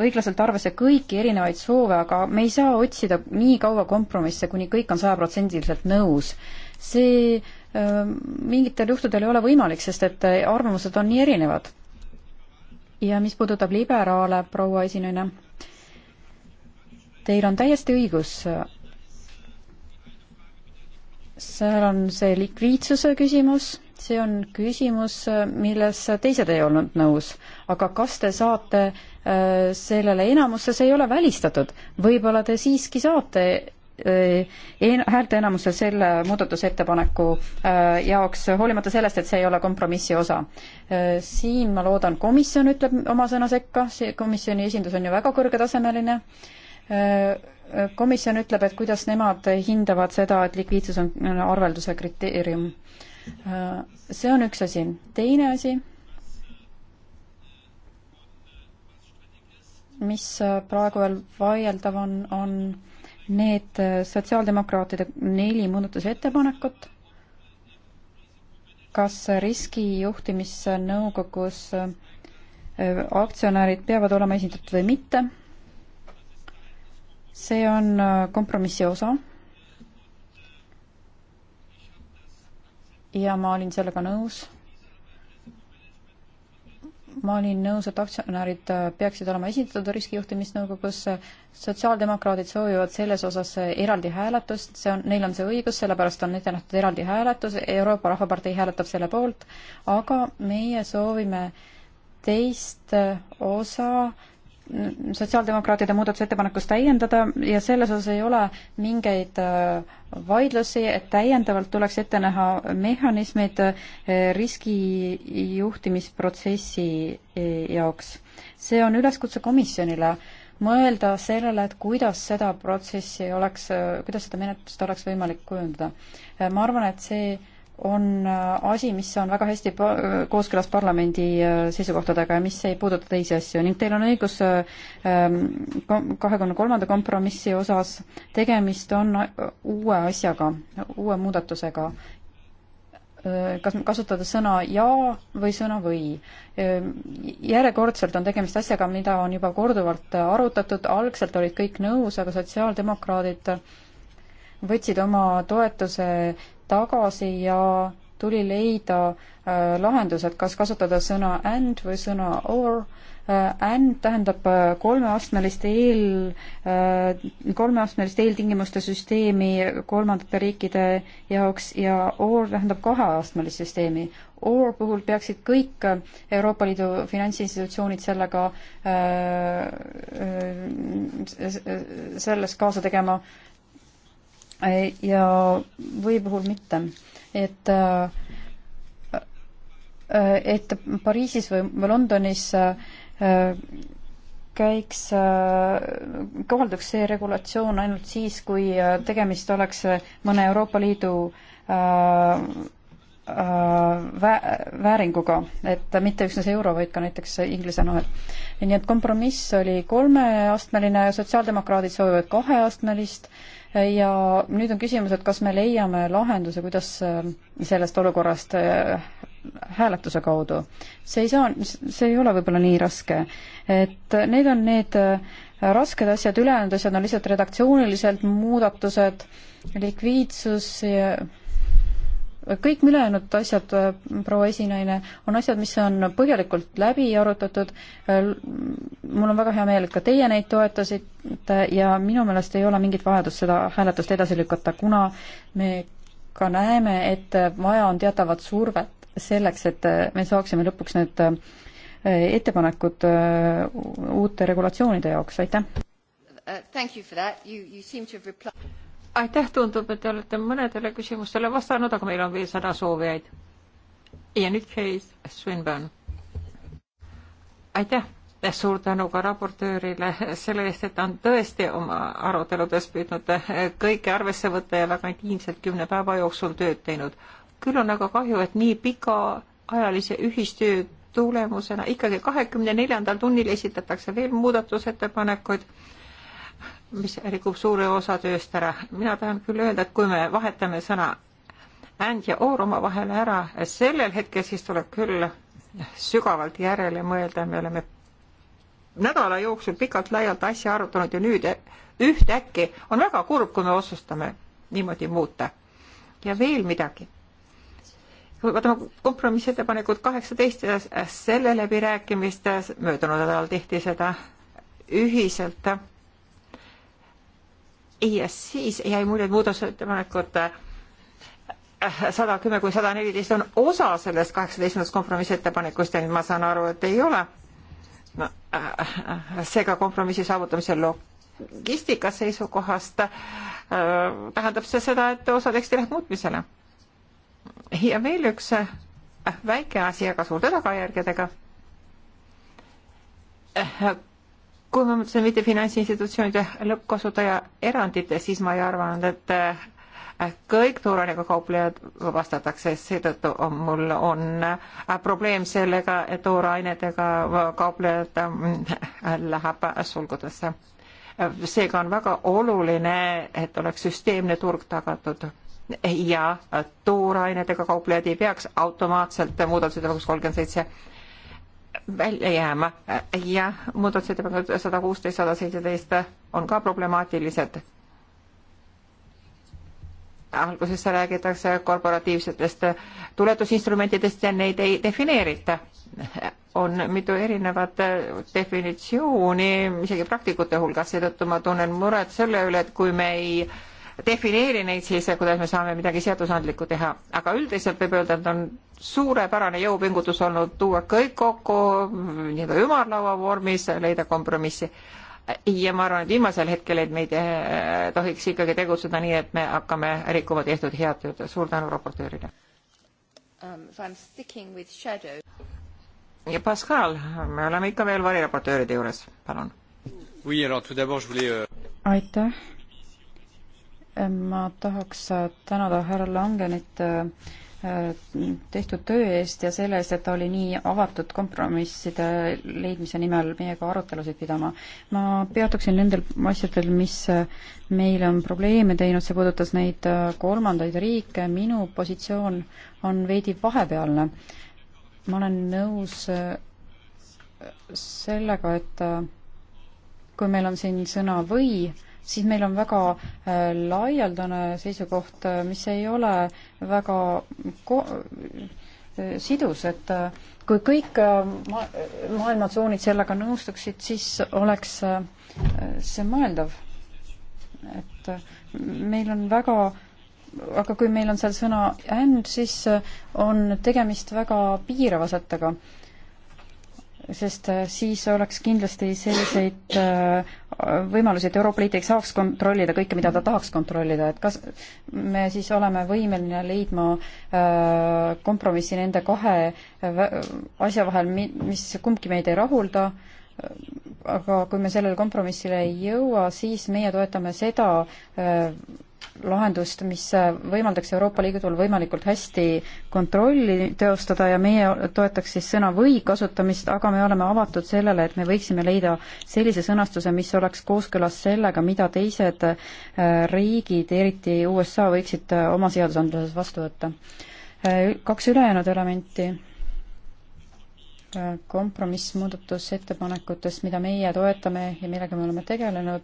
õiglaselt arvesse kõiki erinevaid soove, aga me ei saa otsida nii kaua kompromisse, kuni kõik on sajaprotsendiliselt nõus. see mingitel juhtudel ei ole võimalik, sest et arvamused on nii erinevad. ja mis puudutab liberaale, proua esineja, teil on täiesti õigus, seal on see likviidsuse küsimus, see on küsimus, milles teised ei olnud nõus. aga kas te saate äh, Äh, sellele enamusse, see ei ole välistatud. võib-olla te siiski saate äh, häälteenamuse selle muudatusettepaneku äh, jaoks, hoolimata sellest, et see ei ole kompromissi osa. siin ma loodan, komisjon ütleb oma sõna sekka, see komisjoni esindus on ju väga kõrgetasemeline. komisjon ütleb, et kuidas nemad hindavad seda, et likviidsus on arvelduse kriteerium. see on üks asi. teine asi mis äh, praegu veel vaieldav on, on need äh, sotsiaaldemokraatide neli muudatusettepanekut, kas riskijuhtimisnõukogus äh, aktsionärid peavad olema esindatud või mitte. see on kompromissi osa. ja ma olin sellega nõus ma olin nõus, et aktsionärid äh, peaksid olema esindatud riskijuhtimisnõukogus. sotsiaaldemokraadid soovivad selles osas äh, eraldi hääletust, see on, neil on see õigus, sellepärast on ette nähtud eraldi hääletus, Euroopa Rahvapartei hääletab selle poolt, aga meie soovime teist äh, osa sotsiaaldemokraatide muudatusettepanekust täiendada ja selles osas ei ole mingeid äh, vaidlusi, et täiendavalt tuleks ette näha mehhanismid äh, riskijuhtimisprotsessi äh, jaoks. see on üleskutse komisjonile mõelda sellele, et kuidas seda protsessi oleks, kuidas seda menetlust oleks võimalik kujundada. ma arvan, et see on äh, asi, mis on väga hästi kooskõlas parlamendi äh, seisukohtadega ja mis ei puuduta teisi asju ning teil on õigus äh, ähm, kahekümne kolmanda kompromissi osas, tegemist on uue asjaga, uue muudatusega. kas kasutada sõna ja või sõna või? Ähm, järjekordselt on tegemist asjaga, mida on juba korduvalt arutatud, algselt olid kõik nõus, aga sotsiaaldemokraadid võtsid oma toetuse tagasi ja tuli leida äh, lahendused, kas kasutada sõna and või sõna or. Äh, and tähendab äh, kolmeastmelist eel, kolmeastmelist eeltingimuste süsteemi kolmandate riikide jaoks ja or tähendab kaheastmelist süsteemi. OR puhul peaksid kõik Euroopa Liidu finantsinstitutsioonid sellega, selles kaasa tegema Äh, ja või puhul mitte. et äh, äh, et Pariisis või Londonis käiks, kohalduks see regulatsioon ainult siis, kui tegemist oleks mõne Euroopa Liidu vä-, vääringuga, et mitte üksnes euro, vaid ka näiteks Inglise nahel. nii et kompromiss oli kolmeastmeline, sotsiaaldemokraadid soovivad kaheastmelist äh, ja nüüd on küsimus, et kas me leiame lahenduse, kuidas äh, sellest olukorrast äh, hääletuse kaudu. see ei saa, see ei ole võib-olla nii raske. et need on need äh, rasked asjad, ülejäänud asjad on lihtsalt redaktsiooniliselt muudatused, likviidsus ja kõik ülejäänud asjad, äh, proua esinaine, on asjad, mis on põhjalikult läbi arutatud. Äh, mul on väga hea meel, et ka teie neid toetasite ja minu meelest ei ole mingit vajadust seda hääletust edasi lükata, kuna me ka näeme, et äh, vaja on teatavat survet selleks, et me saaksime lõpuks need ettepanekud uute regulatsioonide jaoks, aitäh! Uh, aitäh,
tundub, et te olete mõnedele küsimustele vastanud, aga meil on veel sada soovijaid. ja nüüd Keis Swinburne. aitäh, suur tänu ka raportöörile selle eest, et ta on tõesti oma aruteludes püüdnud kõike arvesse võtta ja väga intiimselt kümne päeva jooksul tööd teinud. küll on aga kahju, et nii pikaajalise ühistöö tulemusena ikkagi kahekümne neljandal tunnil esitatakse veel muudatusettepanekuid mis rikub suure osa tööst ära. mina tahan küll öelda, et kui me vahetame sõna and ja or omavahel ära, sellel hetkel siis tuleb küll sügavalt järele mõelda, me oleme nädala jooksul pikalt-laialt asja arutanud ja nüüd ühtäkki on väga kurb, kui me otsustame niimoodi muuta. ja veel midagi. vaatame kompromissettepanekut kaheksateist ja selle läbirääkimist, möödunud nädalal tehti seda ühiselt ja siis jäi mulje, et muudatusettepanekud äh, sada kümme kuni sada neliteist on osa sellest kaheksateistkümnest kompromissettepanekust ja nüüd ma saan aru, et ei ole no,. Äh, äh, seega kompromissi saavutamise logistika seisukohast äh, tähendab see seda, et osa teksti läheb muutmisele. ja veel üks äh, väike asi, aga suurte tagajärgedega äh, kui me mõtlesime mitte finantsinstitutsioonide lõppkasutaja erandite, siis ma ei arvanud, et äh, kõik turvaliga kauplejad vabastatakse, seetõttu on mul on äh, probleem sellega, et toorainetega kauplejad äh, läheb sulgudesse. seega on väga oluline, et oleks süsteemne turg tagatud ja toorainetega kauplejad ei peaks automaatselt muudatusettepanekus kolmkümmend seitse välja jääma ja muudatusettepanekud sada kuusteist, sada seitseteist on ka problemaatilised. alguses räägitakse korporatiivsetest tuletusinstrumentidest ja neid ei defineerita. on mitu erinevat definitsiooni isegi praktikute hulgas, seetõttu ma tunnen muret selle üle, et kui me ei äh, defineeri neid siis, kuidas me saame midagi seadusandlikku teha, aga üldiselt võib öelda, et on suurepärane jõupingutus olnud tuua kõik kokku nii-öelda ümarlaua vormis, leida kompromissi. ja ma arvan, et viimasel hetkel, et me ei eh, tohiks ikkagi tegutseda nii, et me hakkame rikkuma tehtud head tööd. suur tänu raportöörile um,. ja Pascal, me oleme ikka veel variraportööride juures, palun.
Euh- aitäh ma tahaks tänada härra Langenit äh, tehtud töö eest ja selle eest, et ta oli nii avatud kompromisside leidmise nimel meiega arutelusid pidama. ma peatuksin nendel asjadel, mis äh, meile on probleeme teinud, see puudutas neid äh, kolmandaid riike, minu positsioon on veidi vahepealne. ma olen nõus sellega, et kui meil on siin sõna või, siis meil on väga äh, laialdane seisukoht, äh, mis ei ole väga ko-, äh, sidus, et kui kõik ma-, maailma tsoonid sellega nõustuksid, siis oleks see mõeldav. et meil on väga aga kui meil on seal sõna and, siis on tegemist väga piirava sättega sest äh, siis oleks kindlasti selliseid äh, võimalusi, et Euroopa Liit ei saaks kontrollida kõike, mida ta tahaks kontrollida, et kas me siis oleme võimeline leidma äh, kompromissi nende kahe asja vahel, mis kumbki meid ei rahulda, aga kui me sellele kompromissile ei jõua, siis meie toetame seda lahendust, mis võimaldaks Euroopa Liidul võimalikult hästi kontrolli teostada ja meie toetaks siis sõna või kasutamist, aga me oleme avatud sellele, et me võiksime leida sellise sõnastuse, mis oleks kooskõlas sellega, mida teised äh, riigid, eriti USA, võiksid äh, oma seadusandluses vastu võtta. Äh, kaks ülejäänud elementi kompromissmuudatusettepanekutest, mida meie toetame ja millega me oleme tegelenud.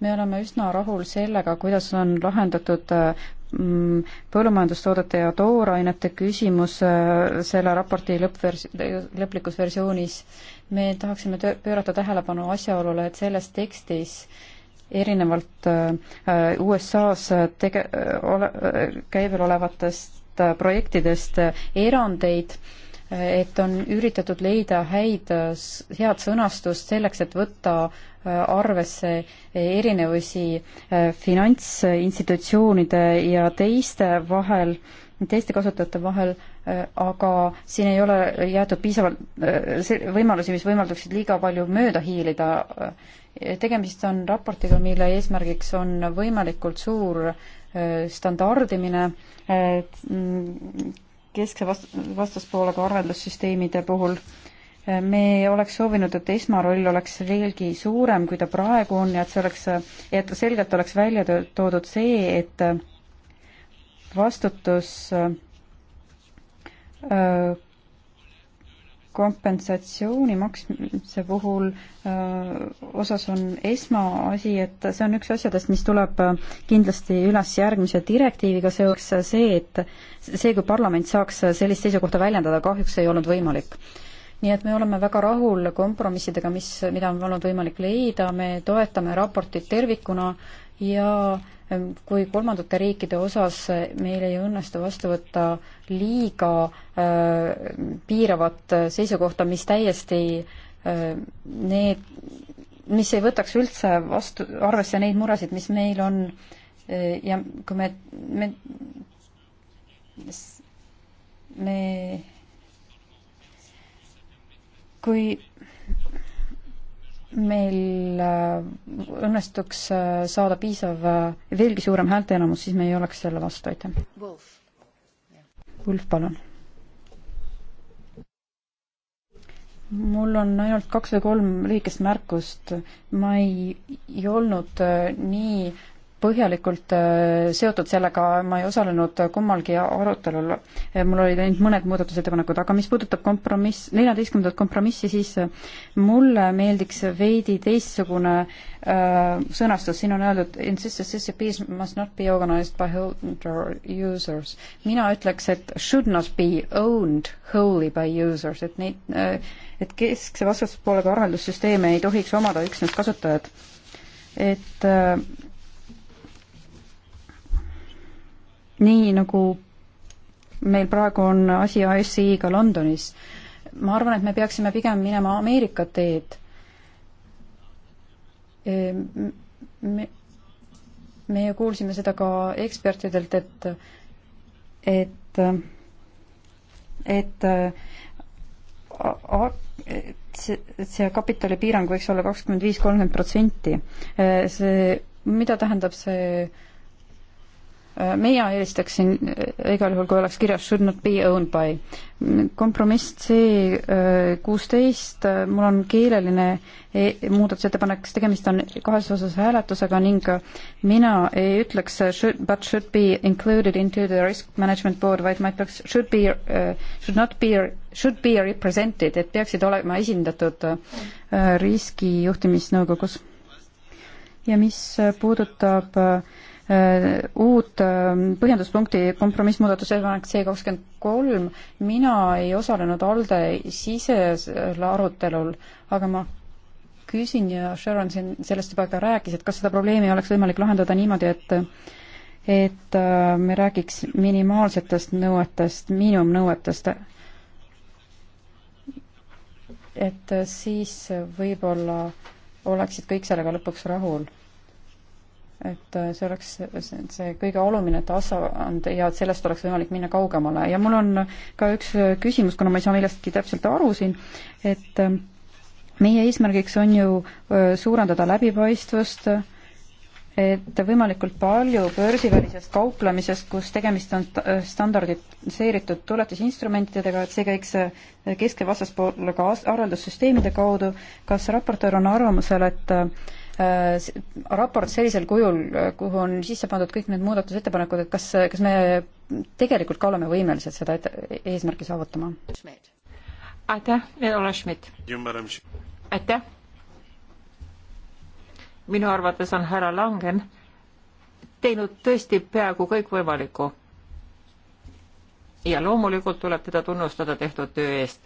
me oleme üsna rahul sellega, kuidas on lahendatud mm, põllumajandustoodete ja toorainete küsimus äh, selle raporti lõppvers-, lõplikus versioonis. me tahaksime tö-, pöörata tähelepanu asjaolule, et selles tekstis erinevalt äh, USA-s tege-, ole-, käibel olevatest äh, projektidest erandeid äh, et on üritatud leida häid, head sõnastust selleks, et võtta äh, arvesse erinevusi äh, finantsinstitutsioonide ja teiste vahel, teiste kasutajate vahel, äh, aga siin ei ole jäetud piisavalt võimalusi, mis võimaldaksid liiga palju mööda hiilida. tegemist on raportiga, mille eesmärgiks on võimalikult suur standardimine mm, keskse vast-, vastaspoolega arveldussüsteemide puhul. me oleks soovinud, et esmaroll oleks veelgi suurem, kui ta praegu on ja et see oleks, et selgelt oleks välja toodud see, et vastutus äh, kompensatsiooni maksmise puhul öö, äh, osas on esmaasi, et see on üks asjadest, mis tuleb äh, kindlasti üles järgmise direktiiviga, see oleks see, et see, kui parlament saaks sellist seisukohta väljendada, kahjuks ei olnud võimalik. nii et me oleme väga rahul kompromissidega, mis, mida on olnud võimalik leida, me toetame raportit tervikuna ja öö, kui kolmandate riikide osas meil ei õnnestu vastu võtta liiga äh, piiravat seisukohta, mis täiesti äh, need, mis ei võtaks üldse vastu, arvesse neid muresid, mis meil on äh, ja kui me, me, me kui meil äh, õnnestuks äh, saada piisav, äh, veelgi suurem häälteenamus, siis me ei oleks selle vastu, aitäh. Ulf, palun. mul on ainult kaks või kolm lühikest märkust. ma ei, ei olnud nii põhjalikult äh, seotud sellega, ma ei osalenud kummalgi arutelul, äh, mul olid ainult mõned muudatusettepanekud, aga mis puudutab kompromiss, neljateistkümnendat kompromissi, siis äh, mulle meeldiks veidi teistsugune äh, sõnastus, siin on öeldud insist accessibilities must not be organized by holder users. mina ütleks, et should not be owned wholly by users, et neid äh,, et keskse vastutuspoolega arveldussüsteeme ei tohiks omada üksnes kasutajad. et äh, nii nagu meil praegu on asi ASCI-ga Londonis. ma arvan, et me peaksime pigem minema Ameerika teed. E, me, me ju kuulsime seda ka ekspertidelt, et, et, et a, see, see kapitalipiirang võiks olla kakskümmend viis, kolmkümmend protsenti. E, see, mida tähendab see äh, Äh, mina eelistaksin äh, igal juhul, kui oleks kirjas should not be owned by. kompromiss C äh, kuusteist, mul on keeleline e, muudatusettepanek, sest tegemist on kahes osas hääletusega ning mina ei ütleks should, but should be included into the risk management board, vaid ma ütleks should be, should not be, should be represented, et peaksid olema esindatud riskijuhtimisnõukogus. ja mis puudutab äh, Äh, uut ähm, põhjenduspunkti kompromissmuudatusettepanek C kakskümmend kolm. mina ei osalenud ALDE sisesel arutelul, aga ma küsin ja Sharon siin sellest juba ka rääkis, et kas seda probleemi oleks võimalik lahendada niimoodi, et et äh, me räägiks minimaalsetest nõuetest, miinimumnõuetest. et siis võib-olla oleksid kõik sellega lõpuks rahul et äh, see oleks see kõige oluline, et Assad ja et sellest oleks võimalik minna kaugemale ja mul on ka üks äh, küsimus, kuna ma ei saa millestki täpselt aru siin, et äh, meie eesmärgiks on ju suurendada läbipaistvust, et võimalikult palju börsivälisest kauplemisest, kus tegemist on standardiseeritud tuletisinstrumentidega, et see käiks kesk- ja vastaspoolga arveldussüsteemide kaudu, kas raportöör on arvamusel, et Äh, raport sellisel kujul, kuhu on sisse pandud kõik need muudatusettepanekud, et kas, kas me tegelikult ka oleme võimelised seda eesmärki saavutama?
aitäh, Olle Schmidt. aitäh. minu arvates on härra Langen teinud tõesti peaaegu kõikvõimalikku. ja loomulikult tuleb teda tunnustada tehtud töö eest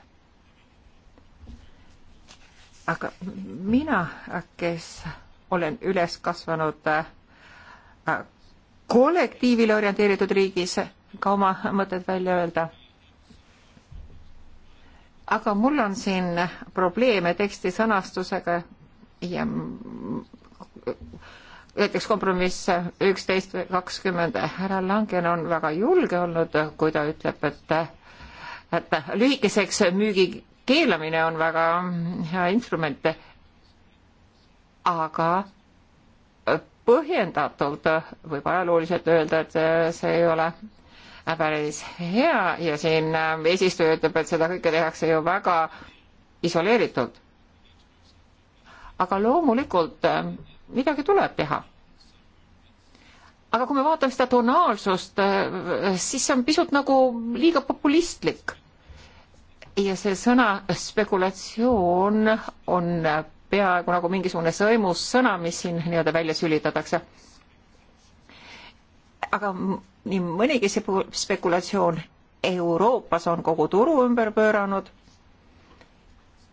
aga mina, kes olen üles kasvanud äh, kollektiivile orienteeritud riigis, ka oma mõtted välja öelda. aga mul on siin probleeme teksti sõnastusega ja näiteks kompromiss üksteist või kakskümmend, härra Langen on väga julge olnud, kui ta ütleb, et et lühikeseks müügi keelamine on väga hea instrument, aga põhjendatult võib ajalooliselt öelda, et see ei ole päris hea ja siin eesistuja ütleb, et seda kõike tehakse ju väga isoleeritult. aga loomulikult midagi tuleb teha. aga kui me vaatame seda tonaalsust, siis see on pisut nagu liiga populistlik ja see sõna spekulatsioon on peaaegu nagu mingisugune sõimussõna, mis siin nii-öelda välja sülitatakse. aga nii mõnigi spekulatsioon Euroopas on kogu turu ümber pööranud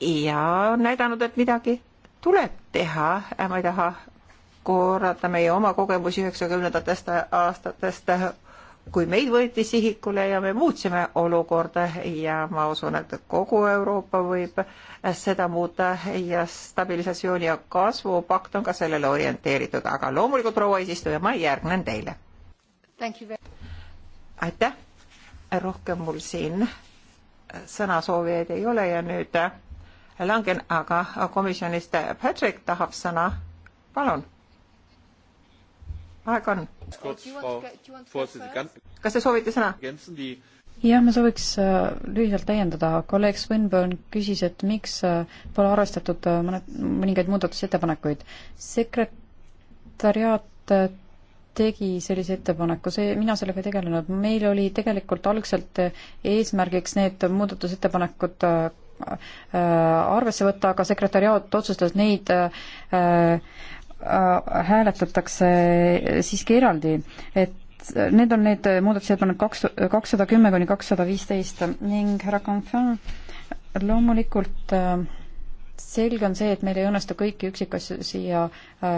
ja näidanud, et midagi tuleb teha, ma ei taha korrata meie oma kogemusi üheksakümnendatest aastatest kui meid võeti sihikule ja me muutsime olukorda ja ma usun, et kogu Euroopa võib seda muuta ja stabilisatsiooni ja kasvupakt on ka sellele orienteeritud, aga loomulikult, proua eesistuja, ma järgnen teile. aitäh, rohkem mul siin sõnasoovijaid ei ole ja nüüd langen aga komisjonist, Patrick tahab sõna,
palun. aeg on
Oh, kas te soovite sõna?
jah, ma sooviks äh, lühidalt täiendada, kolleeg Swinburne küsis, et miks äh, pole arvestatud äh, mõned, mõningaid muudatusettepanekuid. sekretariaat tegi sellise ettepaneku, see, mina sellega ei tegelenud, meil oli tegelikult algselt eesmärgiks need muudatusettepanekud arvesse võtta, aga sekretariaat otsustas neid äh, Äh, hääletatakse siiski eraldi, et need on need muudatusettepanekud kaks, kakssada kümme kuni kakssada viisteist ning härra Confin, loomulikult äh, selge on see, et meil ei õnnestu kõiki üksikasju siia äh,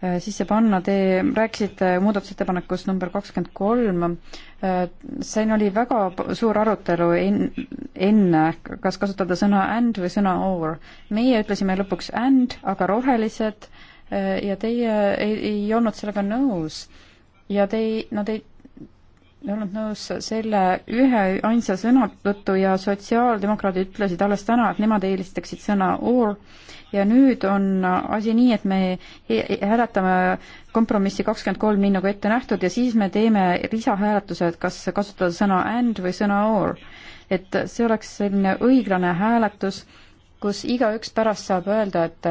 äh sisse panna, te rääkisite muudatusettepanekust number kakskümmend kolm, siin oli väga suur arutelu en-, enne, kas kasutada sõna and või sõna or. meie ütlesime lõpuks and, aga rohelised äh, ja teie ei, ei olnud sellega nõus ja te ei, nad ei ei olnud nõus selle ühe ainsa sõnavõttu ja sotsiaaldemokraadid ütlesid alles täna, et nemad eelistaksid sõna or ja nüüd on asi nii, et me hääletame kompromissi kakskümmend kolm, nii nagu ette nähtud, ja siis me teeme lisahääletuse, et kas kasutada sõna and või sõna or. et see oleks selline õiglane hääletus, kus igaüks pärast saab öelda, et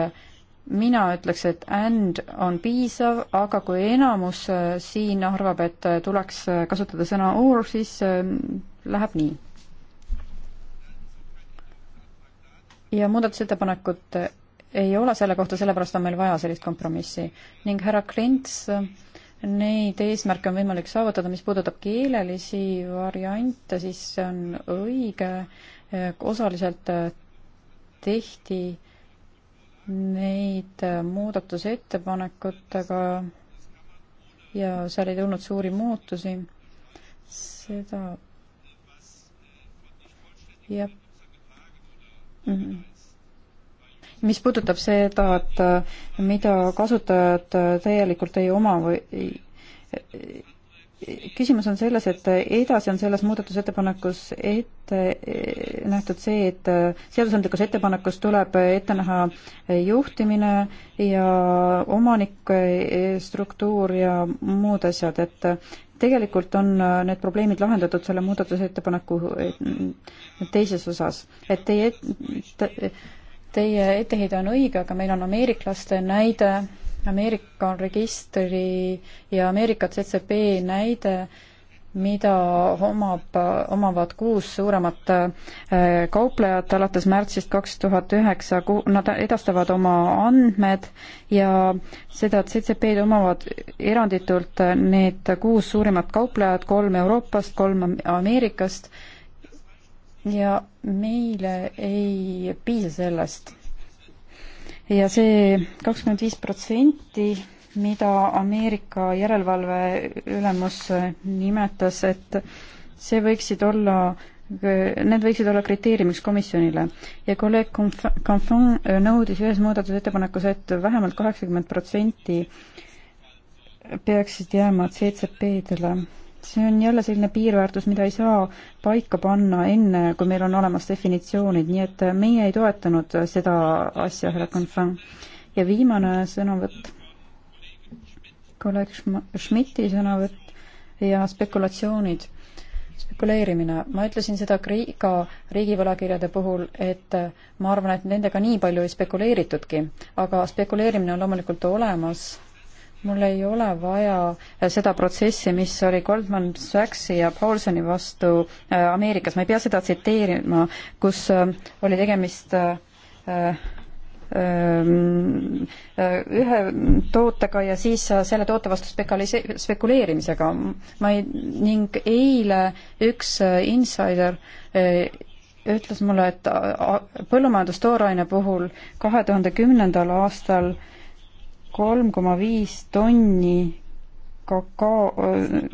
mina ütleks, et and on piisav, aga kui enamus äh, siin arvab, et äh, tuleks äh, kasutada sõna or, siis läheb nii. ja muudatusettepanekut ei ole selle kohta, sellepärast on meil vaja sellist kompromissi. ning härra Klints, neid eesmärke on võimalik saavutada, mis puudutab keelelisi variante, siis see on õige, osaliselt tehti äh, neid äh, muudatusettepanekutega ja seal ei tulnud suuri muutusi. seda jah mm. -hmm mis puudutab seda, et äh, mida kasutajad äh, täielikult ei oma või küsimus on selles, et edasi on selles muudatusettepanekus ette eh, nähtud see, et eh, seadusandlikus ettepanekus tuleb ette näha juhtimine ja omanike eh, struktuur ja muud asjad, et tegelikult on need probleemid lahendatud selle muudatusettepaneku teises osas, et teie et, Teie etteheide on õige, aga meil on ameeriklaste näide Ameerika registri ja Ameerika CCP näide, mida omab, omavad kuus suuremat äh, kauplejat alates märtsist kaks tuhat üheksa, nad edastavad oma andmed ja seda CCP-d omavad eranditult need kuus suurimat kauplejat, kolm Euroopast, kolm Ameerikast ja meile ei piisa sellest ja see kakskümmend viis protsenti, mida Ameerika järelevalveülemus nimetas, et see võiksid olla need võiksid olla kriteeriumiks komisjonile ja kolleeg Canfon nõudis ühes muudatusettepanekus, et vähemalt kaheksakümmend protsenti peaksid jääma CCP-dele see on jälle selline piirväärtus, mida ei saa paika panna enne, kui meil on olemas definitsioonid, nii et meie ei toetanud seda asja, härra Confin. ja viimane sõnavõtt, kolleeg Schmidti sõnavõtt ja spekulatsioonid, spekuleerimine. ma ütlesin seda Kreeka riigivõlakirjade puhul, et ma arvan, et nendega nii palju ei spekuleeritudki, aga spekuleerimine on loomulikult olemas mul ei ole vaja äh, seda protsessi, mis oli Goldman Sachsi ja Paulsoni vastu äh, Ameerikas, ma ei pea seda tsiteerima, kus äh, oli tegemist ühe tootega ja siis selle toote vastu spekulise-, spekuleerimisega. ma ei, ning eile üks insider ütles mulle, et põllumajandustooraine puhul kahe tuhande kümnendal aastal äh, kolm koma viis tonni kakao, kolm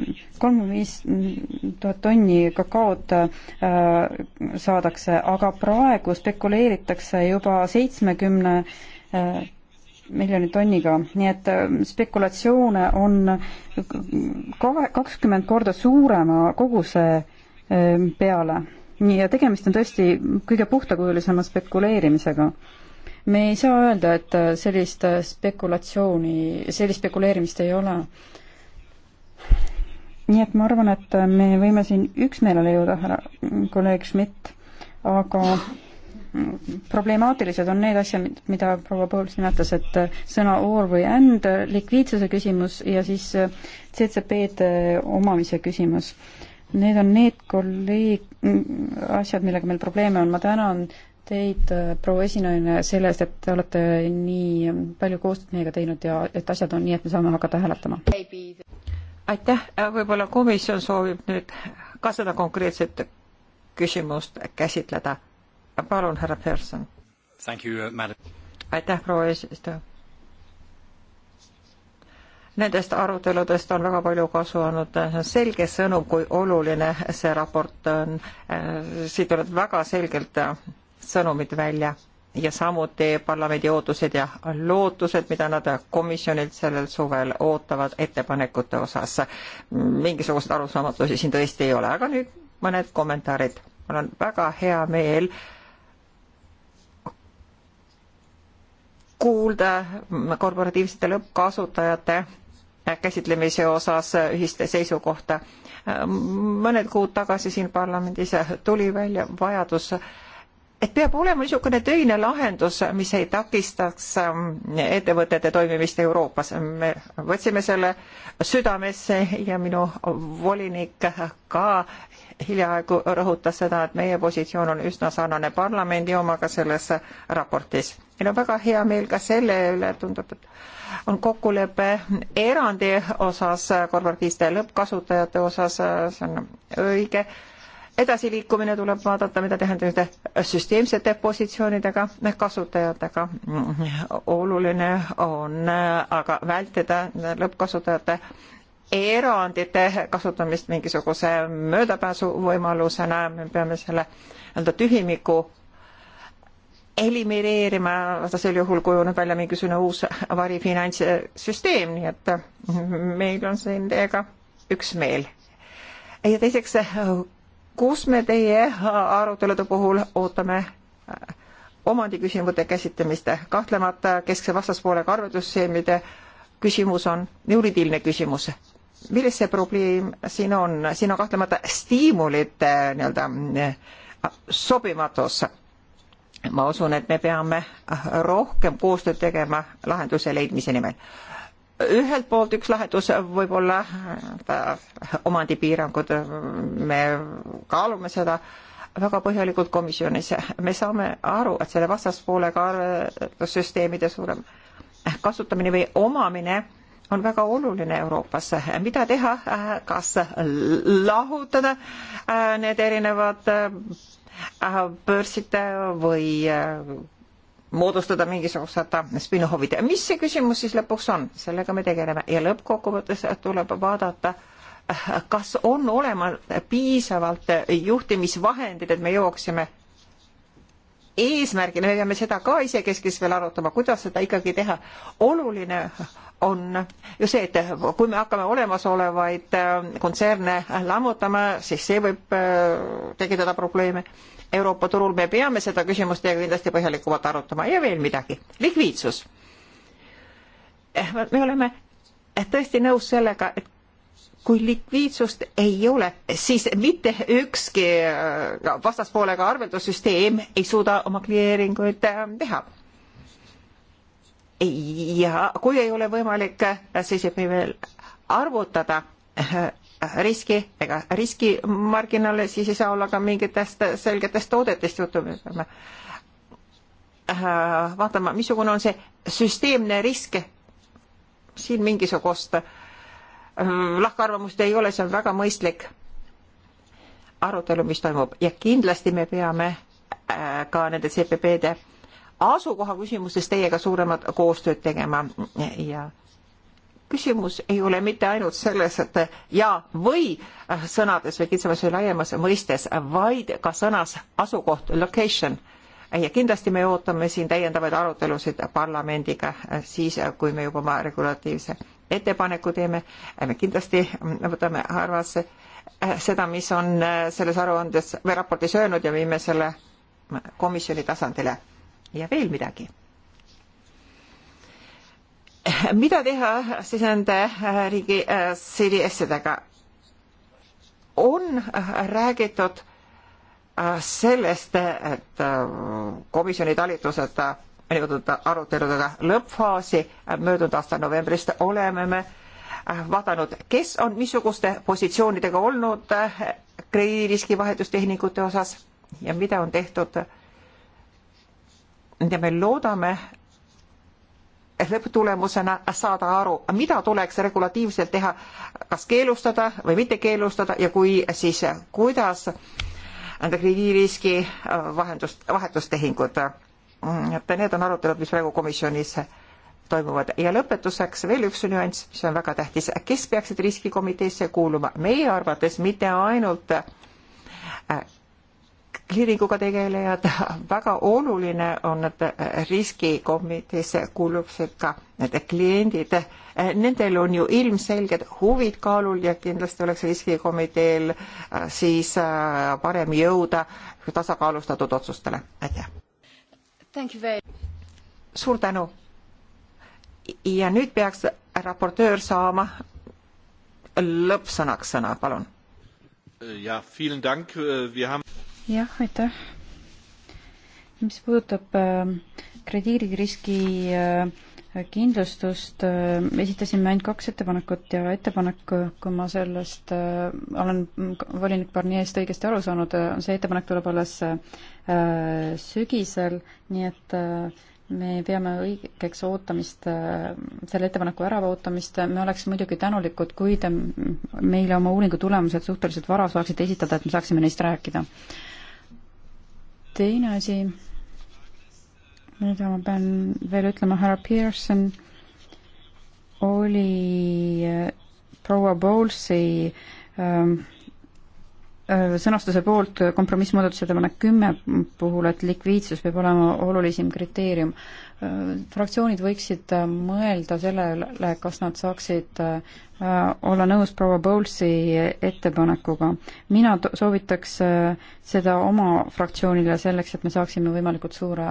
koma viis tuhat tonni kakaot äh, saadakse, aga praegu spekuleeritakse juba seitsmekümne äh, miljoni tonniga, nii et äh, spekulatsioone on kakskümmend korda suurema koguse äh, peale. nii, ja tegemist on tõesti kõige puhtakujulisema spekuleerimisega me ei saa öelda, et äh, sellist äh, spekulatsiooni, sellist spekuleerimist ei ole. nii et ma arvan, et äh, me võime siin üksmeelele jõuda, härra kolleeg Schmidt, aga problemaatilised on need asjad, mida proua Pauls nimetas, et sõna or või and, likviidsuse küsimus ja siis CCP-de omamise küsimus Need on need kolleeg-, mm, asjad, millega meil probleeme on, ma tänan teid, proua esinaine, selle eest, et te olete nii palju koostööd meiega teinud ja et asjad on nii, et me saame hakata hääletama.
aitäh, võib-olla komisjon soovib nüüd ka seda konkreetset küsimust käsitleda. palun, härra Pearson. Uh, aitäh, proua eesistuja. Nendest aruteludest on väga palju kasu olnud selge sõnum, kui oluline see raport on. Äh, siit tuleb väga selgelt äh, sõnumid välja ja samuti parlamendi ootused ja lootused, mida nad komisjonilt sellel suvel ootavad ettepanekute osas. mingisuguseid arusaamatusi siin tõesti ei ole, aga nüüd mõned kommentaarid. mul on väga hea meel kuulda korporatiivsete lõppkasutajate käsitlemise osas ühist seisukohta. mõned kuud tagasi siin parlamendis tuli välja vajadus äh, et peab olema niisugune töine lahendus, mis ei takistaks ähm, ettevõtete toimimist Euroopas. me võtsime selle südamesse ja minu volinik ka hiljaaegu rõhutas seda, et meie positsioon on üsna sarnane parlamendi omaga selles raportis. meil on väga hea meel ka selle üle, tundub, et on kokkulepe erandi osas, korvpalliste lõppkasutajate osas, see on õige edasiliikumine tuleb vaadata, mida teha nende süsteemsete positsioonidega, kasutajatega. oluline on aga vältida lõppkasutajate erandite kasutamist mingisuguse möödapääsuvõimalusena, me peame selle nii-öelda tühimiku elimineerima, vastasel juhul kujuneb välja mingisugune uus varifinantssüsteem, nii et meil on siin teiega üksmeel. ja teiseks kus me teie arutelude puhul ootame äh, omandiküsimuse käsitlemist. kahtlemata keskse vastaspoolega arveldussüsteemide küsimus on juriidiline küsimus. milles see probleem siin on? siin on kahtlemata stiimulite äh, nii-öelda äh, sobimatus. ma usun, et me peame rohkem koostööd tegema lahenduse leidmise nimel ühelt poolt üks lahendus võib olla äh, omandipiirangud, me kaalume seda väga põhjalikult komisjonis, me saame aru, et selle vastaspoolega arvestussüsteemide suurem kasutamine või omamine on väga oluline Euroopas, mida teha, kas lahutada äh, need erinevad äh, börsid või moodustada mingisugused spin-offid. mis see küsimus siis lõpuks on, sellega me tegeleme ja lõppkokkuvõttes tuleb vaadata, kas on olemas piisavalt juhtimisvahendid, et me jõuaksime eesmärgile, me peame seda ka isekeskis veel arutama, kuidas seda ikkagi teha. oluline on ju see, et kui me hakkame olemasolevaid kontserne lammutama, siis see võib tekitada probleeme Euroopa turul, me peame seda küsimust teiega kindlasti põhjalikumalt arutama ja veel midagi, likviidsus. Eh, me oleme eh, tõesti nõus sellega, et kui likviidsust ei ole, siis mitte ükski eh, vastaspoolega arveldussüsteem ei suuda oma kliiringuid teha. ja kui ei ole võimalik, siis ei või veel arvutada riski ega riskimarginaale, siis ei saa olla ka mingitest selgetest toodetest juttu. Äh, vaatame, missugune on see süsteemne risk. siin mingisugust äh, lahkarvamust ei ole, see on väga mõistlik arutelu, mis toimub ja kindlasti me peame äh, ka nende CPP-de asukoha küsimustes teiega suuremat koostööd tegema ja küsimus ei ole mitte ainult selles, et ja või äh, sõnades või kitsamas või laiemas mõistes, vaid ka sõnas asukoht, location. ja kindlasti me ootame siin täiendavaid arutelusid parlamendiga äh, siis, äh, kui me juba oma regulatiivse ettepaneku teeme. me kindlasti mm, võtame arvasse seda, mis on selles aruandes või raportis öelnud ja viime selle mm, komisjoni tasandile. ja veel midagi mida teha siis nende äh, riigi CDS-idega? Äh, on äh, räägitud sellest, et komisjoni talitused on jõudnud aruteludega lõppfaasi, möödunud aasta novembrist oleme me vaadanud, kes on missuguste positsioonidega olnud krediidiriski vahetustehnikute osas ja mida on tehtud. ja me loodame, lõpptulemusena saada aru, mida tuleks regulatiivselt teha, kas keelustada või mitte keelustada ja kui, siis kuidas nende krediidiriski äh, vahendust, vahetustehingud. Mm, et need on arutelud, mis praegu komisjonis toimuvad ja lõpetuseks veel üks nüanss, mis on väga tähtis, kes peaksid riskikomiteesse kuuluma, meie arvates mitte ainult äh, kliiringuga tegelejad, väga oluline on, et riskikomiteesse kuuluksid ka need kliendid. Nendel on ju ilmselged huvid kaalul ja kindlasti oleks riskikomiteel äh, siis äh, parem jõuda tasakaalustatud otsustele. aitäh! suur tänu! ja nüüd peaks raportöör saama lõppsõnaks sõna, palun! jah, vielen dank, wir haben
jah, aitäh. mis puudutab äh, krediidiriski äh, kindlustust, äh, esitasime ainult kaks ettepanekut ja ettepanek, kui ma sellest olen volinik Barnier'st õigesti aru saanud, see ettepanek tuleb alles sügisel, nii et me peame õigeks ootamist, selle ettepaneku äraootamist, me oleks muidugi tänulikud, kui te meile oma uuringu tulemused suhteliselt vara saaksite esitada, et me saaksime neist rääkida teine asi, mida ma pean veel ütlema, härra Pearson oli äh, proua Bowlesi ähm, äh, sõnastuse poolt kompromissmuudatusettepanek kümme puhul, et likviidsus peab olema olulisim kriteerium fraktsioonid võiksid äh, mõelda sellele, kas nad saaksid äh, olla nõus proua Bowlesi ettepanekuga. mina soovitaks äh, seda oma fraktsioonile selleks, et me saaksime võimalikult suure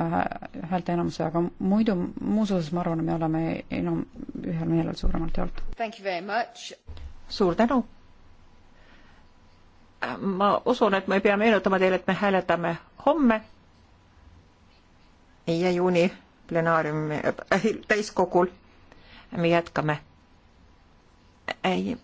häälteenamuse, aga muidu, muus osas ma arvan, me oleme enam ühel meelel suuremalt
jaolt. suur tänu! ma usun, et me ei pea meenutama teile, et me hääletame homme, viie juuni plenaariumi äh,, täiskogul me jätkame. ei,